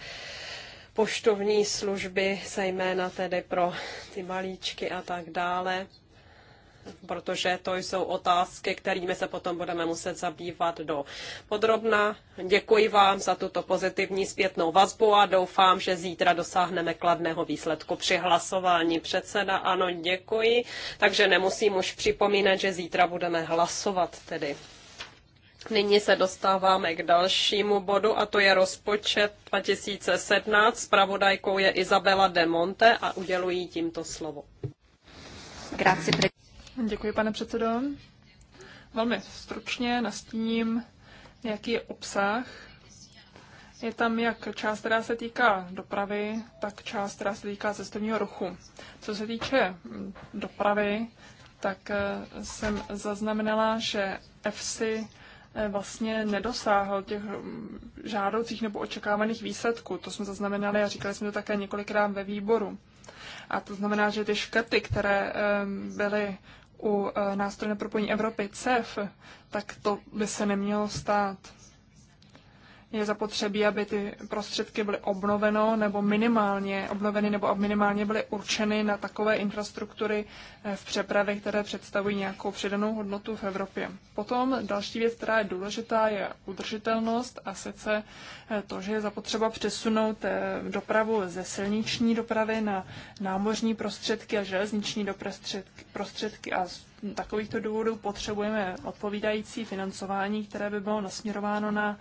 poštovní služby, zejména tedy pro ty malíčky a tak dále protože to jsou otázky, kterými se potom budeme muset zabývat do podrobna. Děkuji vám za tuto pozitivní zpětnou vazbu a doufám, že zítra dosáhneme kladného výsledku při hlasování. Předseda, ano, děkuji. Takže nemusím už připomínat, že zítra budeme hlasovat tedy. Nyní se dostáváme k dalšímu bodu a to je rozpočet 2017. Spravodajkou je Izabela de Monte a udělují tímto slovo. Grazie. Děkuji, pane předsedo. Velmi stručně nastíním, jaký je obsah. Je tam jak část, která se týká dopravy, tak část, která se týká cestovního ruchu. Co se týče dopravy, tak eh, jsem zaznamenala, že EFSI eh, vlastně nedosáhl těch mm, žádoucích nebo očekávaných výsledků. To jsme zaznamenali a říkali jsme to také několikrát ve výboru. A to znamená, že ty škrty, které eh, byly u eh, nástroje na propojení Evropy CEF, tak to by se nemělo stát je zapotřebí, aby ty prostředky byly obnoveno nebo minimálně obnoveny nebo minimálně byly určeny na takové infrastruktury eh, v přepravě, které představují nějakou přidanou hodnotu v Evropě. Potom další věc, která je důležitá, je udržitelnost a sice eh, to, že je zapotřeba přesunout eh, dopravu ze silniční dopravy na námořní prostředky a železniční prostředky a takovýchto důvodů potřebujeme odpovídající financování, které by bylo nasměrováno na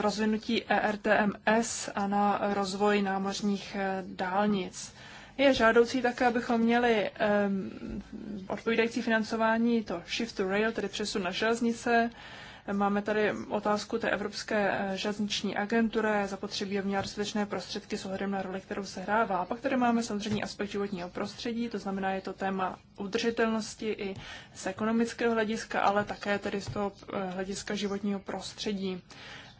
rozvinutí ERTMS a na rozvoj námořních eh, dálnic. Je žádoucí také, abychom měli um, odpovídající financování to shift to rail, tedy přesun na železnice, Máme tady otázku té Evropské eh, železniční agentury, zapotřebí měla dostatečné prostředky s ohledem na roli, kterou se hrává. A pak tady máme samozřejmě aspekt životního prostředí, to znamená, je to téma udržitelnosti i z ekonomického hlediska, ale také tedy z toho eh, hlediska životního prostředí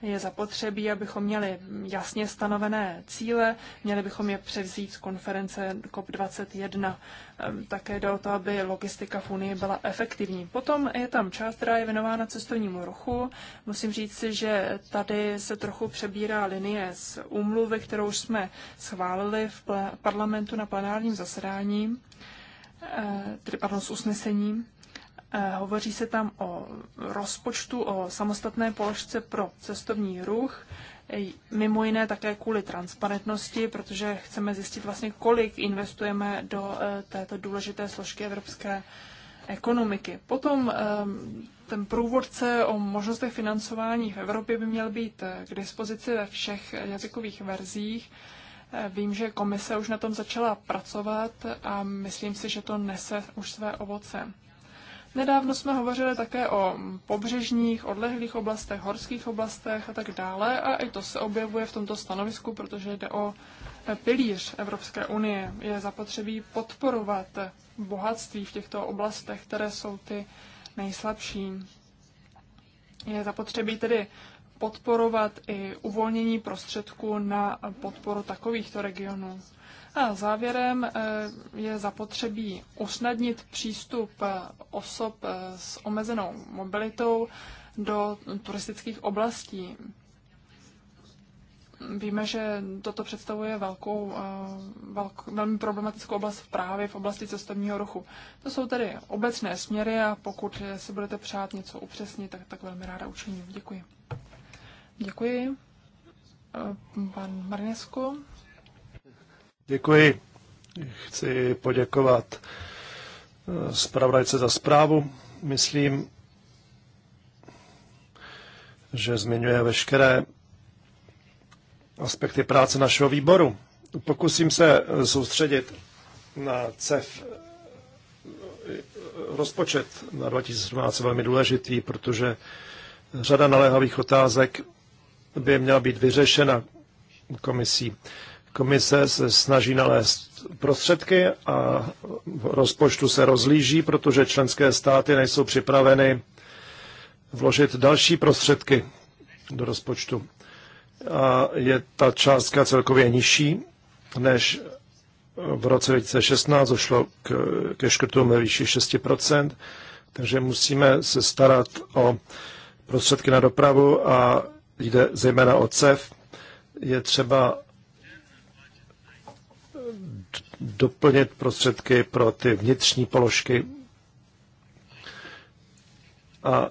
je zapotřebí, abychom měli jasně stanovené cíle, měli bychom je převzít z konference COP21. Ehm, také jde o to, aby logistika v Unii byla efektivní. Potom je tam část, která je věnována cestovnímu ruchu. Musím říct si, že tady se trochu přebírá linie z úmluvy, kterou jsme schválili v parlamentu na plenárním zasedání, ehm, tedy pardon, s usnesením. Eh, hovoří se tam o rozpočtu, o samostatné položce pro cestovní ruch, eh, mimo jiné také kvůli transparentnosti, protože chceme zjistit vlastně, kolik investujeme do eh, této důležité složky evropské ekonomiky. Potom ten průvodce o možnostech financování v Evropě by měl být k dispozici ve všech jazykových verzích. Vím, že komise už na tom začala pracovat a myslím si, že to nese už své ovoce. Nedávno jsme hovořili také o pobřežních, odlehlých oblastech, horských oblastech a tak dále. A i to se objevuje v tomto stanovisku, protože jde o pilíř Evropské unie. Je zapotřebí podporovat bohatství v těchto oblastech, které jsou ty nejslabší. Je zapotřebí tedy podporovat i uvolnění prostředků na podporu takovýchto regionů. A závěrem eh, je zapotřebí usnadnit přístup eh, osob eh, s omezenou mobilitou do turistických oblastí. Víme, že toto představuje velkou, velkou, velmi problematickou oblast právě v oblasti cestovního ruchu. To jsou tedy obecné směry a pokud si budete přát něco upřesnit, tak, tak velmi ráda učiním. Děkuji. Děkuji. Pan Marinesku. Děkuji. Chci poděkovat eh, zpravodajce za zprávu. Myslím, že zmiňuje veškeré aspekty práce našeho výboru. Pokusím se eh, soustředit na CEF. Rozpočet na 2017 je velmi důležitý, protože řada naléhavých otázek by měla být vyřešena komisí. Komise se snaží nalézt prostředky a v rozpočtu se rozlíží, protože členské státy nejsou připraveny vložit další prostředky do rozpočtu. A je ta částka celkově nižší, než v roce 2016 došlo k, ke škrtům ve výši 6%, takže musíme se starat o prostředky na dopravu a jde zejména o CEF. Je třeba doplnit prostředky pro ty vnitřní položky a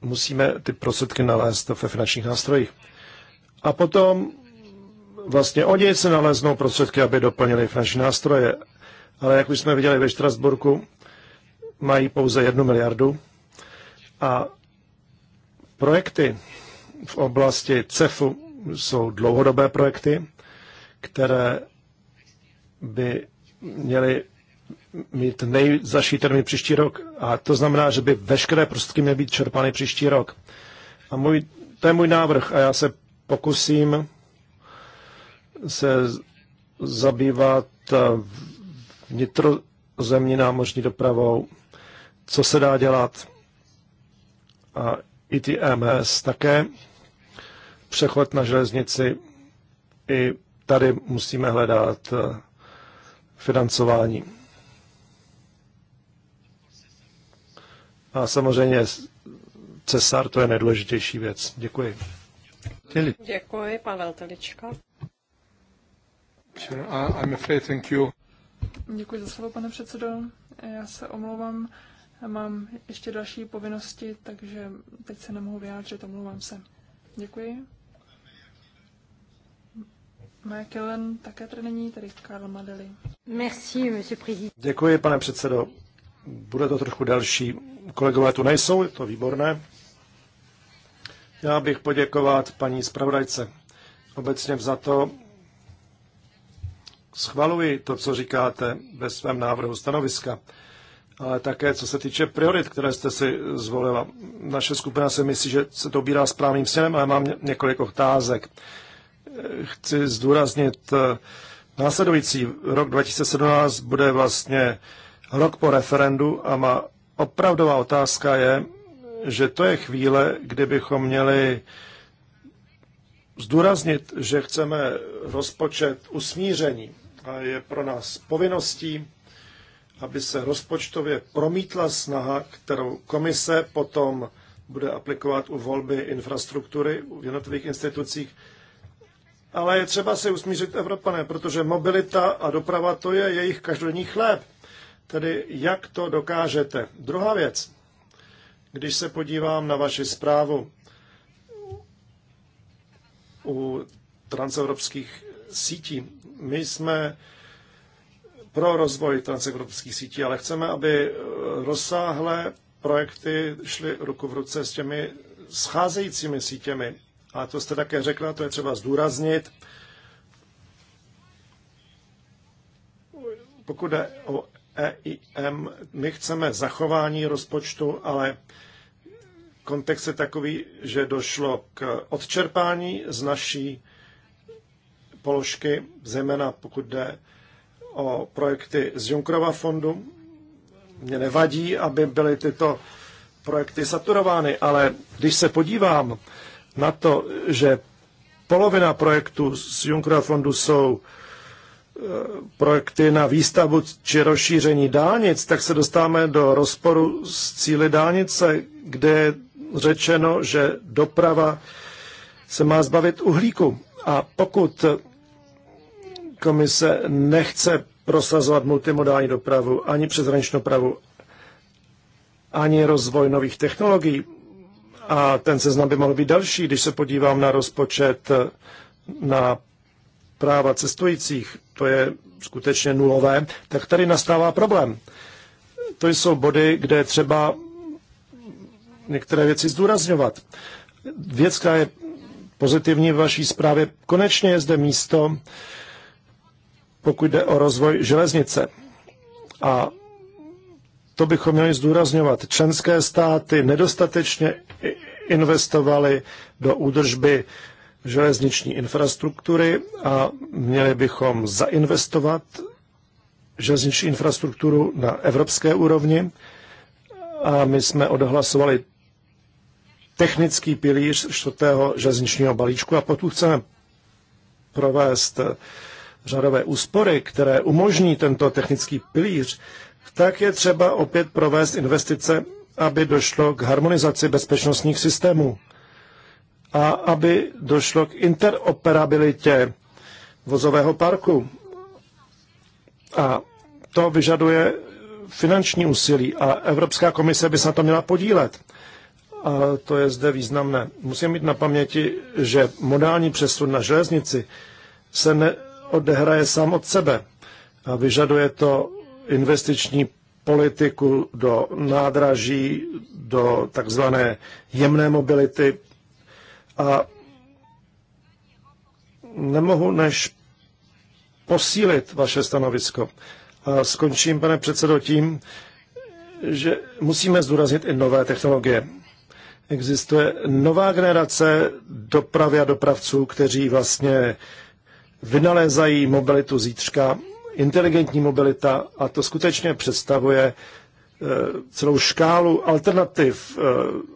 musíme ty prostředky nalézt ve finančních nástrojích. A potom vlastně oni se naleznou prostředky, aby doplnili finanční nástroje. Ale jak už jsme viděli ve Štrasburku, mají pouze jednu miliardu a projekty v oblasti CEFu jsou dlouhodobé projekty, které by měli mít nejzaší termín příští rok. A to znamená, že by veškeré prostředky měly být čerpány příští rok. A můj, to je můj návrh a já se pokusím se zabývat eh, vnitrozemní námořní dopravou, co se dá dělat a i ty EMS také. Přechod na železnici i tady musíme hledat eh, financování. A samozřejmě Cesar, to je nejdůležitější věc. Děkuji. Děkuji, Pavel Telička. I'm afraid, thank you. Děkuji za slovo, pane předsedo. Já se omlouvám, Já mám ještě další povinnosti, takže teď se nemohu vyjádřit, omlouvám se. Děkuji také tady není, tady Karl Madeli. Merci, monsieur président. Děkuji, pane předsedo. Bude to trochu delší. Kolegové tu nejsou, je to výborné. Já bych poděkovat paní zpravodajce obecně za to. Schvaluji to, co říkáte ve svém návrhu stanoviska, ale také co se týče priorit, které jste si zvolila. Naše skupina si myslí, že se to ubírá správným směrem, ale mám několik otázek chci zdůraznit eh, následující. Rok 2017 bude vlastně rok po referendu a má opravdová otázka je, že to je chvíle, kdy bychom měli zdůraznit, že chceme rozpočet usmíření. A je pro nás povinností, aby se rozpočtově promítla snaha, kterou komise potom bude aplikovat u volby infrastruktury v jednotlivých institucích, ale je třeba se usmířit Evropané, protože mobilita a doprava to je jejich každodenní chléb. Tedy jak to dokážete? Druhá věc, když se podívám na vaši zprávu u transevropských sítí, my jsme pro rozvoj transevropských sítí, ale chceme, aby rozsáhlé projekty šly ruku v ruce s těmi scházejícími sítěmi a to jste také řekla, to je třeba zdůraznit. Pokud jde o EIM, my chceme zachování rozpočtu, ale kontext je takový, že došlo k odčerpání z naší položky, zejména pokud jde o projekty z Junkrova fondu. Mně nevadí, aby byly tyto projekty saturovány, ale když se podívám na to, že polovina projektů z Junckera fondu jsou e, projekty na výstavbu či rozšíření dálnic, tak se dostáváme do rozporu s cíly dálnice, kde je řečeno, že doprava se má zbavit uhlíku. A pokud komise nechce prosazovat multimodální dopravu, ani přeshraniční dopravu, ani rozvoj nových technologií, a ten seznam by mohl být další, když se podívám na rozpočet eh, na práva cestujících, to je skutečně nulové, tak tady nastává problém. To jsou body, kde je třeba některé věci zdůrazňovat. Věc, která je pozitivní v vaší zprávě, konečně je zde místo, pokud jde o rozvoj železnice. A to bychom měli zdůrazňovat. Členské státy nedostatečně investovaly do údržby železniční infrastruktury a měli bychom zainvestovat železniční infrastrukturu na evropské úrovni. A my jsme odhlasovali technický pilíř čtvrtého železničního balíčku a potom chceme provést řadové úspory, které umožní tento technický pilíř, tak je třeba opět provést investice, aby došlo k harmonizaci bezpečnostních systémů a aby došlo k interoperabilitě vozového parku. A to vyžaduje finanční úsilí a Evropská komise by se na to měla podílet. A to je zde významné. Musím mít na paměti, že modální přesun na železnici se neodehraje sám od sebe. A vyžaduje to investiční politiku do nádraží, do takzvané jemné mobility a nemohu než posílit vaše stanovisko. A skončím, pane předsedo, tím, že musíme zdůraznit i nové technologie. Existuje nová generace dopravy a dopravců, kteří vlastně vynalézají mobilitu zítřka inteligentní mobilita a to skutečně představuje eh, celou škálu alternativ eh,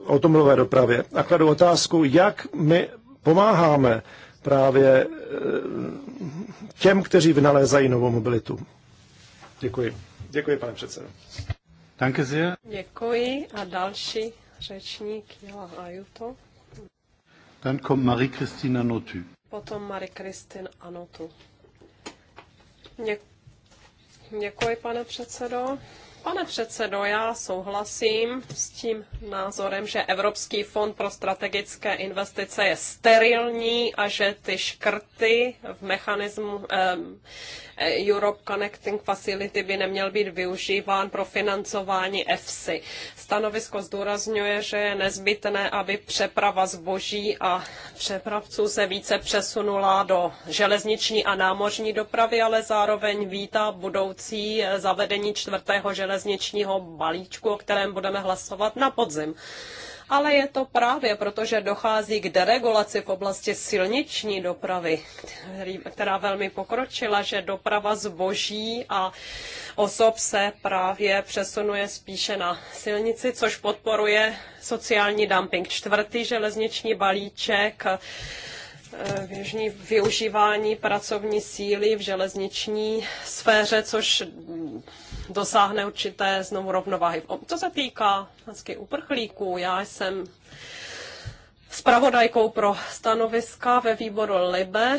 automobilové dopravě. A kladu otázku, jak my pomáháme právě eh, těm, kteří vynalézají novou mobilitu. Děkuji. Děkuji, pane předsedo. Danke sehr. Děkuji a další řečník Jela Ajuto. Dann kommt Marie-Christina Notu. Potom marie christine Anotu. Děkuji, pane předsedo. Pane předsedo, já souhlasím s tím názorem, že Evropský fond pro strategické investice je sterilní a že ty škrty v mechanismu Europe Connecting Facility by neměl být využíván pro financování EFSI. Stanovisko zdůrazňuje, že je nezbytné, aby přeprava zboží a přepravců se více přesunula do železniční a námořní dopravy, ale zároveň vítá budoucí zavedení čtvrtého železničního balíčku, o kterém budeme hlasovat na podzim ale je to právě proto, že dochází k deregulaci v oblasti silniční dopravy, která velmi pokročila, že doprava zboží a osob se právě přesunuje spíše na silnici, což podporuje sociální dumping. Čtvrtý železniční balíček eh, běžní využívání pracovní síly v železniční sféře, což dosáhne určité znovu rovnováhy. Co se týká uprchlíků, já jsem spravodajkou pro stanoviska ve výboru LIBE,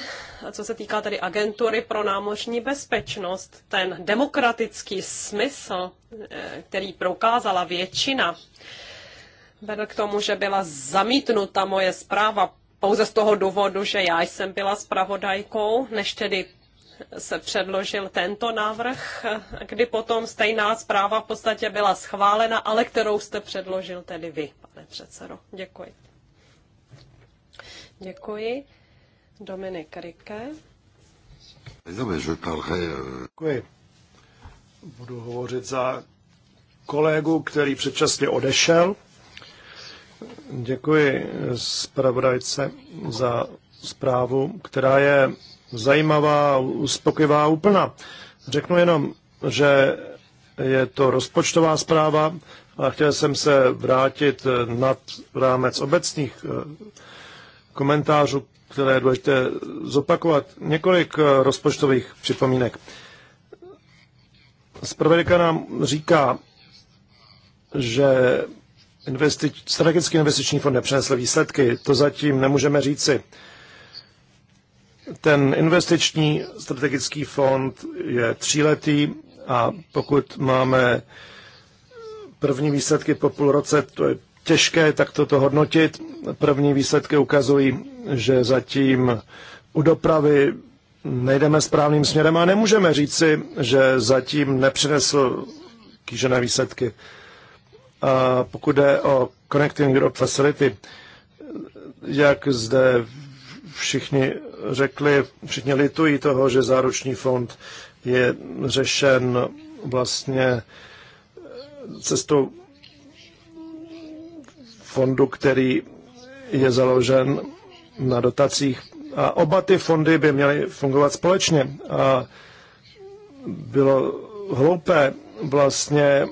co se týká tedy agentury pro námořní bezpečnost. Ten demokratický smysl, eh, který prokázala většina, vedl k tomu, že byla zamítnuta moje zpráva pouze z toho důvodu, že já jsem byla spravodajkou, než tedy se předložil tento návrh, kdy potom stejná zpráva v podstatě byla schválena, ale kterou jste předložil tedy vy, pane předsedo. Děkuji. Děkuji. Dominik Rike. No, euh, Děkuji. Budu hovořit za kolegu, který předčasně odešel. Děkuji zpravodajce za zprávu, která je zajímavá, uspokojivá, úplná. Řeknu jenom, že je to rozpočtová zpráva a chtěl jsem se vrátit nad rámec obecných eh, komentářů, které je důležité zopakovat. Několik eh, rozpočtových připomínek. Zpravodajka nám říká, že investič, strategický investiční fond nepřinesl výsledky. To zatím nemůžeme říci. Ten investiční strategický fond je tříletý a pokud máme první výsledky po půl roce, to je těžké takto to hodnotit. První výsledky ukazují, že zatím u dopravy nejdeme správným směrem a nemůžeme říci, že zatím nepřinesl kýžené výsledky. A pokud jde o Connecting Europe Facility, jak zde všichni řekli, všichni litují toho, že záruční fond je řešen vlastně cestou fondu, který je založen na dotacích. A oba ty fondy by měly fungovat společně. A bylo hloupé vlastně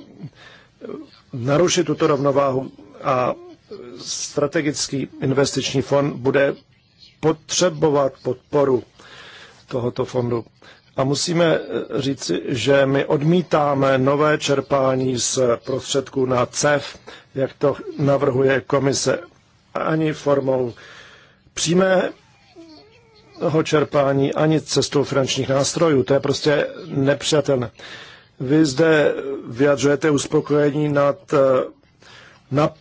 narušit tuto rovnováhu a strategický investiční fond bude potřebovat podporu tohoto fondu. A musíme říci, že my odmítáme nové čerpání z prostředků na CEF, jak to navrhuje komise, ani formou přímého čerpání, ani cestou finančních nástrojů. To je prostě nepřijatelné. Vy zde vyjadřujete uspokojení nad, nad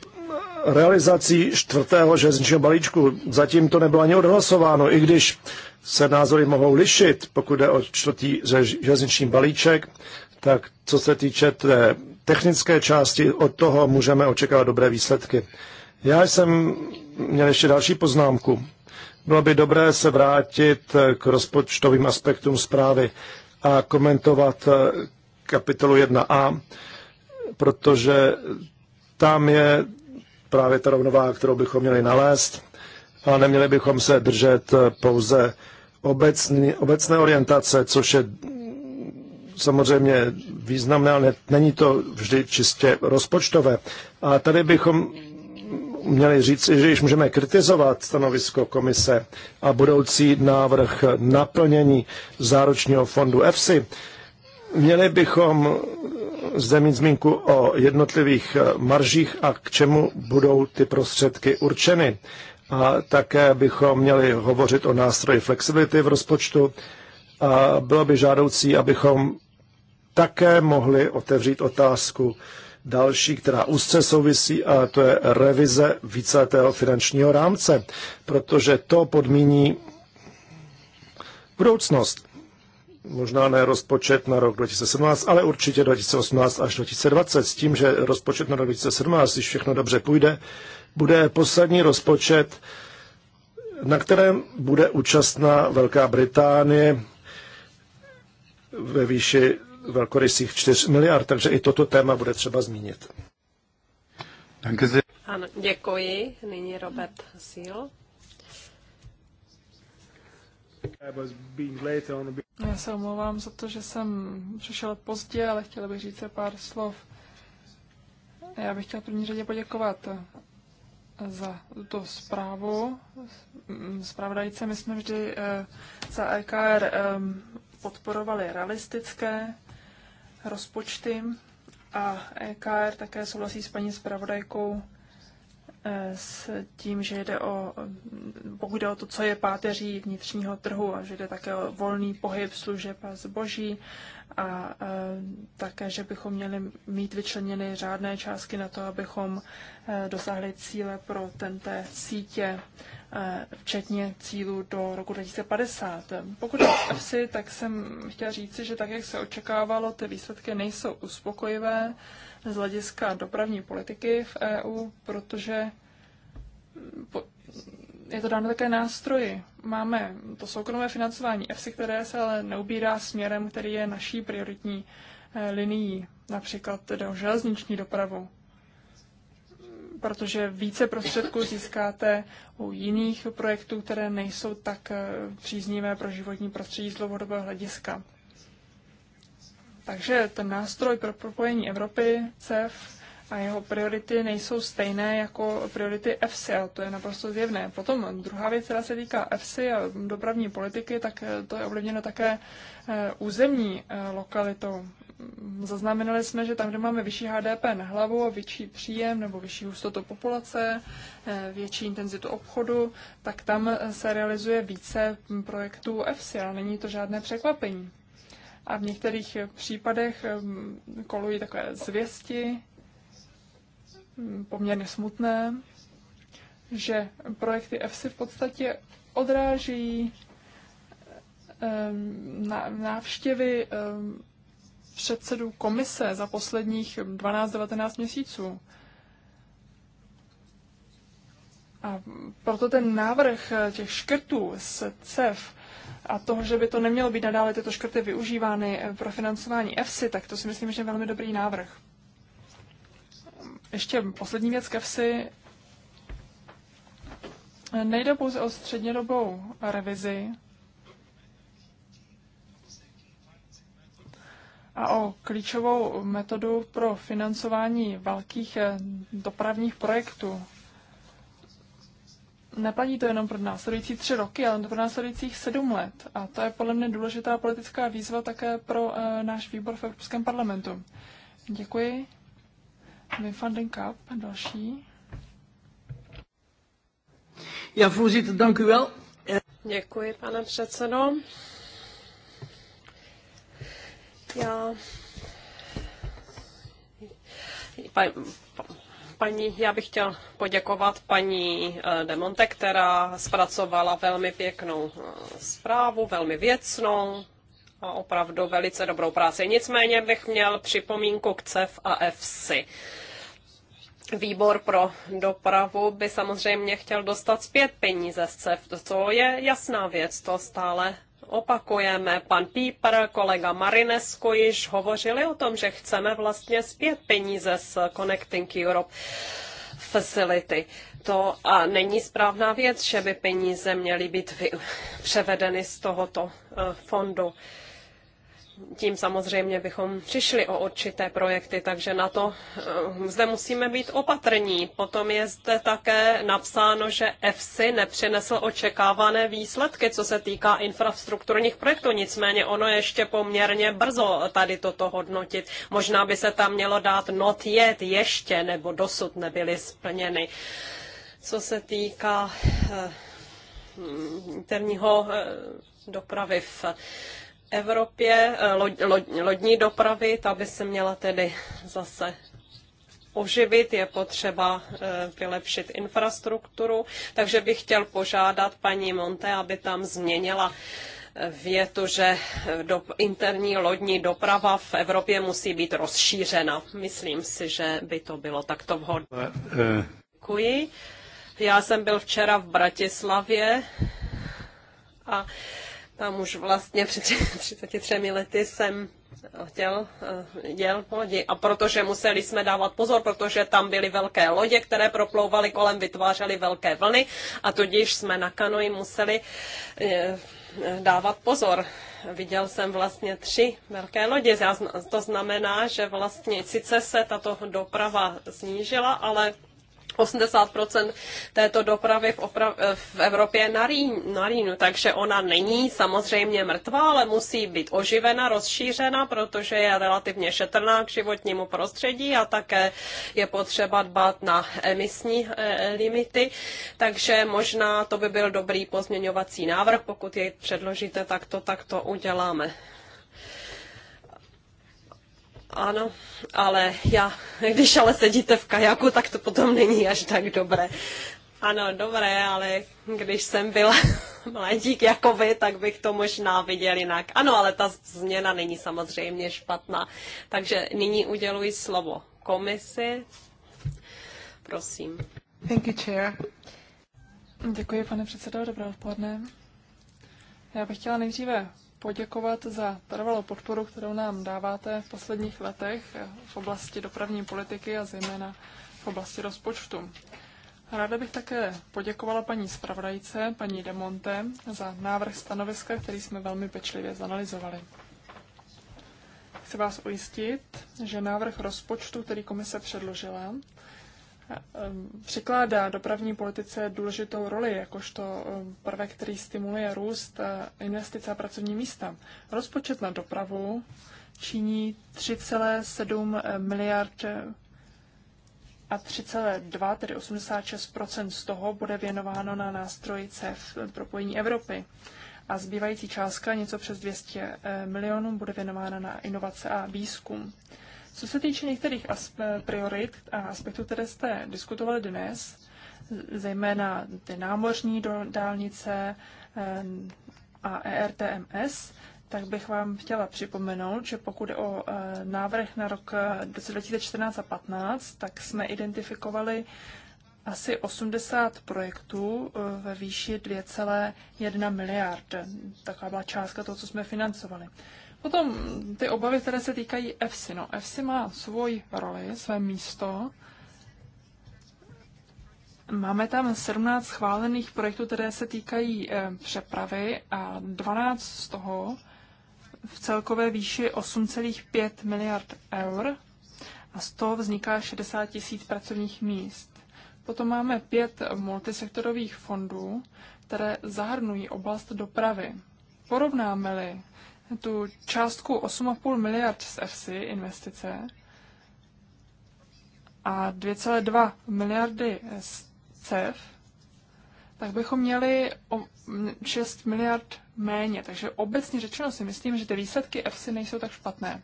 realizací čtvrtého železničního balíčku. Zatím to nebylo ani odhlasováno, i když se názory mohou lišit, pokud jde o čtvrtý železniční balíček, tak co se týče té technické části, od toho můžeme očekávat dobré výsledky. Já jsem měl ještě další poznámku. Bylo by dobré se vrátit k rozpočtovým aspektům zprávy a komentovat eh, kapitolu 1a, protože tam je právě ta rovnováha, kterou bychom měli nalézt. A neměli bychom se držet eh, pouze obecný, obecné orientace, což je samozřejmě významné, ale není to vždy čistě rozpočtové. A tady bychom měli říct, že již můžeme kritizovat stanovisko komise a budoucí návrh naplnění záručního fondu EFSI, měli bychom zde mít zmínku o jednotlivých eh, maržích a k čemu budou ty prostředky určeny. A také bychom měli hovořit o nástroji flexibility v rozpočtu. A bylo by žádoucí, abychom také mohli otevřít otázku další, která úzce souvisí, a to je revize víceletého finančního rámce, protože to podmíní budoucnost možná ne rozpočet na rok 2017, ale určitě 2018 až 2020, s tím, že rozpočet na rok 2017, když všechno dobře půjde, bude poslední rozpočet, na kterém bude účastna Velká Británie ve výši velkorysých 4 miliard, takže i toto téma bude třeba zmínit. Ano, děkuji. Nyní Robert Síl. Já se omlouvám za to, že jsem přišel pozdě, ale chtěla bych říct pár slov. Já bych chtěla v první řadě poděkovat za tuto zprávu. Zpravodajce, my jsme vždy eh, za EKR podporovali realistické rozpočty a EKR také souhlasí s paní zpravodajkou s tím, že jde o, pokud jde o to, co je páteří vnitřního trhu a že jde také o volný pohyb služeb a zboží a e, také, že bychom měli mít vyčleněny řádné částky na to, abychom e, dosáhli cíle pro tento sítě, e, včetně cílů do roku 2050. Pokud je o EFSI, tak jsem chtěla říci, že tak, jak se očekávalo, ty výsledky nejsou uspokojivé z hlediska dopravní politiky v EU, protože je to dáno také nástroji. Máme to soukromé financování EFSI, které se ale neubírá směrem, který je naší prioritní eh, linií, například do železniční dopravu, protože více prostředků získáte u jiných projektů, které nejsou tak eh, příznivé pro životní prostředí z dlouhodobého hlediska. Takže ten nástroj pro propojení Evropy, CEF, a jeho priority nejsou stejné jako priority EFSI, a to je naprosto zjevné. Potom druhá věc, která se týká EFSI a dopravní politiky, tak eh, to je ovlivněno také eh, územní eh, lokalitou. Zaznamenali jsme, že tam, kde máme vyšší HDP na hlavu, větší příjem nebo vyšší hustotu populace, větší intenzitu obchodu, tak tam se realizuje více hm, projektů EFSI, ale není to žádné překvapení a v některých případech kolují takové zvěsti, poměrně smutné, že projekty EFSI v podstatě odráží návštěvy předsedů komise za posledních 12-19 měsíců. A proto ten návrh těch škrtů z CEF a toho, že by to nemělo být nadále tyto škrty využívány pro financování EFSI, tak to si myslím, že je velmi dobrý návrh. Ještě poslední věc k EFSI. Nejde pouze o střednědobou revizi a o klíčovou metodu pro financování velkých eh, dopravních projektů neplatí to jenom pro následující tři roky, ale pro následujících sedm let. A to je podle mě důležitá politická výzva také pro uh, náš výbor v Evropském parlamentu. Děkuji. My Funding Cup, další. Já voorzitter, děkuji u Děkuji, pane předsedo. Já... Pa, pa, Paní, já bych chtěl poděkovat paní eh, Demonte, která zpracovala velmi pěknou eh, zprávu, velmi věcnou a opravdu velice dobrou práci. Nicméně bych měl připomínku k CEF a EFSI. Výbor pro dopravu by samozřejmě chtěl dostat zpět peníze z CEF, to je jasná věc, to stále opakujeme. Pan Píper, kolega Marinesko již hovořili o tom, že chceme vlastně zpět peníze z Connecting Europe Facility. To a není správná věc, že by peníze měly být převedeny z tohoto eh, fondu tím samozřejmě bychom přišli o určité projekty, takže na to eh, zde musíme být opatrní. Potom je zde také napsáno, že EFSI nepřinesl očekávané výsledky, co se týká infrastrukturních projektů, nicméně ono je ještě poměrně brzo tady toto hodnotit. Možná by se tam mělo dát not yet, ještě, nebo dosud nebyly splněny. Co se týká eh, mm, interního eh, dopravy v Evropě eh, lo, lo, lodní dopravy, ta by se měla tedy zase oživit, je potřeba eh, vylepšit infrastrukturu, takže bych chtěl požádat paní Monte, aby tam změnila eh, větu, že do, interní lodní doprava v Evropě musí být rozšířena. Myslím si, že by to bylo takto vhodné. Děkuji. Já jsem byl včera v Bratislavě a tam už vlastně před 33 *laughs* lety jsem eh, chtěl děl eh, lodi. A protože museli jsme dávat pozor, protože tam byly velké lodě, které proplouvaly kolem, vytvářely velké vlny a tudíž jsme na kanoji museli eh, dávat pozor. Viděl jsem vlastně tři velké lodě. To znamená, že vlastně sice se tato doprava snížila, ale 80% této dopravy v, opra- v Evropě na, Rín, na Rínu, takže ona není samozřejmě mrtvá, ale musí být oživena, rozšířena, protože je relativně šetrná k životnímu prostředí a také je potřeba dbát na emisní eh, limity. Takže možná to by byl dobrý pozměňovací návrh, pokud jej předložíte, tak to, tak to uděláme. Ano, ale já, když ale sedíte v kajaku, tak to potom není až tak dobré. Ano, dobré, ale když jsem byla *laughs* mladík jako vy, tak bych to možná viděl jinak. Ano, ale ta změna není samozřejmě špatná. Takže nyní uděluji slovo komisi. Prosím. Thank you, chair. Děkuji, pane předsedo, dobré odpoledne. Já bych chtěla nejdříve poděkovat za trvalou podporu, kterou nám dáváte v posledních letech v oblasti dopravní politiky a zejména v oblasti rozpočtu. Ráda bych také poděkovala paní zpravodajce, paní Demonte, za návrh stanoviska, který jsme velmi pečlivě zanalizovali. Chci vás ujistit, že návrh rozpočtu, který komise předložila, Ehm, překládá dopravní politice důležitou roli, jakožto ehm, prvek, který stimuluje růst eh, investice a pracovní místa. Rozpočet na dopravu činí 3,7 miliard eh, a 3,2, tedy 86 z toho, bude věnováno na nástroj CEF eh, propojení Evropy. A zbývající částka, něco přes 200 milionů, bude věnována na inovace a výzkum. Co se týče některých priorit a aspektů, které jste diskutovali dnes, zejména ty námořní dálnice a ERTMS, tak bych vám chtěla připomenout, že pokud o e, návrh na rok 2014 e, a 15, tak jsme identifikovali asi 80 projektů e, ve výši 2,1 miliard. Taková byla částka toho, co jsme financovali. Potom ty obavy, které se týkají EFSI. No, EFSI má svůj roli, své místo. Máme tam 17 schválených projektů, které se týkají e, přepravy a 12 z toho v celkové výši 8,5 miliard eur a z toho vzniká 60 tisíc pracovních míst. Potom máme pět multisektorových fondů, které zahrnují oblast dopravy. Porovnáme-li tu částku 8,5 miliard z EFSI investice a 2,2 miliardy z CEF, tak bychom měli o 6 miliard méně. Takže obecně řečeno si myslím, že ty výsledky EFSI nejsou tak špatné.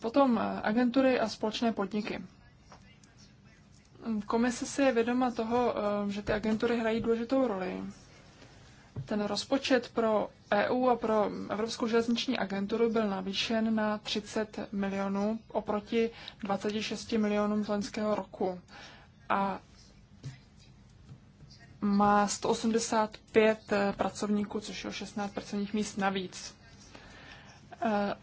Potom agentury a společné podniky. Komise si je vědoma toho, že ty agentury hrají důležitou roli ten rozpočet pro EU a pro Evropskou železniční agenturu byl navýšen na 30 milionů oproti 26 milionům z loňského roku. A má 185 pracovníků, což je 16 pracovních míst navíc. E,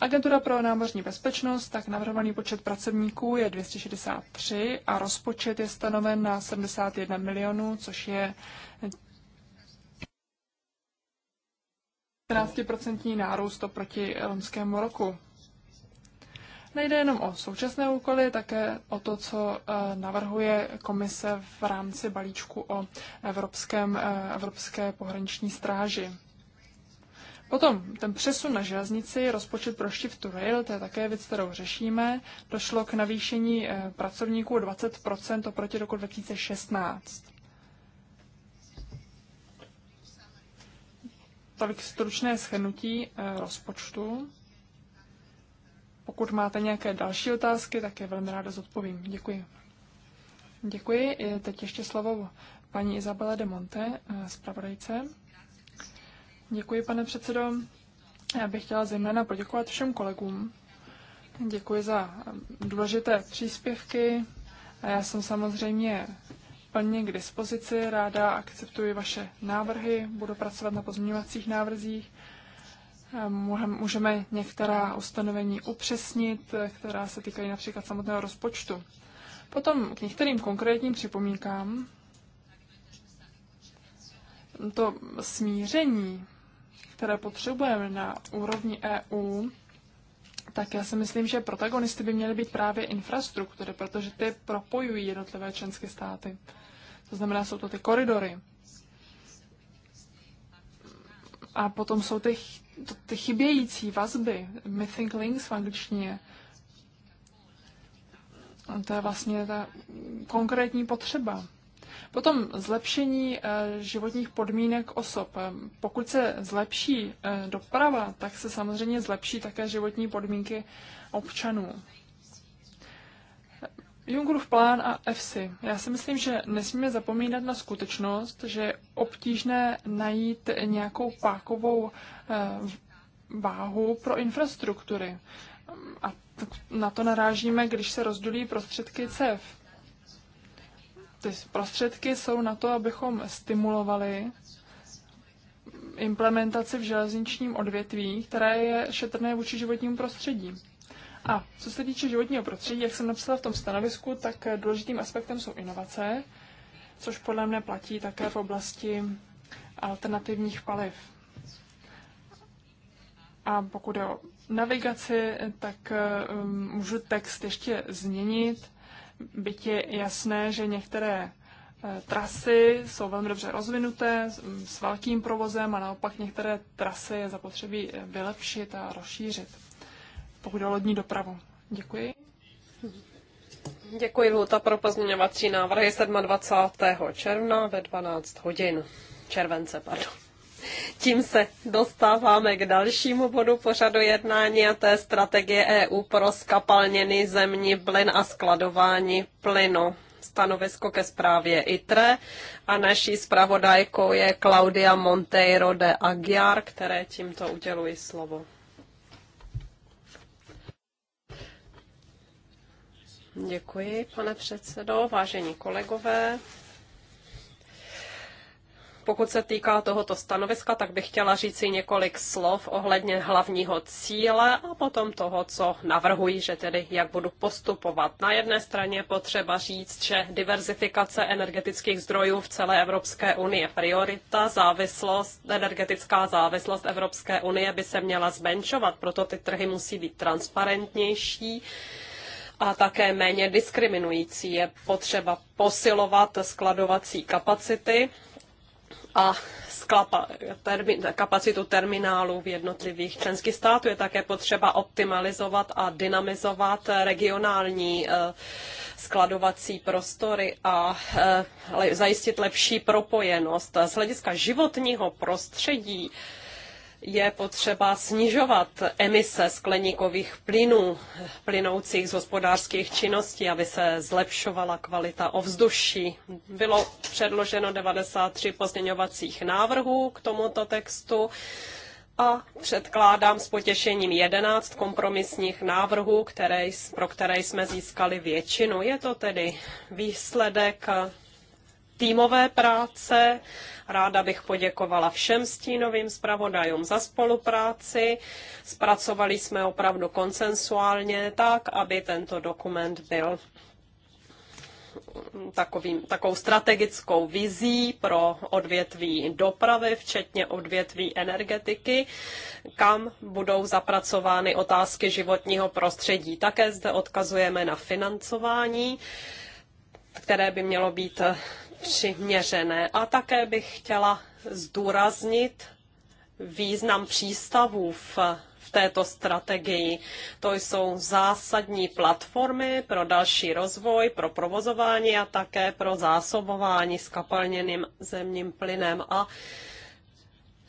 agentura pro námořní bezpečnost, tak navrhovaný počet pracovníků je 263 a rozpočet je stanoven na 71 milionů, což je 14% nárůst oproti loňskému roku. Nejde jenom o současné úkoly, také o to, co eh, navrhuje komise v rámci balíčku o Evropském, eh, Evropské pohraniční stráži. Potom ten přesun na železnici, rozpočet pro Shift to Rail, to je také věc, kterou řešíme. Došlo k navýšení eh, pracovníků 20 oproti roku 2016. tolik stručné schrnutí eh, rozpočtu. Pokud máte nějaké další otázky, tak je velmi ráda zodpovím. Děkuji. Děkuji. Teď ještě slovo paní Izabela de Monte, eh, zpravodajce. Děkuji, pane předsedo. Já bych chtěla zejména poděkovat všem kolegům. Děkuji za eh, důležité příspěvky. A já jsem samozřejmě plně k dispozici, ráda akceptuji vaše návrhy, budu pracovat na pozměňovacích návrzích. Můžeme některá ustanovení upřesnit, která se týkají například samotného rozpočtu. Potom k některým konkrétním připomínkám. To smíření, které potřebujeme na úrovni EU, tak já si myslím, že protagonisty by měly být právě infrastruktury, protože ty propojují jednotlivé členské státy. To znamená, jsou to ty koridory. A potom jsou ty, ty chybějící vazby, missing links v angličtině. A to je vlastně ta konkrétní potřeba. Potom zlepšení eh, životních podmínek osob. Pokud se zlepší eh, doprava, tak se samozřejmě zlepší také životní podmínky občanů. Jungův plán a EFSI. Já si myslím, že nesmíme zapomínat na skutečnost, že je obtížné najít nějakou pákovou eh, váhu pro infrastruktury. A na to narážíme, když se rozdělí prostředky CEF. Ty prostředky jsou na to, abychom stimulovali implementaci v železničním odvětví, které je šetrné vůči životnímu prostředí. A co se týče životního prostředí, jak jsem napsala v tom stanovisku, tak důležitým aspektem jsou inovace, což podle mne platí také v oblasti alternativních paliv. A pokud je o navigaci, tak um, můžu text ještě změnit, byť je jasné, že některé eh, trasy jsou velmi dobře rozvinuté, s velkým provozem a naopak některé trasy je zapotřebí eh, vylepšit a rozšířit pokud o lodní dopravu. Děkuji. Děkuji, Luta, pro pozměňovací návrhy 27. června ve 12 hodin. Července, pardon. Tím se dostáváme k dalšímu bodu pořadu jednání a to je strategie EU pro skapalněný zemní plyn a skladování plynu. Stanovisko ke zprávě ITRE a naší zpravodajkou je Claudia Monteiro de Aguiar, které tímto uděluji slovo. Děkuji, pane předsedo, vážení kolegové. Pokud se týká tohoto stanoviska, tak bych chtěla říci několik slov ohledně hlavního cíle a potom toho, co navrhuji, že tedy jak budu postupovat. Na jedné straně potřeba říct, že diverzifikace energetických zdrojů v celé Evropské unii je priorita, závislost, energetická závislost Evropské unie by se měla zmenšovat, proto ty trhy musí být transparentnější a také méně diskriminující. Je potřeba posilovat skladovací kapacity a sklapa, termi, kapacitu terminálů v jednotlivých členských států. Je také potřeba optimalizovat a dynamizovat regionální eh, skladovací prostory a eh, zajistit lepší propojenost. Z hlediska životního prostředí je potřeba snižovat emise skleníkových plynů plynoucích z hospodářských činností, aby se zlepšovala kvalita ovzduší. Bylo předloženo 93 pozměňovacích návrhů k tomuto textu a předkládám s potěšením 11 kompromisních návrhů, které, pro které jsme získali většinu. Je to tedy výsledek týmové práce. Ráda bych poděkovala všem stínovým zpravodajům za spolupráci. Zpracovali jsme opravdu konsensuálně tak, aby tento dokument byl takovým, takovou strategickou vizí pro odvětví dopravy, včetně odvětví energetiky, kam budou zapracovány otázky životního prostředí. Také zde odkazujeme na financování, které by mělo být přiměřené. A také bych chtěla zdůraznit význam přístavů v v této strategii. To jsou zásadní platformy pro další rozvoj, pro provozování a také pro zásobování skapalněným zemním plynem. A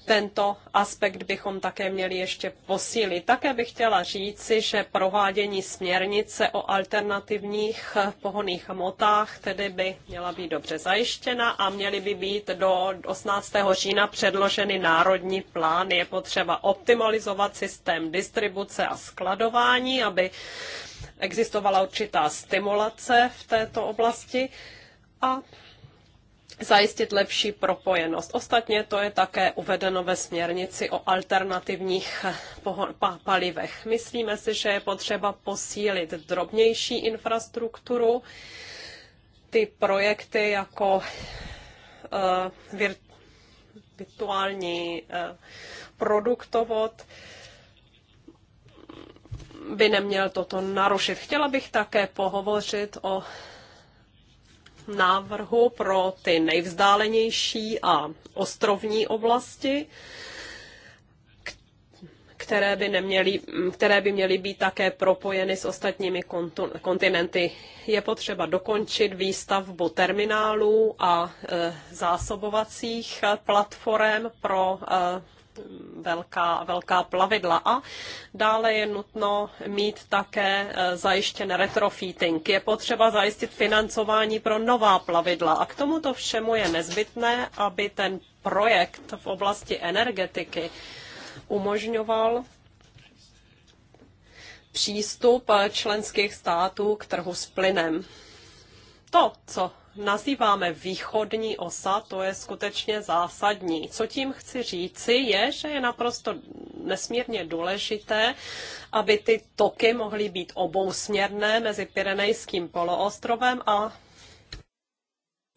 tento aspekt bychom také měli ještě posílit. Také bych chtěla říci, že provádění směrnice o alternativních pohoných hmotách tedy by měla být dobře zajištěna a měly by být do 18. října předloženy národní plány. Je potřeba optimalizovat systém distribuce a skladování, aby existovala určitá stimulace v této oblasti a zajistit lepší propojenost. Ostatně to je také uvedeno ve směrnici o alternativních palivech. Myslíme si, že je potřeba posílit drobnější infrastrukturu, ty projekty jako uh, virtuální uh, produktovod, by neměl toto narušit. Chtěla bych také pohovořit o návrhu pro ty nejvzdálenější a ostrovní oblasti, které by, neměly, které by měly být také propojeny s ostatními kontinenty. Je potřeba dokončit výstavbu terminálů a e, zásobovacích platform pro e, velká, velká plavidla. A dále je nutno mít také e, zajištěn retrofitting. Je potřeba zajistit financování pro nová plavidla. A k tomuto všemu je nezbytné, aby ten projekt v oblasti energetiky umožňoval přístup e, členských států k trhu s plynem. To, co nazýváme východní osa, to je skutečně zásadní. Co tím chci říci, je, že je naprosto nesmírně důležité, aby ty toky mohly být obousměrné mezi Pirenejským poloostrovem a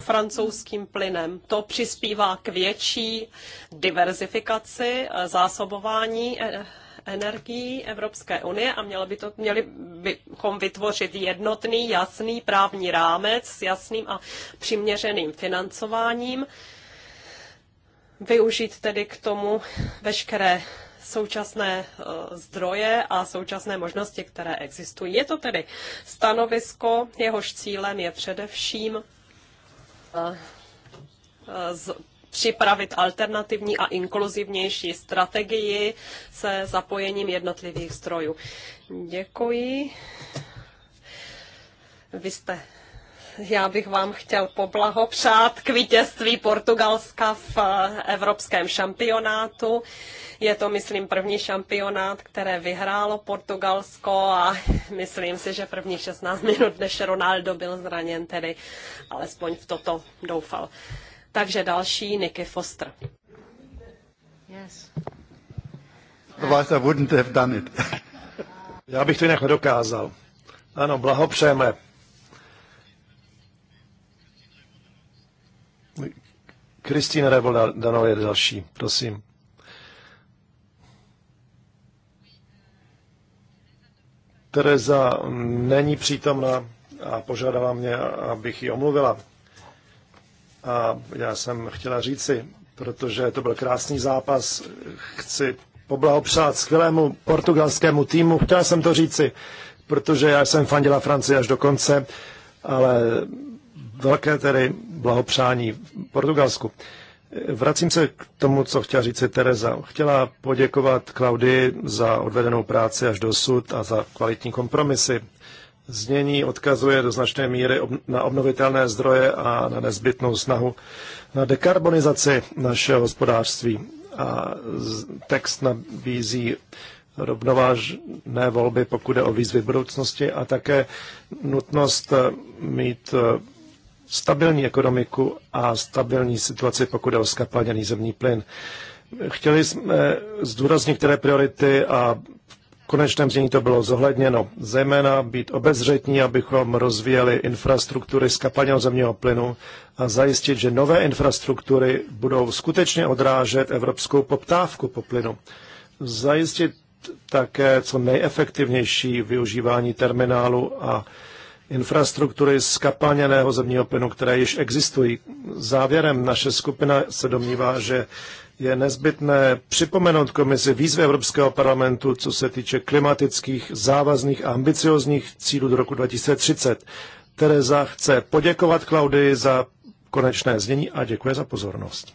francouzským plynem. To přispívá k větší diverzifikaci e, zásobování e, energií Evropské unie a měli, by to, měli bychom vytvořit jednotný, jasný právní rámec s jasným a přiměřeným financováním. Využít tedy k tomu veškeré současné e, zdroje a současné možnosti, které existují. Je to tedy stanovisko, jehož cílem je především e, e, připravit alternativní a inkluzivnější strategii se zapojením jednotlivých strojů. Děkuji. Vy jste já bych vám chtěl poblahopřát k vítězství Portugalska v eh, evropském šampionátu. Je to, myslím, první šampionát, které vyhrálo Portugalsko a myslím si, že prvních 16 minut, než Ronaldo byl zraněn, tedy alespoň v toto doufal. Takže další Nicky Foster. Yes. Otherwise I wouldn't have done it. *laughs* Já bych to jinak dokázal. Ano, blahopřejeme. Kristýna Rebel Danov je další, prosím. Tereza není přítomna a požádala mě, abych ji omluvila. A já jsem chtěla říci, protože to byl krásný zápas, chci poblahopřát skvělému portugalskému týmu. Chtěla jsem to říci, protože já jsem fandila Francii až do konce, ale velké tedy blahopřání v Portugalsku. Vracím se k tomu, co chtěla říci Tereza. Chtěla poděkovat Klaudii za odvedenou práci až dosud a za kvalitní kompromisy znění odkazuje do značné míry na obnovitelné zdroje a na nezbytnou snahu na dekarbonizaci našeho hospodářství. A text nabízí rovnovážné volby, pokud je o výzvy budoucnosti a také nutnost eh, mít eh, stabilní ekonomiku a stabilní situaci, pokud je o skapaněný zemní plyn. Chtěli jsme eh, zdůraznit některé priority a konečném znění to bylo zohledněno. Zejména být obezřetní, abychom rozvíjeli infrastruktury z kapalního zemního plynu a zajistit, že nové infrastruktury budou skutečně odrážet evropskou poptávku po plynu. Zajistit také co nejefektivnější využívání terminálu a infrastruktury z kapalněného zemního plynu, které již existují. Závěrem naše skupina se domnívá, že je nezbytné připomenout komisi výzvy Evropského parlamentu, co se týče klimatických, závazných a ambiciozních cílů do roku 2030. Tereza chce poděkovat Klaudy za konečné znění a děkuje za pozornost.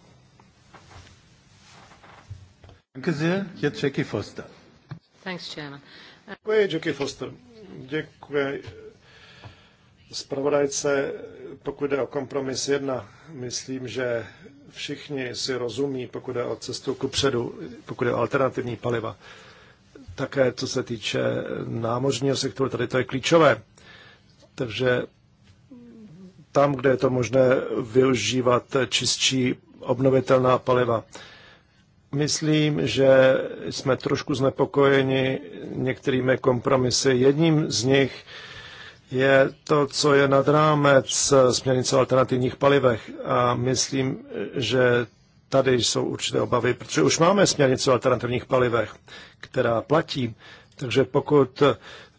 Děkuji, Jackie Foster. Děkuji, Jackie Foster. Děkuji Zpravodajce, pokud jde o kompromis jedna, myslím, že všichni si rozumí, pokud jde o cestu ku předu, pokud jde o alternativní paliva. Také co se týče námořního sektoru, tady to je klíčové. Takže tam, kde je to možné využívat čistší obnovitelná paliva. Myslím, že jsme trošku znepokojeni některými kompromisy. Jedním z nich je to, co je nad rámec směrnice o alternativních palivech. A myslím, že tady jsou určité obavy, protože už máme směrnice o alternativních palivech, která platí. Takže pokud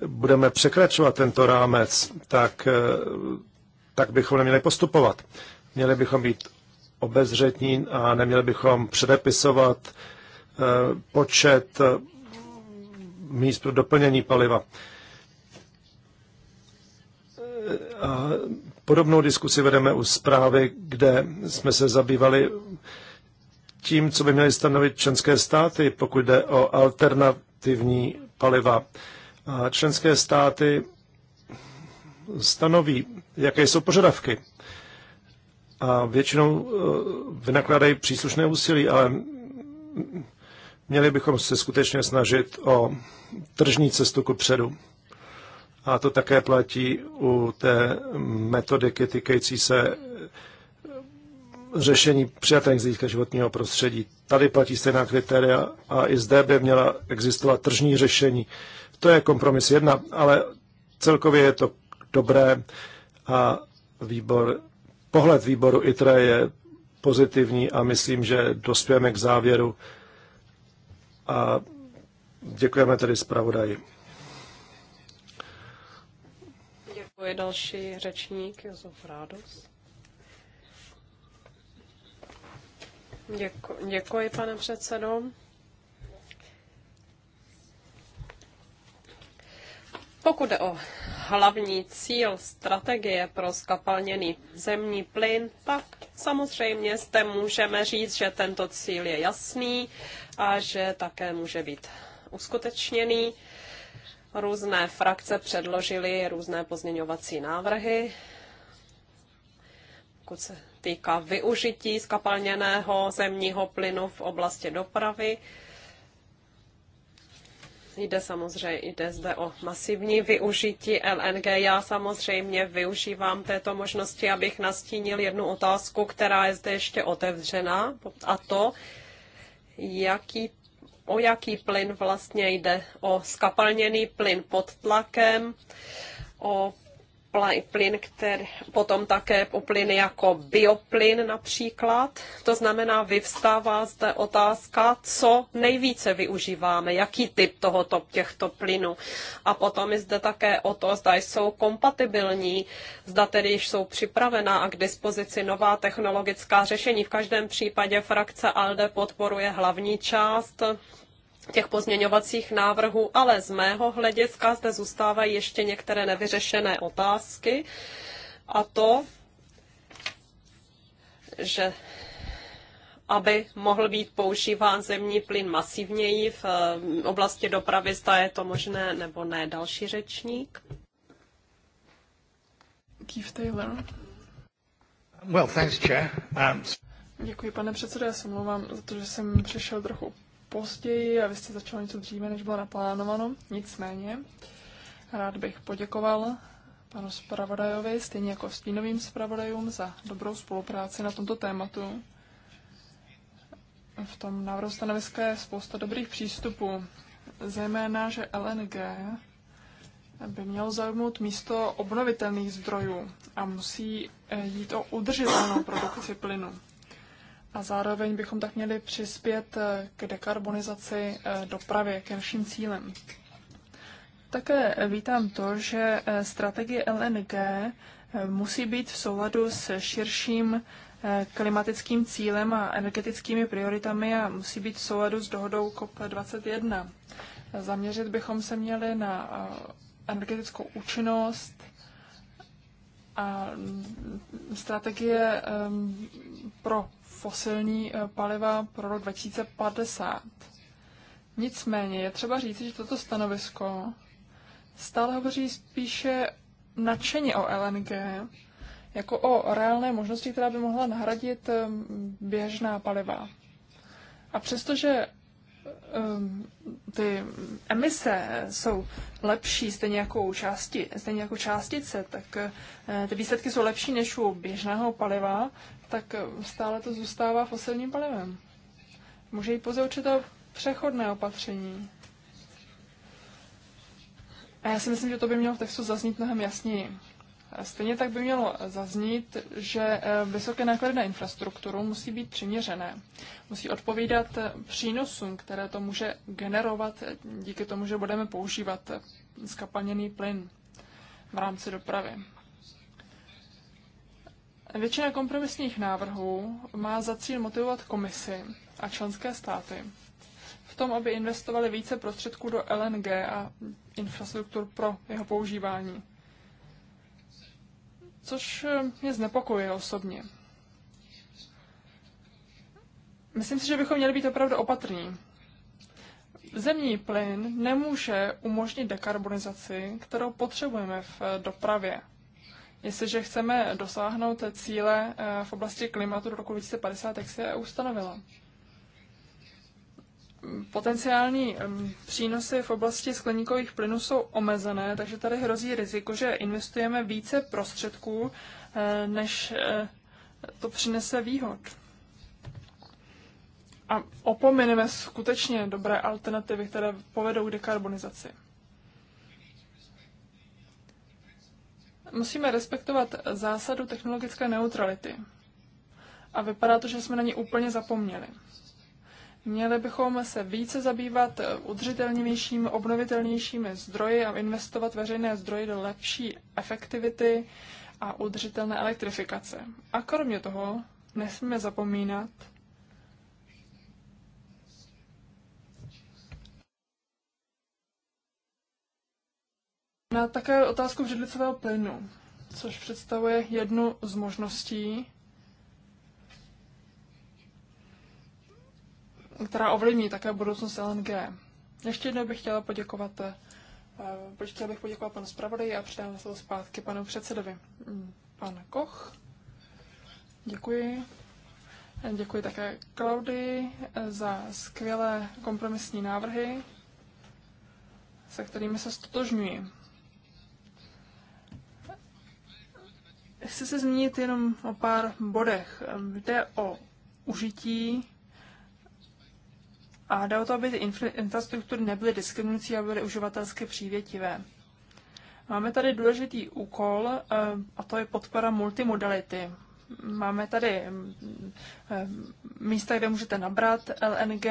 budeme překračovat tento rámec, tak, tak bychom neměli postupovat. Měli bychom být obezřetní a neměli bychom předepisovat eh, počet eh, míst pro doplnění paliva. A podobnou diskusi vedeme u zprávy, kde jsme se zabývali tím, co by měly stanovit členské státy, pokud jde o alternativní paliva. A členské státy stanoví, jaké jsou požadavky. A většinou e, vynakládají příslušné úsilí, ale měli bychom se skutečně snažit o tržní cestu ku předu. A to také platí u té metodiky týkající se eh, řešení přijatelných z hlediska životního prostředí. Tady platí stejná kritéria a i zde by měla existovat tržní řešení. To je kompromis jedna, ale celkově je to dobré a výbor, pohled výboru ITRE je pozitivní a myslím, že dospějeme k závěru a děkujeme tedy zpravodaji. je další řečník, Josef Rádos. Děkuji, děkuji, pane předsedo. Pokud jde o hlavní cíl strategie pro skapalněný zemní plyn, tak samozřejmě zde můžeme říct, že tento cíl je jasný a že také může být uskutečněný. Různé frakce předložily různé pozměňovací návrhy, pokud se týká využití skapalněného zemního plynu v oblasti dopravy. Jde samozřejmě, jde zde o masivní využití LNG. Já samozřejmě využívám této možnosti, abych nastínil jednu otázku, která je zde ještě otevřená, a to, jaký o jaký plyn vlastně jde. O skapalněný plyn pod tlakem, o i plyn, který potom také o plyny jako bioplyn například. To znamená, vyvstává zde otázka, co nejvíce využíváme, jaký typ tohoto, těchto plynů. A potom je zde také o to, zda jsou kompatibilní, zda tedy již jsou připravená a k dispozici nová technologická řešení. V každém případě frakce ALDE podporuje hlavní část těch pozměňovacích návrhů, ale z mého hlediska zde zůstávají ještě některé nevyřešené otázky a to, že aby mohl být používán zemní plyn masivněji v eh, oblasti dopravy, zda je to možné nebo ne. Další řečník. Keith Taylor. Well, thanks, Chair. Um... Děkuji, pane předsedo, já se omlouvám za to, že jsem přišel trochu později a vy jste začal něco dříve, než bylo naplánováno. Nicméně, rád bych poděkoval panu zpravodajovi, stejně jako stínovým zpravodajům, za dobrou spolupráci na tomto tématu. V tom návrhu stanoviska je spousta dobrých přístupů, zejména, že LNG by měl zaujmout místo obnovitelných zdrojů a musí eh, jít o udržitelnou produkci plynu. A zároveň bychom tak měli přispět eh, k dekarbonizaci eh, dopravy, k našim cílem. Také vítám to, že eh, strategie LNG musí být v souladu s širším klimatickým cílem a energetickými prioritami a musí být v souladu s dohodou COP21. Zaměřit bychom se měli na energetickou účinnost a mm, strategie pro fosilní eh, paliva pro rok 2050. Nicméně je třeba říct, že toto stanovisko stále hovoří spíše nadšeně o LNG, jako o reálné možnosti, která by mohla nahradit eh, běžná paliva. A přestože eh, ty emise jsou lepší, stejně jako, u části, stejně jako částice, tak ty výsledky jsou lepší než u běžného paliva, tak stále to zůstává fosilním palivem. Může jít pouze určité přechodné opatření. A já si myslím, že to by mělo v textu zaznít mnohem jasněji. Stejně tak by mělo zaznít, že eh, vysoké náklady na infrastrukturu musí být přiměřené. Musí odpovídat eh, přínosům, které to může generovat eh, díky tomu, že budeme používat skapaněný plyn v rámci dopravy. Většina kompromisních návrhů má za cíl motivovat komisi a členské státy v tom, aby investovali více prostředků do LNG a infrastruktur pro jeho používání. Což eh, mě znepokojuje osobně. Myslím si, že bychom měli být opravdu opatrní. Zemní plyn nemůže umožnit dekarbonizaci, kterou potřebujeme v eh, dopravě. Jestliže chceme dosáhnout cíle eh, v oblasti klimatu do roku 2050, jak se je ustanovila. Potenciální přínosy v oblasti skleníkových plynů jsou omezené, takže tady hrozí riziko, že investujeme více prostředků, eh, než eh, to přinese výhod. A opomineme skutečně dobré alternativy, které povedou k dekarbonizaci. musíme respektovat zásadu technologické neutrality. A vypadá to, že jsme na ní úplně zapomněli. Měli bychom se více zabývat udržitelnějšími, obnovitelnějšími zdroji a investovat veřejné zdroje do lepší efektivity a udržitelné elektrifikace. A kromě toho nesmíme zapomínat Na také otázku břidlicového plynu, což představuje jednu z možností, která ovlivní také budoucnost LNG. Ještě jednou bych chtěla poděkovat eh, Chtěla bych poděkovat panu zpravodaji a předám slovo zpátky panu předsedovi. Hmm, pan Koch. Děkuji. Děkuji také Klaudy eh, za skvělé kompromisní návrhy, se kterými se stotožňuji. Chci se zmínit jenom o pár bodech. Jde o užití a jde o to, aby ty infrastruktury nebyly diskriminující a byly uživatelsky přívětivé. Máme tady důležitý úkol eh, a to je podpora multimodality. Máme tady mm, eh, místa, kde můžete nabrat LNG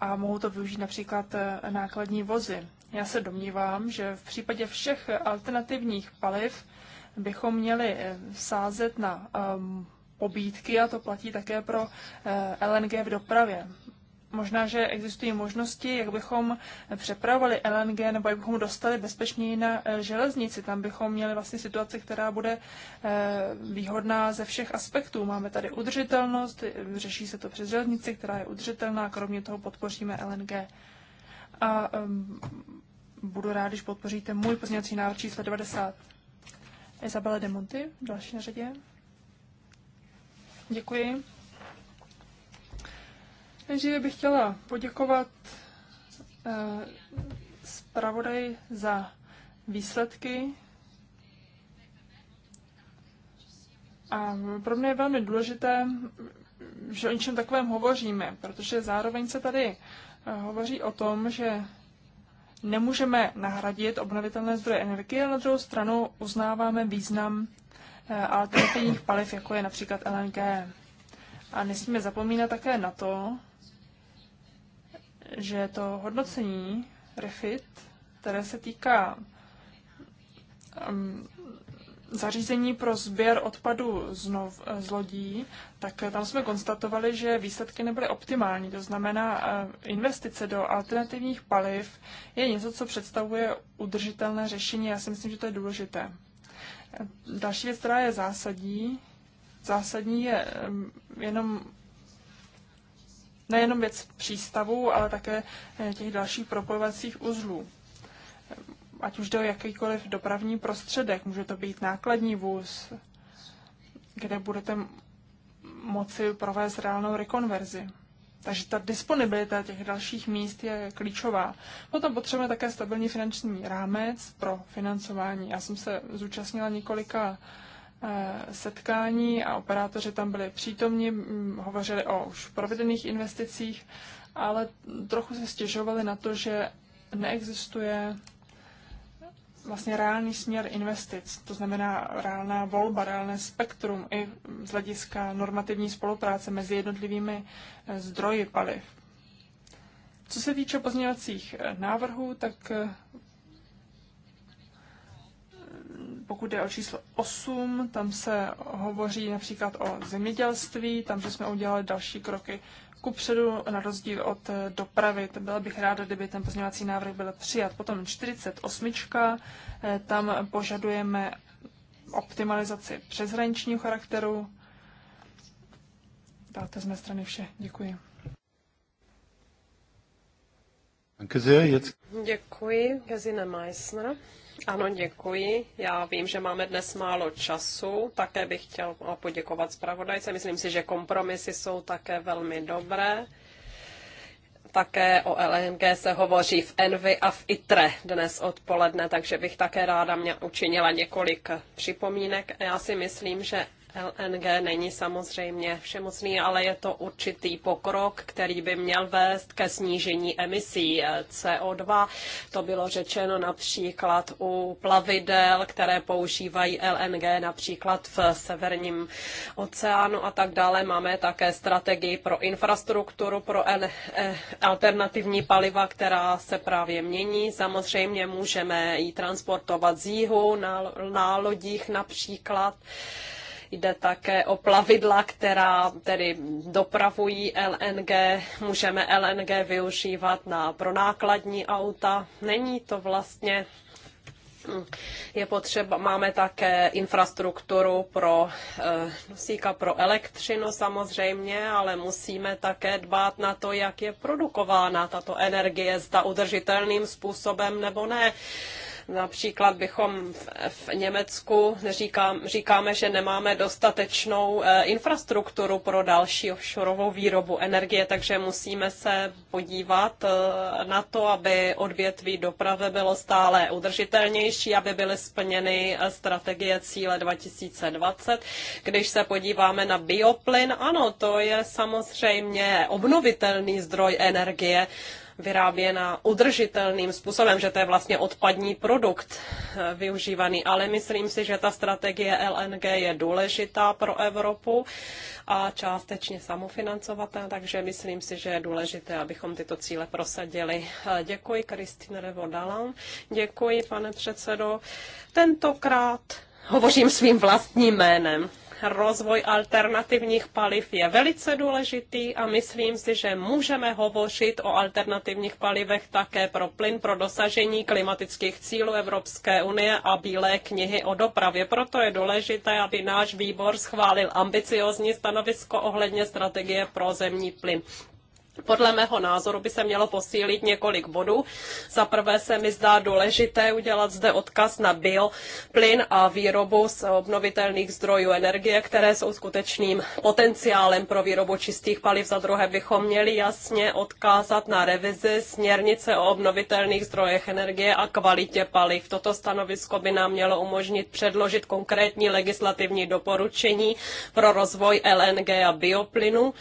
a mohou to využít například eh, nákladní vozy. Já se domnívám, že v případě všech alternativních paliv bychom měli eh, sázet na ehm, pobídky a to platí také pro eh, LNG v dopravě. Možná, že existují možnosti, jak bychom přepravovali LNG nebo jak bychom dostali bezpečněji na eh, železnici. Tam bychom měli vlastně situaci, která bude výhodná ze všech aspektů. Máme tady udržitelnost, řeší se to přes železnici, která je udržitelná, kromě toho podpoříme LNG. A um, budu rád, když podpoříte můj pozměňovací návrh číslo 90. Isabela de Monty, další na řadě. Děkuji. Nejdříve bych chtěla poděkovat eh, zpravodaj za výsledky. A pro mě je velmi důležité, že o něčem takovém hovoříme, protože zároveň se tady eh, hovoří o tom, že nemůžeme nahradit obnovitelné zdroje energie, ale na druhou stranu uznáváme význam eh, alternativních paliv, jako je například LNG. A nesmíme zapomínat také na to, že to hodnocení REFIT, které se týká mm, zařízení pro sběr odpadu z, nov, eh, z lodí, tak eh, tam jsme konstatovali, že výsledky nebyly optimální. To znamená, eh, investice do alternativních paliv je něco, co představuje udržitelné řešení. Já si myslím, že to je důležité. Další věc, která je zásadní, zásadní je jenom nejenom věc přístavů, ale také těch dalších propojovacích uzlů ať už jde o jakýkoliv dopravní prostředek, může to být nákladní vůz, kde budete moci provést reálnou rekonverzi. Takže ta disponibilita těch dalších míst je klíčová. Potom potřebujeme také stabilní finanční rámec pro financování. Já jsem se zúčastnila několika eh, setkání a operátoři tam byli přítomni, hovořili o už provedených investicích, ale trochu se stěžovali na to, že neexistuje vlastně reálný směr investic, to znamená reálná volba, reálné spektrum i z hlediska normativní spolupráce mezi jednotlivými eh, zdroji paliv. Co se týče pozměňovacích eh, návrhů, tak eh, pokud je o číslo 8, tam se hovoří například o zemědělství, tam že jsme udělali další kroky kupředu na rozdíl od eh, dopravy. To Byla bych ráda, kdyby ten pozměňovací návrh byl přijat. Potom 48. Eh, tam požadujeme optimalizaci přeshraničního charakteru. Dáte z mé strany vše. Děkuji. Děkuji, Gazina Meissner. Ano, děkuji. Já vím, že máme dnes málo času. Také bych chtěl poděkovat zpravodajce. Myslím si, že kompromisy jsou také velmi dobré. Také o LNG se hovoří v Envy a v ITRE dnes odpoledne, takže bych také ráda mě učinila několik připomínek. Já si myslím, že LNG není samozřejmě všemocný, ale je to určitý pokrok, který by měl vést ke snížení emisí CO2. To bylo řečeno například u plavidel, které používají LNG například v severním oceánu a tak dále. Máme také strategii pro infrastrukturu, pro eh, alternativní paliva, která se právě mění. Samozřejmě můžeme ji transportovat z jihu na, na lodích například. Například Jde také o plavidla, která tedy dopravují LNG. Můžeme LNG využívat na pronákladní auta. Není to vlastně hm, je potřeba, máme také infrastrukturu pro eh, nosíka pro elektřinu samozřejmě, ale musíme také dbát na to, jak je produkována tato energie, zda udržitelným způsobem nebo ne. Například bychom v Německu říkám, říkáme, že nemáme dostatečnou eh, infrastrukturu pro další offshoreovou výrobu energie, takže musíme se podívat eh, na to, aby odvětví dopravy bylo stále udržitelnější, aby byly splněny eh, strategie cíle 2020. Když se podíváme na bioplyn, ano, to je samozřejmě obnovitelný zdroj energie, vyráběna udržitelným způsobem, že to je vlastně odpadní produkt eh, využívaný. Ale myslím si, že ta strategie LNG je důležitá pro Evropu a částečně samofinancovatelná, takže myslím si, že je důležité, abychom tyto cíle prosadili. Eh, děkuji, Kristýne Revodalan. Děkuji, pane předsedo. Tentokrát hovořím svým vlastním jménem rozvoj alternativních paliv je velice důležitý a myslím si, že můžeme hovořit o alternativních palivech také pro plyn, pro dosažení klimatických cílů Evropské unie a bílé knihy o dopravě. Proto je důležité, aby náš výbor schválil ambiciozní stanovisko ohledně strategie pro zemní plyn. Podle mého názoru by se mělo posílit několik bodů. Za prvé se mi zdá důležité udělat zde odkaz na plyn a výrobu z obnovitelných zdrojů energie, které jsou skutečným potenciálem pro výrobu čistých paliv. Za druhé bychom měli jasně odkázat na revizi směrnice o obnovitelných zdrojech energie a kvalitě paliv. Toto stanovisko by nám mělo umožnit předložit konkrétní legislativní doporučení pro rozvoj LNG a bioplynu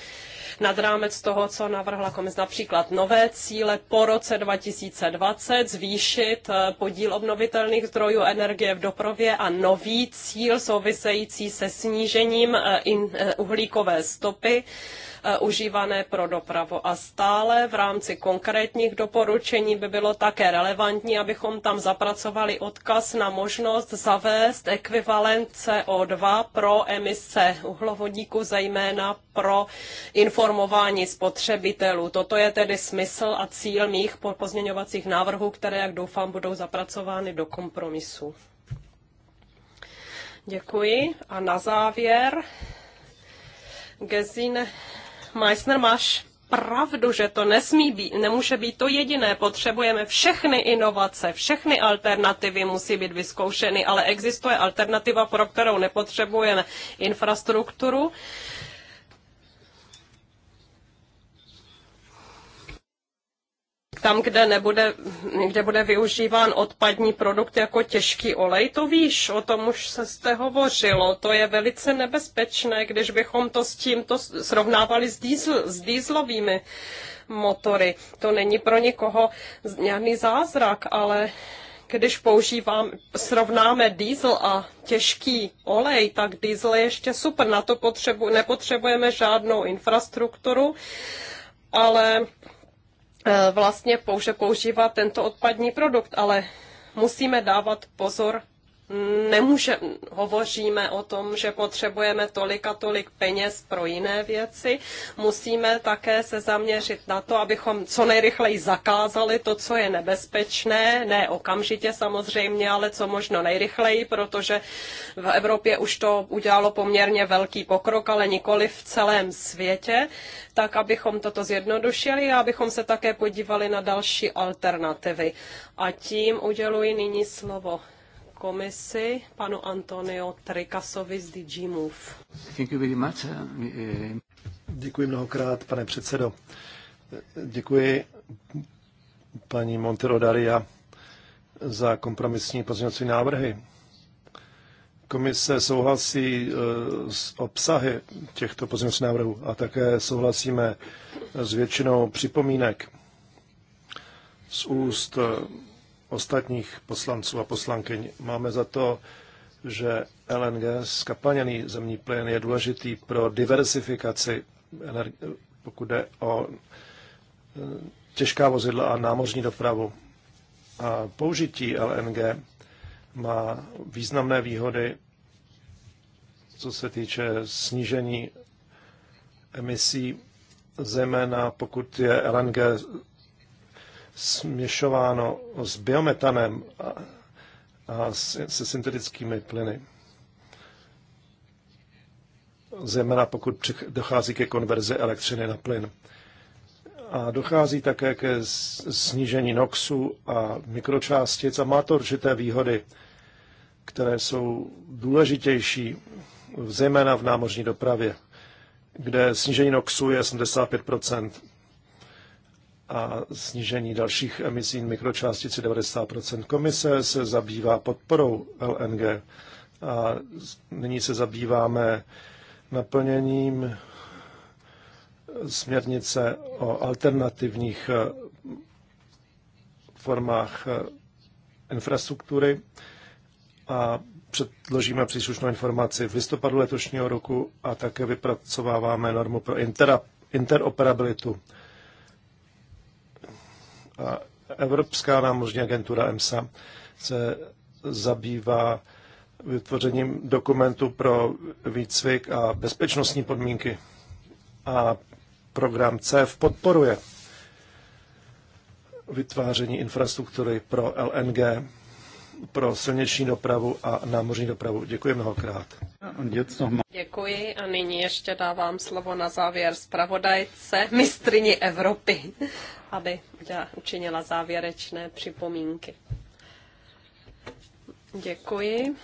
nad rámec toho, co navrhla komise. Například nové cíle po roce 2020 zvýšit eh, podíl obnovitelných zdrojů energie v dopravě a nový cíl související se snížením eh, eh, uhlíkové stopy Eh, užívané pro dopravu. A stále v rámci konkrétních doporučení by bylo také relevantní, abychom tam zapracovali odkaz na možnost zavést ekvivalent CO2 pro emise uhlovodíku, zejména pro informování spotřebitelů. Toto je tedy smysl a cíl mých pozměňovacích návrhů, které, jak doufám, budou zapracovány do kompromisu. Děkuji. A na závěr Gesine Meissner, máš pravdu, že to nesmí být, nemůže být to jediné. Potřebujeme všechny inovace, všechny alternativy musí být vyzkoušeny, ale existuje alternativa, pro kterou nepotřebujeme infrastrukturu tam, kde, nebude, kde bude využíván odpadní produkt jako těžký olej, to víš, o tom už se jste hovořilo. To je velice nebezpečné, když bychom to s tímto srovnávali s, dízl, s dýzlovými motory. To není pro nikoho žádný zázrak, ale když používám, srovnáme diesel a těžký olej, tak diesel je ještě super. Na to potřebu, nepotřebujeme žádnou infrastrukturu, ale Eh, vlastně pouze používat tento odpadní produkt, ale musíme dávat pozor nemůže, hovoříme o tom, že potřebujeme tolik a tolik peněz pro jiné věci, musíme také se zaměřit na to, abychom co nejrychleji zakázali to, co je nebezpečné, ne okamžitě samozřejmě, ale co možno nejrychleji, protože v Evropě už to udělalo poměrně velký pokrok, ale nikoli v celém světě, tak abychom toto zjednodušili a abychom se také podívali na další alternativy. A tím uděluji nyní slovo komisi, panu Antonio Trikasovi z DigiMove. Thank you very much. Uh, uh, Děkuji mnohokrát, pane předsedo. Děkuji paní Montero Daria za kompromisní pozměňovací návrhy. Komise souhlasí uh, s obsahy těchto pozměňovacích návrhů a také souhlasíme s většinou připomínek z úst ostatních poslanců a poslankyň. Máme za to, že LNG, skapaněný zemní plyn, je důležitý pro diversifikaci, pokud jde o e, těžká vozidla a námořní dopravu. A použití LNG má významné výhody, co se týče snížení emisí, zejména pokud je LNG směšováno s biometanem a, a se syntetickými plyny. Zejména pokud dochází ke konverzi elektřiny na plyn. A dochází také ke snížení NOXu a mikročástic a má to určité výhody, které jsou důležitější, zejména v námořní dopravě, kde snížení NOXu je 75 a snížení dalších emisí mikročástici 90 Komise se zabývá podporou LNG a nyní se zabýváme naplněním směrnice o alternativních eh, formách eh, infrastruktury a předložíme příslušnou informaci v listopadu letošního roku a také vypracováváme normu pro interoperabilitu a Evropská námořní agentura EMSA se zabývá vytvořením dokumentu pro výcvik a bezpečnostní podmínky. A program CEF podporuje vytváření infrastruktury pro LNG, pro silniční dopravu a námořní dopravu. Děkuji mnohokrát. Děkuji a nyní ještě dávám slovo na závěr zpravodajce, mistrině Evropy, aby učinila závěrečné připomínky. Děkuji.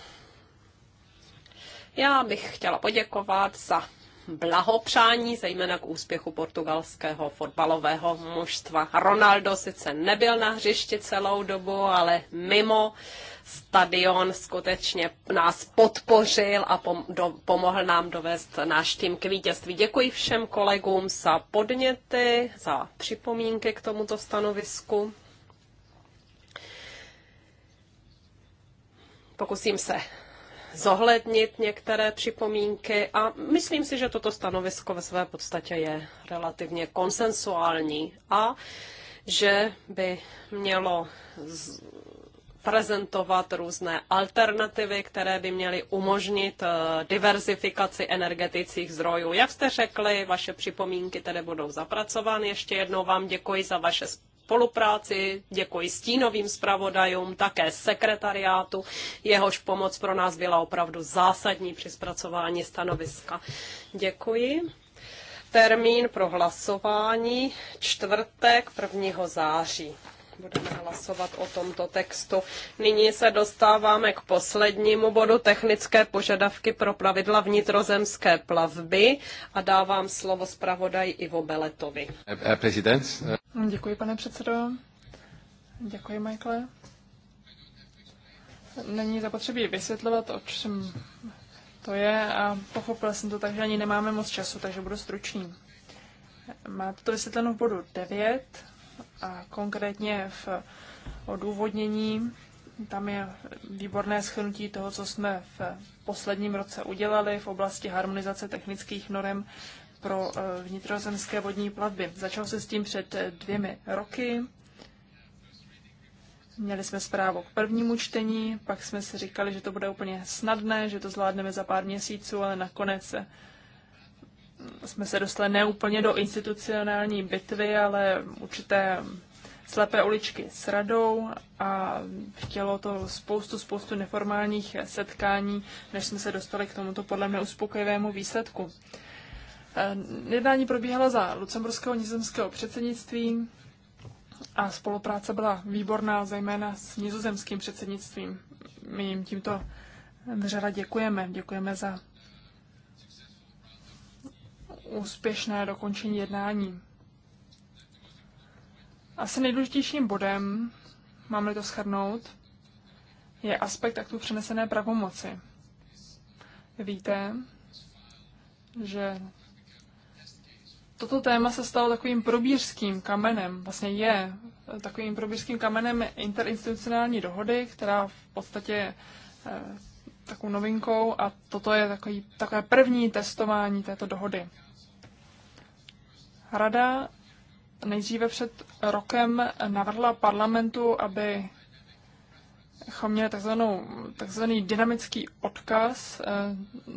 Já bych chtěla poděkovat za blahopřání, zejména k úspěchu portugalského fotbalového mužstva. Ronaldo sice nebyl na hřišti celou dobu, ale mimo stadion skutečně nás podpořil a pom- do- pomohl nám dovést náš tým k vítězství. Děkuji všem kolegům za podněty, za připomínky k tomuto stanovisku. Pokusím se zohlednit některé připomínky a myslím si, že toto stanovisko ve své podstatě je relativně konsensuální a že by mělo prezentovat různé alternativy, které by měly umožnit eh, diverzifikaci energetických zdrojů. Jak jste řekli, vaše připomínky tedy budou zapracovány. Ještě jednou vám děkuji za vaše spolupráci, děkuji stínovým zpravodajům, také sekretariátu, jehož pomoc pro nás byla opravdu zásadní při zpracování stanoviska. Děkuji. Termín pro hlasování čtvrtek 1. září budeme hlasovat o tomto textu. Nyní se dostáváme k poslednímu bodu technické požadavky pro pravidla vnitrozemské plavby a dávám slovo zpravodaj Ivo Beletovi. Eh, eh. Děkuji, pane předsedo. Děkuji, Michael. Není zapotřebí vysvětlovat, o čem to je a pochopil jsem to tak, že ani nemáme moc času, takže budu stručný. Máte to vysvětleno v bodu 9 a konkrétně v odůvodnění. Tam je výborné schrnutí toho, co jsme v posledním roce udělali v oblasti harmonizace technických norem pro e, vnitrozemské vodní plavby. Začal se s tím před dvěmi roky. Měli jsme zprávu k prvnímu čtení, pak jsme si říkali, že to bude úplně snadné, že to zvládneme za pár měsíců, ale nakonec jsme se dostali neúplně do institucionální bitvy, ale určité slepé uličky s radou a chtělo to spoustu, spoustu neformálních setkání, než jsme se dostali k tomuto podle mě uspokojivému výsledku. Jednání probíhala za lucemburského nizozemského předsednictví a spolupráce byla výborná, zejména s nizozemským předsednictvím. My jim tímto vřela děkujeme. Děkujeme za úspěšné dokončení jednání. Asi nejdůležitějším bodem, máme to schrnout, je aspekt aktu přenesené pravomoci. Víte, že toto téma se stalo takovým probířským kamenem, vlastně je takovým probířským kamenem interinstitucionální dohody, která v podstatě je eh, takovou novinkou a toto je takový, takové první testování této dohody. Rada nejdříve před rokem navrhla parlamentu, aby měli takzvanou, takzvaný dynamický odkaz eh,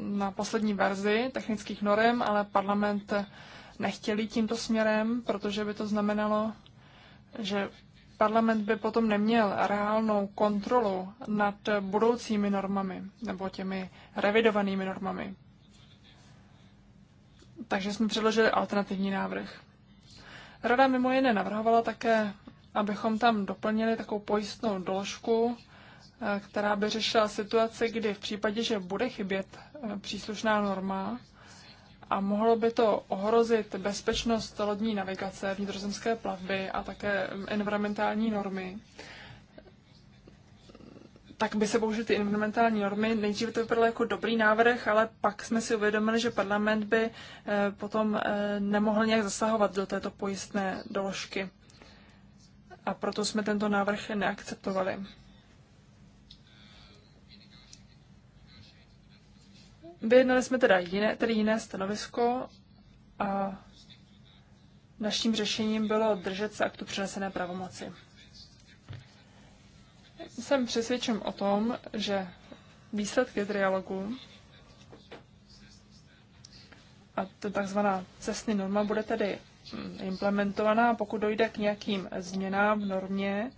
na poslední verzi technických norem, ale parlament nechtěli tímto směrem, protože by to znamenalo, že parlament by potom neměl reálnou kontrolu nad budoucími normami nebo těmi revidovanými normami. Takže jsme předložili alternativní návrh. Rada mimo jiné navrhovala také, abychom tam doplnili takovou pojistnou doložku, eh, která by řešila situaci, kdy v případě, že bude chybět eh, příslušná norma a mohlo by to ohrozit bezpečnost lodní navigace, vnitrozemské plavby a také environmentální normy, tak by se použily ty environmentální normy. Nejdříve to vypadalo jako dobrý návrh, ale pak jsme si uvědomili, že parlament by eh, potom eh, nemohl nějak zasahovat do této pojistné doložky. A proto jsme tento návrh neakceptovali. Vyjednali jsme teda jiné, tedy jiné stanovisko a naším řešením bylo držet se aktu přenesené pravomoci jsem přesvědčen o tom, že výsledky trialogu a ta takzvaná cestní norma bude tedy mm, implementovaná. Pokud dojde k nějakým změnám v normě,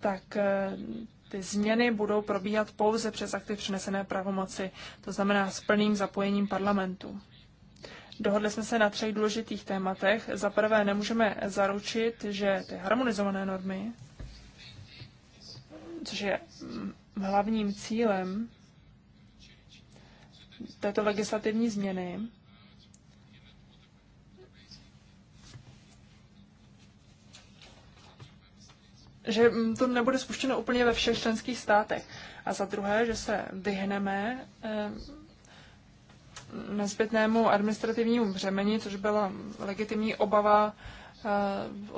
tak eh, ty změny budou probíhat pouze přes aktiv přenesené pravomoci, to znamená s plným zapojením parlamentu. Dohodli jsme se na třech důležitých tématech. Za prvé nemůžeme zaručit, že ty harmonizované normy což je mm, hlavním cílem této legislativní změny, že mm, to nebude spuštěno úplně ve všech členských státech. A za druhé, že se vyhneme eh, nezbytnému administrativnímu břemeni, což byla legitimní obava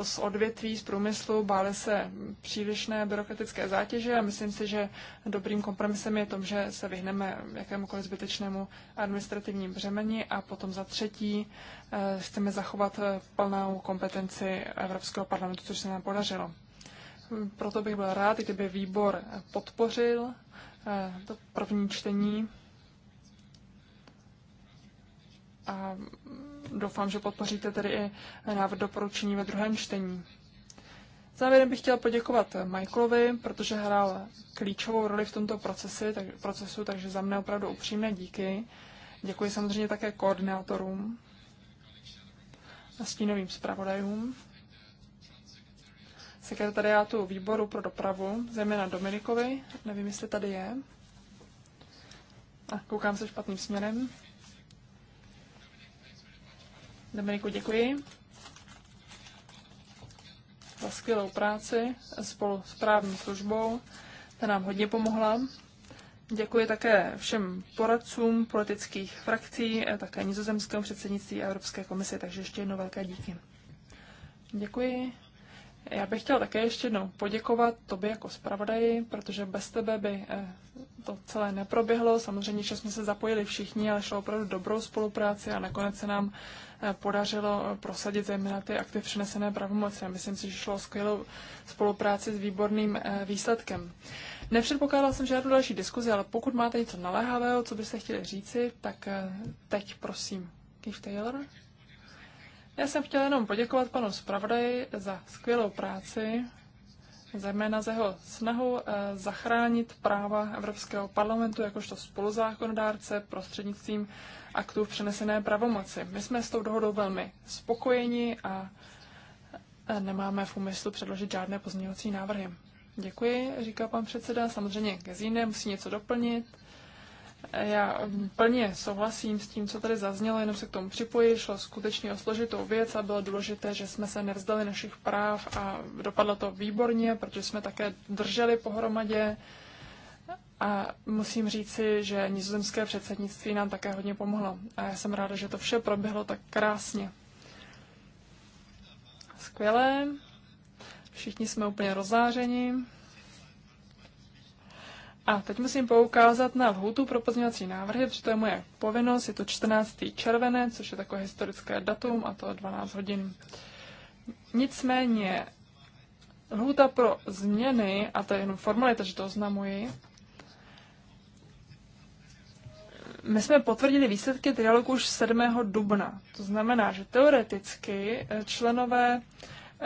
z eh, odvětví, z průmyslu, báli se přílišné byrokratické zátěže a myslím si, že dobrým kompromisem je tom, že se vyhneme jakémukoliv zbytečnému administrativním břemeni a potom za třetí eh, chceme zachovat eh, plnou kompetenci Evropského parlamentu, což se nám podařilo. Hm, proto bych byl rád, kdyby výbor podpořil to první čtení a doufám, že podpoříte tedy i návrh doporučení ve druhém čtení. Závěrem bych chtěl poděkovat Michaelovi, protože hrál klíčovou roli v tomto procesu, tak, procesu takže za mne opravdu upřímné díky. Děkuji samozřejmě také koordinátorům a stínovým zpravodajům, sekretariátu výboru pro dopravu, zejména Dominikovi, nevím, jestli tady je. A koukám se špatným směrem. Dominiku, děkuji za skvělou práci spolu s právní službou. Ta nám hodně pomohla. Děkuji také všem poradcům politických frakcí, eh, také nizozemskému předsednictví a Evropské komise, takže ještě jednou velké díky. Děkuji. Já bych chtěl také ještě jednou poděkovat tobě jako zpravodaji, protože bez tebe by eh, to celé neproběhlo. Samozřejmě, že jsme se zapojili všichni, ale šlo opravdu dobrou spolupráci a nakonec se nám podařilo prosadit zejména ty akty přenesené pravomoci. A myslím si, že šlo o skvělou spolupráci s výborným eh, výsledkem. Nepředpokládal jsem žádnou další diskuzi, ale pokud máte něco naléhavého, co byste chtěli říci, tak eh, teď prosím. Keith Taylor? Já jsem chtěla jenom poděkovat panu zpravodaji za skvělou práci zejména z jeho snahu eh, zachránit práva Evropského parlamentu jakožto spoluzákonodárce prostřednictvím aktů v přenesené pravomoci. My jsme s tou dohodou velmi spokojeni a nemáme v úmyslu předložit žádné pozměňovací návrhy. Děkuji, říká pan předseda. Samozřejmě Gezíne musí něco doplnit. Já plně souhlasím s tím, co tady zaznělo, jenom se k tomu připojí. Šlo skutečně o složitou věc a bylo důležité, že jsme se nevzdali našich práv a dopadlo to výborně, protože jsme také drželi pohromadě. A musím říci, že nizozemské předsednictví nám také hodně pomohlo. A já jsem ráda, že to vše proběhlo tak krásně. Skvělé. Všichni jsme úplně rozáření. A teď musím poukázat na lhůtu pro pozměňovací návrhy, protože to je moje povinnost. Je to 14. červené, což je takové historické datum, a to 12 hodin. Nicméně lhůta pro změny, a to je jenom formalita, že to oznamuji, my jsme potvrdili výsledky trialogu už 7. dubna. To znamená, že teoreticky eh, členové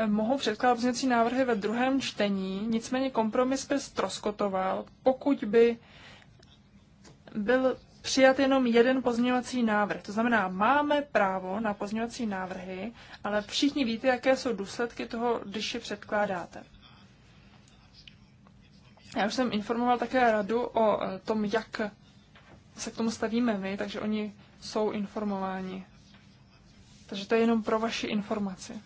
mohou předkládat pozměňovací návrhy ve druhém čtení, nicméně kompromis by ztroskotoval, pokud by byl přijat jenom jeden pozměňovací návrh. To znamená, máme právo na pozměňovací návrhy, ale všichni víte, jaké jsou důsledky toho, když je předkládáte. Já už jsem informoval také radu o eh, tom, jak se k tomu stavíme my, takže oni jsou informováni. Takže to je jenom pro vaši informaci.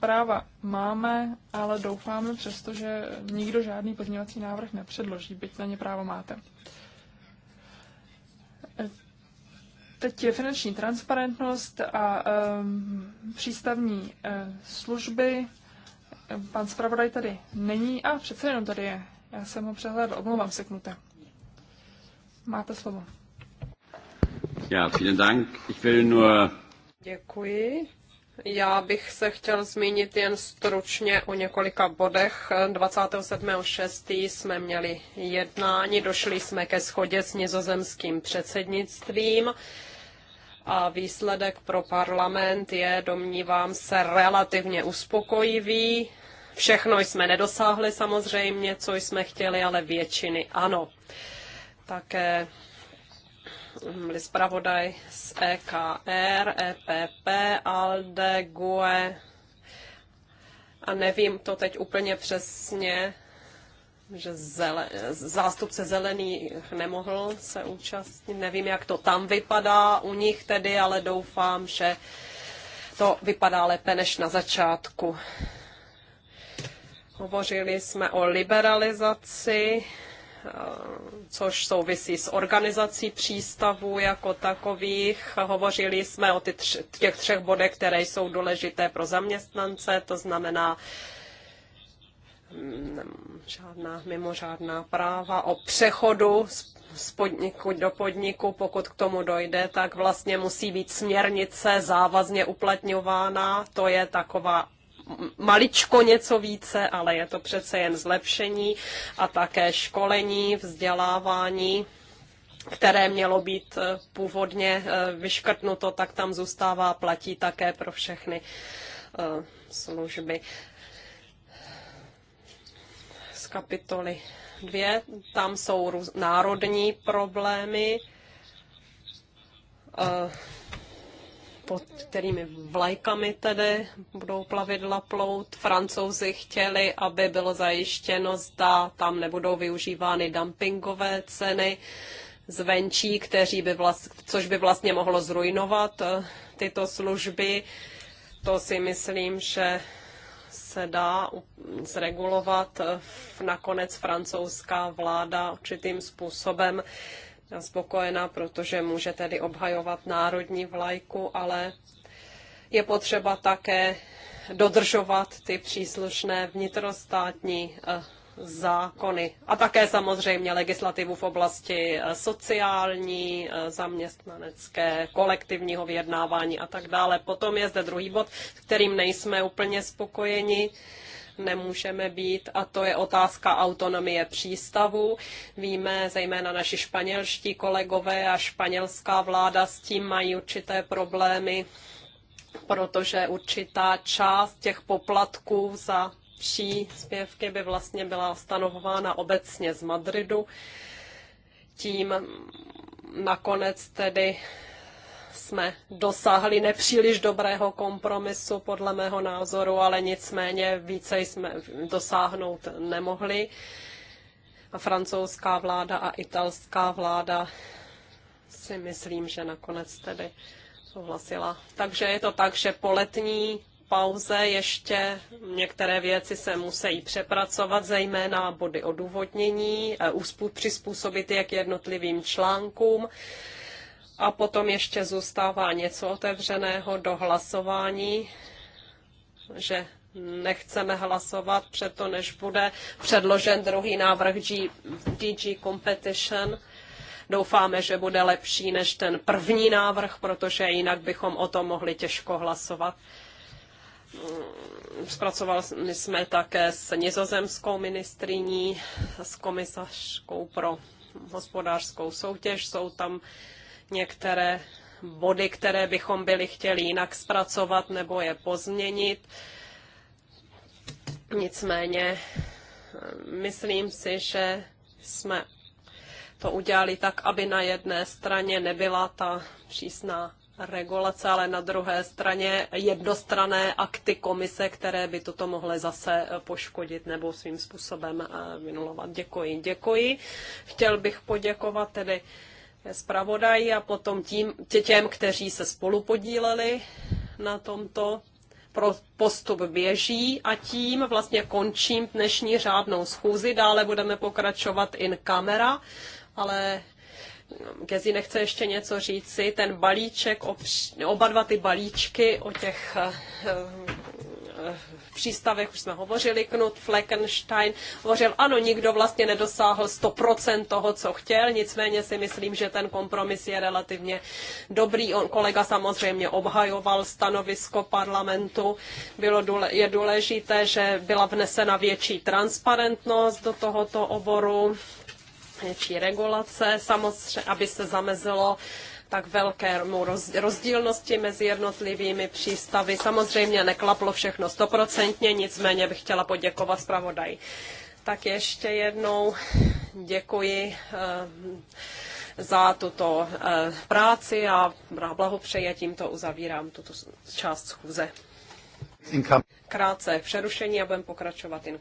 Práva máme, ale doufáme přesto, že nikdo žádný pozměňovací návrh nepředloží, byť na ně právo máte. Teď je finanční transparentnost a um, přístavní uh, služby. Pan zpravodaj tady není. A ah, přece jenom tady je. Já jsem ho přehlédl. Omlouvám se, Knute. Máte slovo. Ja, vielen Dank. Ich will nur... Děkuji. Já bych se chtěl zmínit jen stručně o několika bodech. 27.6. jsme měli jednání, došli jsme ke shodě s nizozemským předsednictvím a výsledek pro parlament je, domnívám se, relativně uspokojivý. Všechno jsme nedosáhli samozřejmě, co jsme chtěli, ale většiny ano. Také byli zpravodaj z EKR, EPP, ALDE, GUE a nevím to teď úplně přesně, že zele, zástupce zelených nemohl se účastnit. Nevím, jak to tam vypadá u nich tedy, ale doufám, že to vypadá lépe než na začátku. Hovořili jsme o liberalizaci což souvisí s organizací přístavů jako takových. Hovořili jsme o těch třech bodech, které jsou důležité pro zaměstnance, to znamená mm, žádná mimořádná práva o přechodu z podniku do podniku, pokud k tomu dojde, tak vlastně musí být směrnice závazně uplatňována. To je taková maličko něco více, ale je to přece jen zlepšení a také školení, vzdělávání které mělo být eh, původně eh, vyškrtnuto, tak tam zůstává platí také pro všechny eh, služby. Z kapitoly 2 tam jsou národní problémy pod kterými vlajkami tedy budou plavidla plout. Francouzi chtěli, aby bylo zajištěno, zda tam nebudou využívány dumpingové ceny zvenčí, kteří by vlast, což by vlastně mohlo zrujnovat eh, tyto služby. To si myslím, že se dá zregulovat. Eh, nakonec francouzská vláda určitým způsobem spokojená, protože může tedy obhajovat národní vlajku, ale je potřeba také dodržovat ty příslušné vnitrostátní eh, zákony a také samozřejmě legislativu v oblasti eh, sociální, eh, zaměstnanecké, kolektivního vyjednávání a tak dále. Potom je zde druhý bod, kterým nejsme úplně spokojeni nemůžeme být, a to je otázka autonomie přístavu. Víme, zejména naši španělští kolegové a španělská vláda s tím mají určité problémy, protože určitá část těch poplatků za příspěvky by vlastně byla stanovována obecně z Madridu. Tím nakonec tedy jsme dosáhli nepříliš dobrého kompromisu, podle mého názoru, ale nicméně více jsme dosáhnout nemohli. A francouzská vláda a italská vláda si myslím, že nakonec tedy souhlasila. Takže je to tak, že po letní pauze ještě některé věci se musí přepracovat, zejména body odůvodnění, e, úspůsob přizpůsobit je k jednotlivým článkům. A potom ještě zůstává něco otevřeného do hlasování, že nechceme hlasovat přeto, než bude předložen druhý návrh G, DG Competition. Doufáme, že bude lepší než ten první návrh, protože jinak bychom o tom mohli těžko hlasovat. Zpracovali jsme také s nizozemskou ministriní, s komisařkou pro hospodářskou soutěž. Jsou tam některé body, které bychom byli chtěli jinak zpracovat nebo je pozměnit. Nicméně eh, myslím si, že jsme to udělali tak, aby na jedné straně nebyla ta přísná regulace, ale na druhé straně jednostrané akty komise, které by toto mohly zase eh, poškodit nebo svým způsobem eh, vynulovat. Děkuji, děkuji. Chtěl bych poděkovat tedy zpravodaji a potom tím, těm, kteří se spolu podíleli na tomto pro postup běží a tím vlastně končím dnešní řádnou schůzi. Dále budeme pokračovat in kamera, ale mm, Gezi nechce ještě něco říct. Si Ten balíček, oba dva ty balíčky o těch eh, Eh, přístavech, už jsme hovořili, Knut Fleckenstein hovořil, ano, nikdo vlastně nedosáhl 100% toho, co chtěl, nicméně si myslím, že ten kompromis je relativně dobrý. On kolega samozřejmě obhajoval stanovisko parlamentu. Bylo důle, je důležité, že byla vnesena větší transparentnost do tohoto oboru větší regulace, samozřejmě, aby se zamezilo tak velké rozdílnosti mezi jednotlivými přístavy. Samozřejmě neklaplo všechno stoprocentně, nicméně bych chtěla poděkovat zpravodaj. Tak ještě jednou děkuji eh, za tuto eh, práci a blahopřeji a tímto uzavírám tuto část schůze. Krátce přerušení a budeme pokračovat in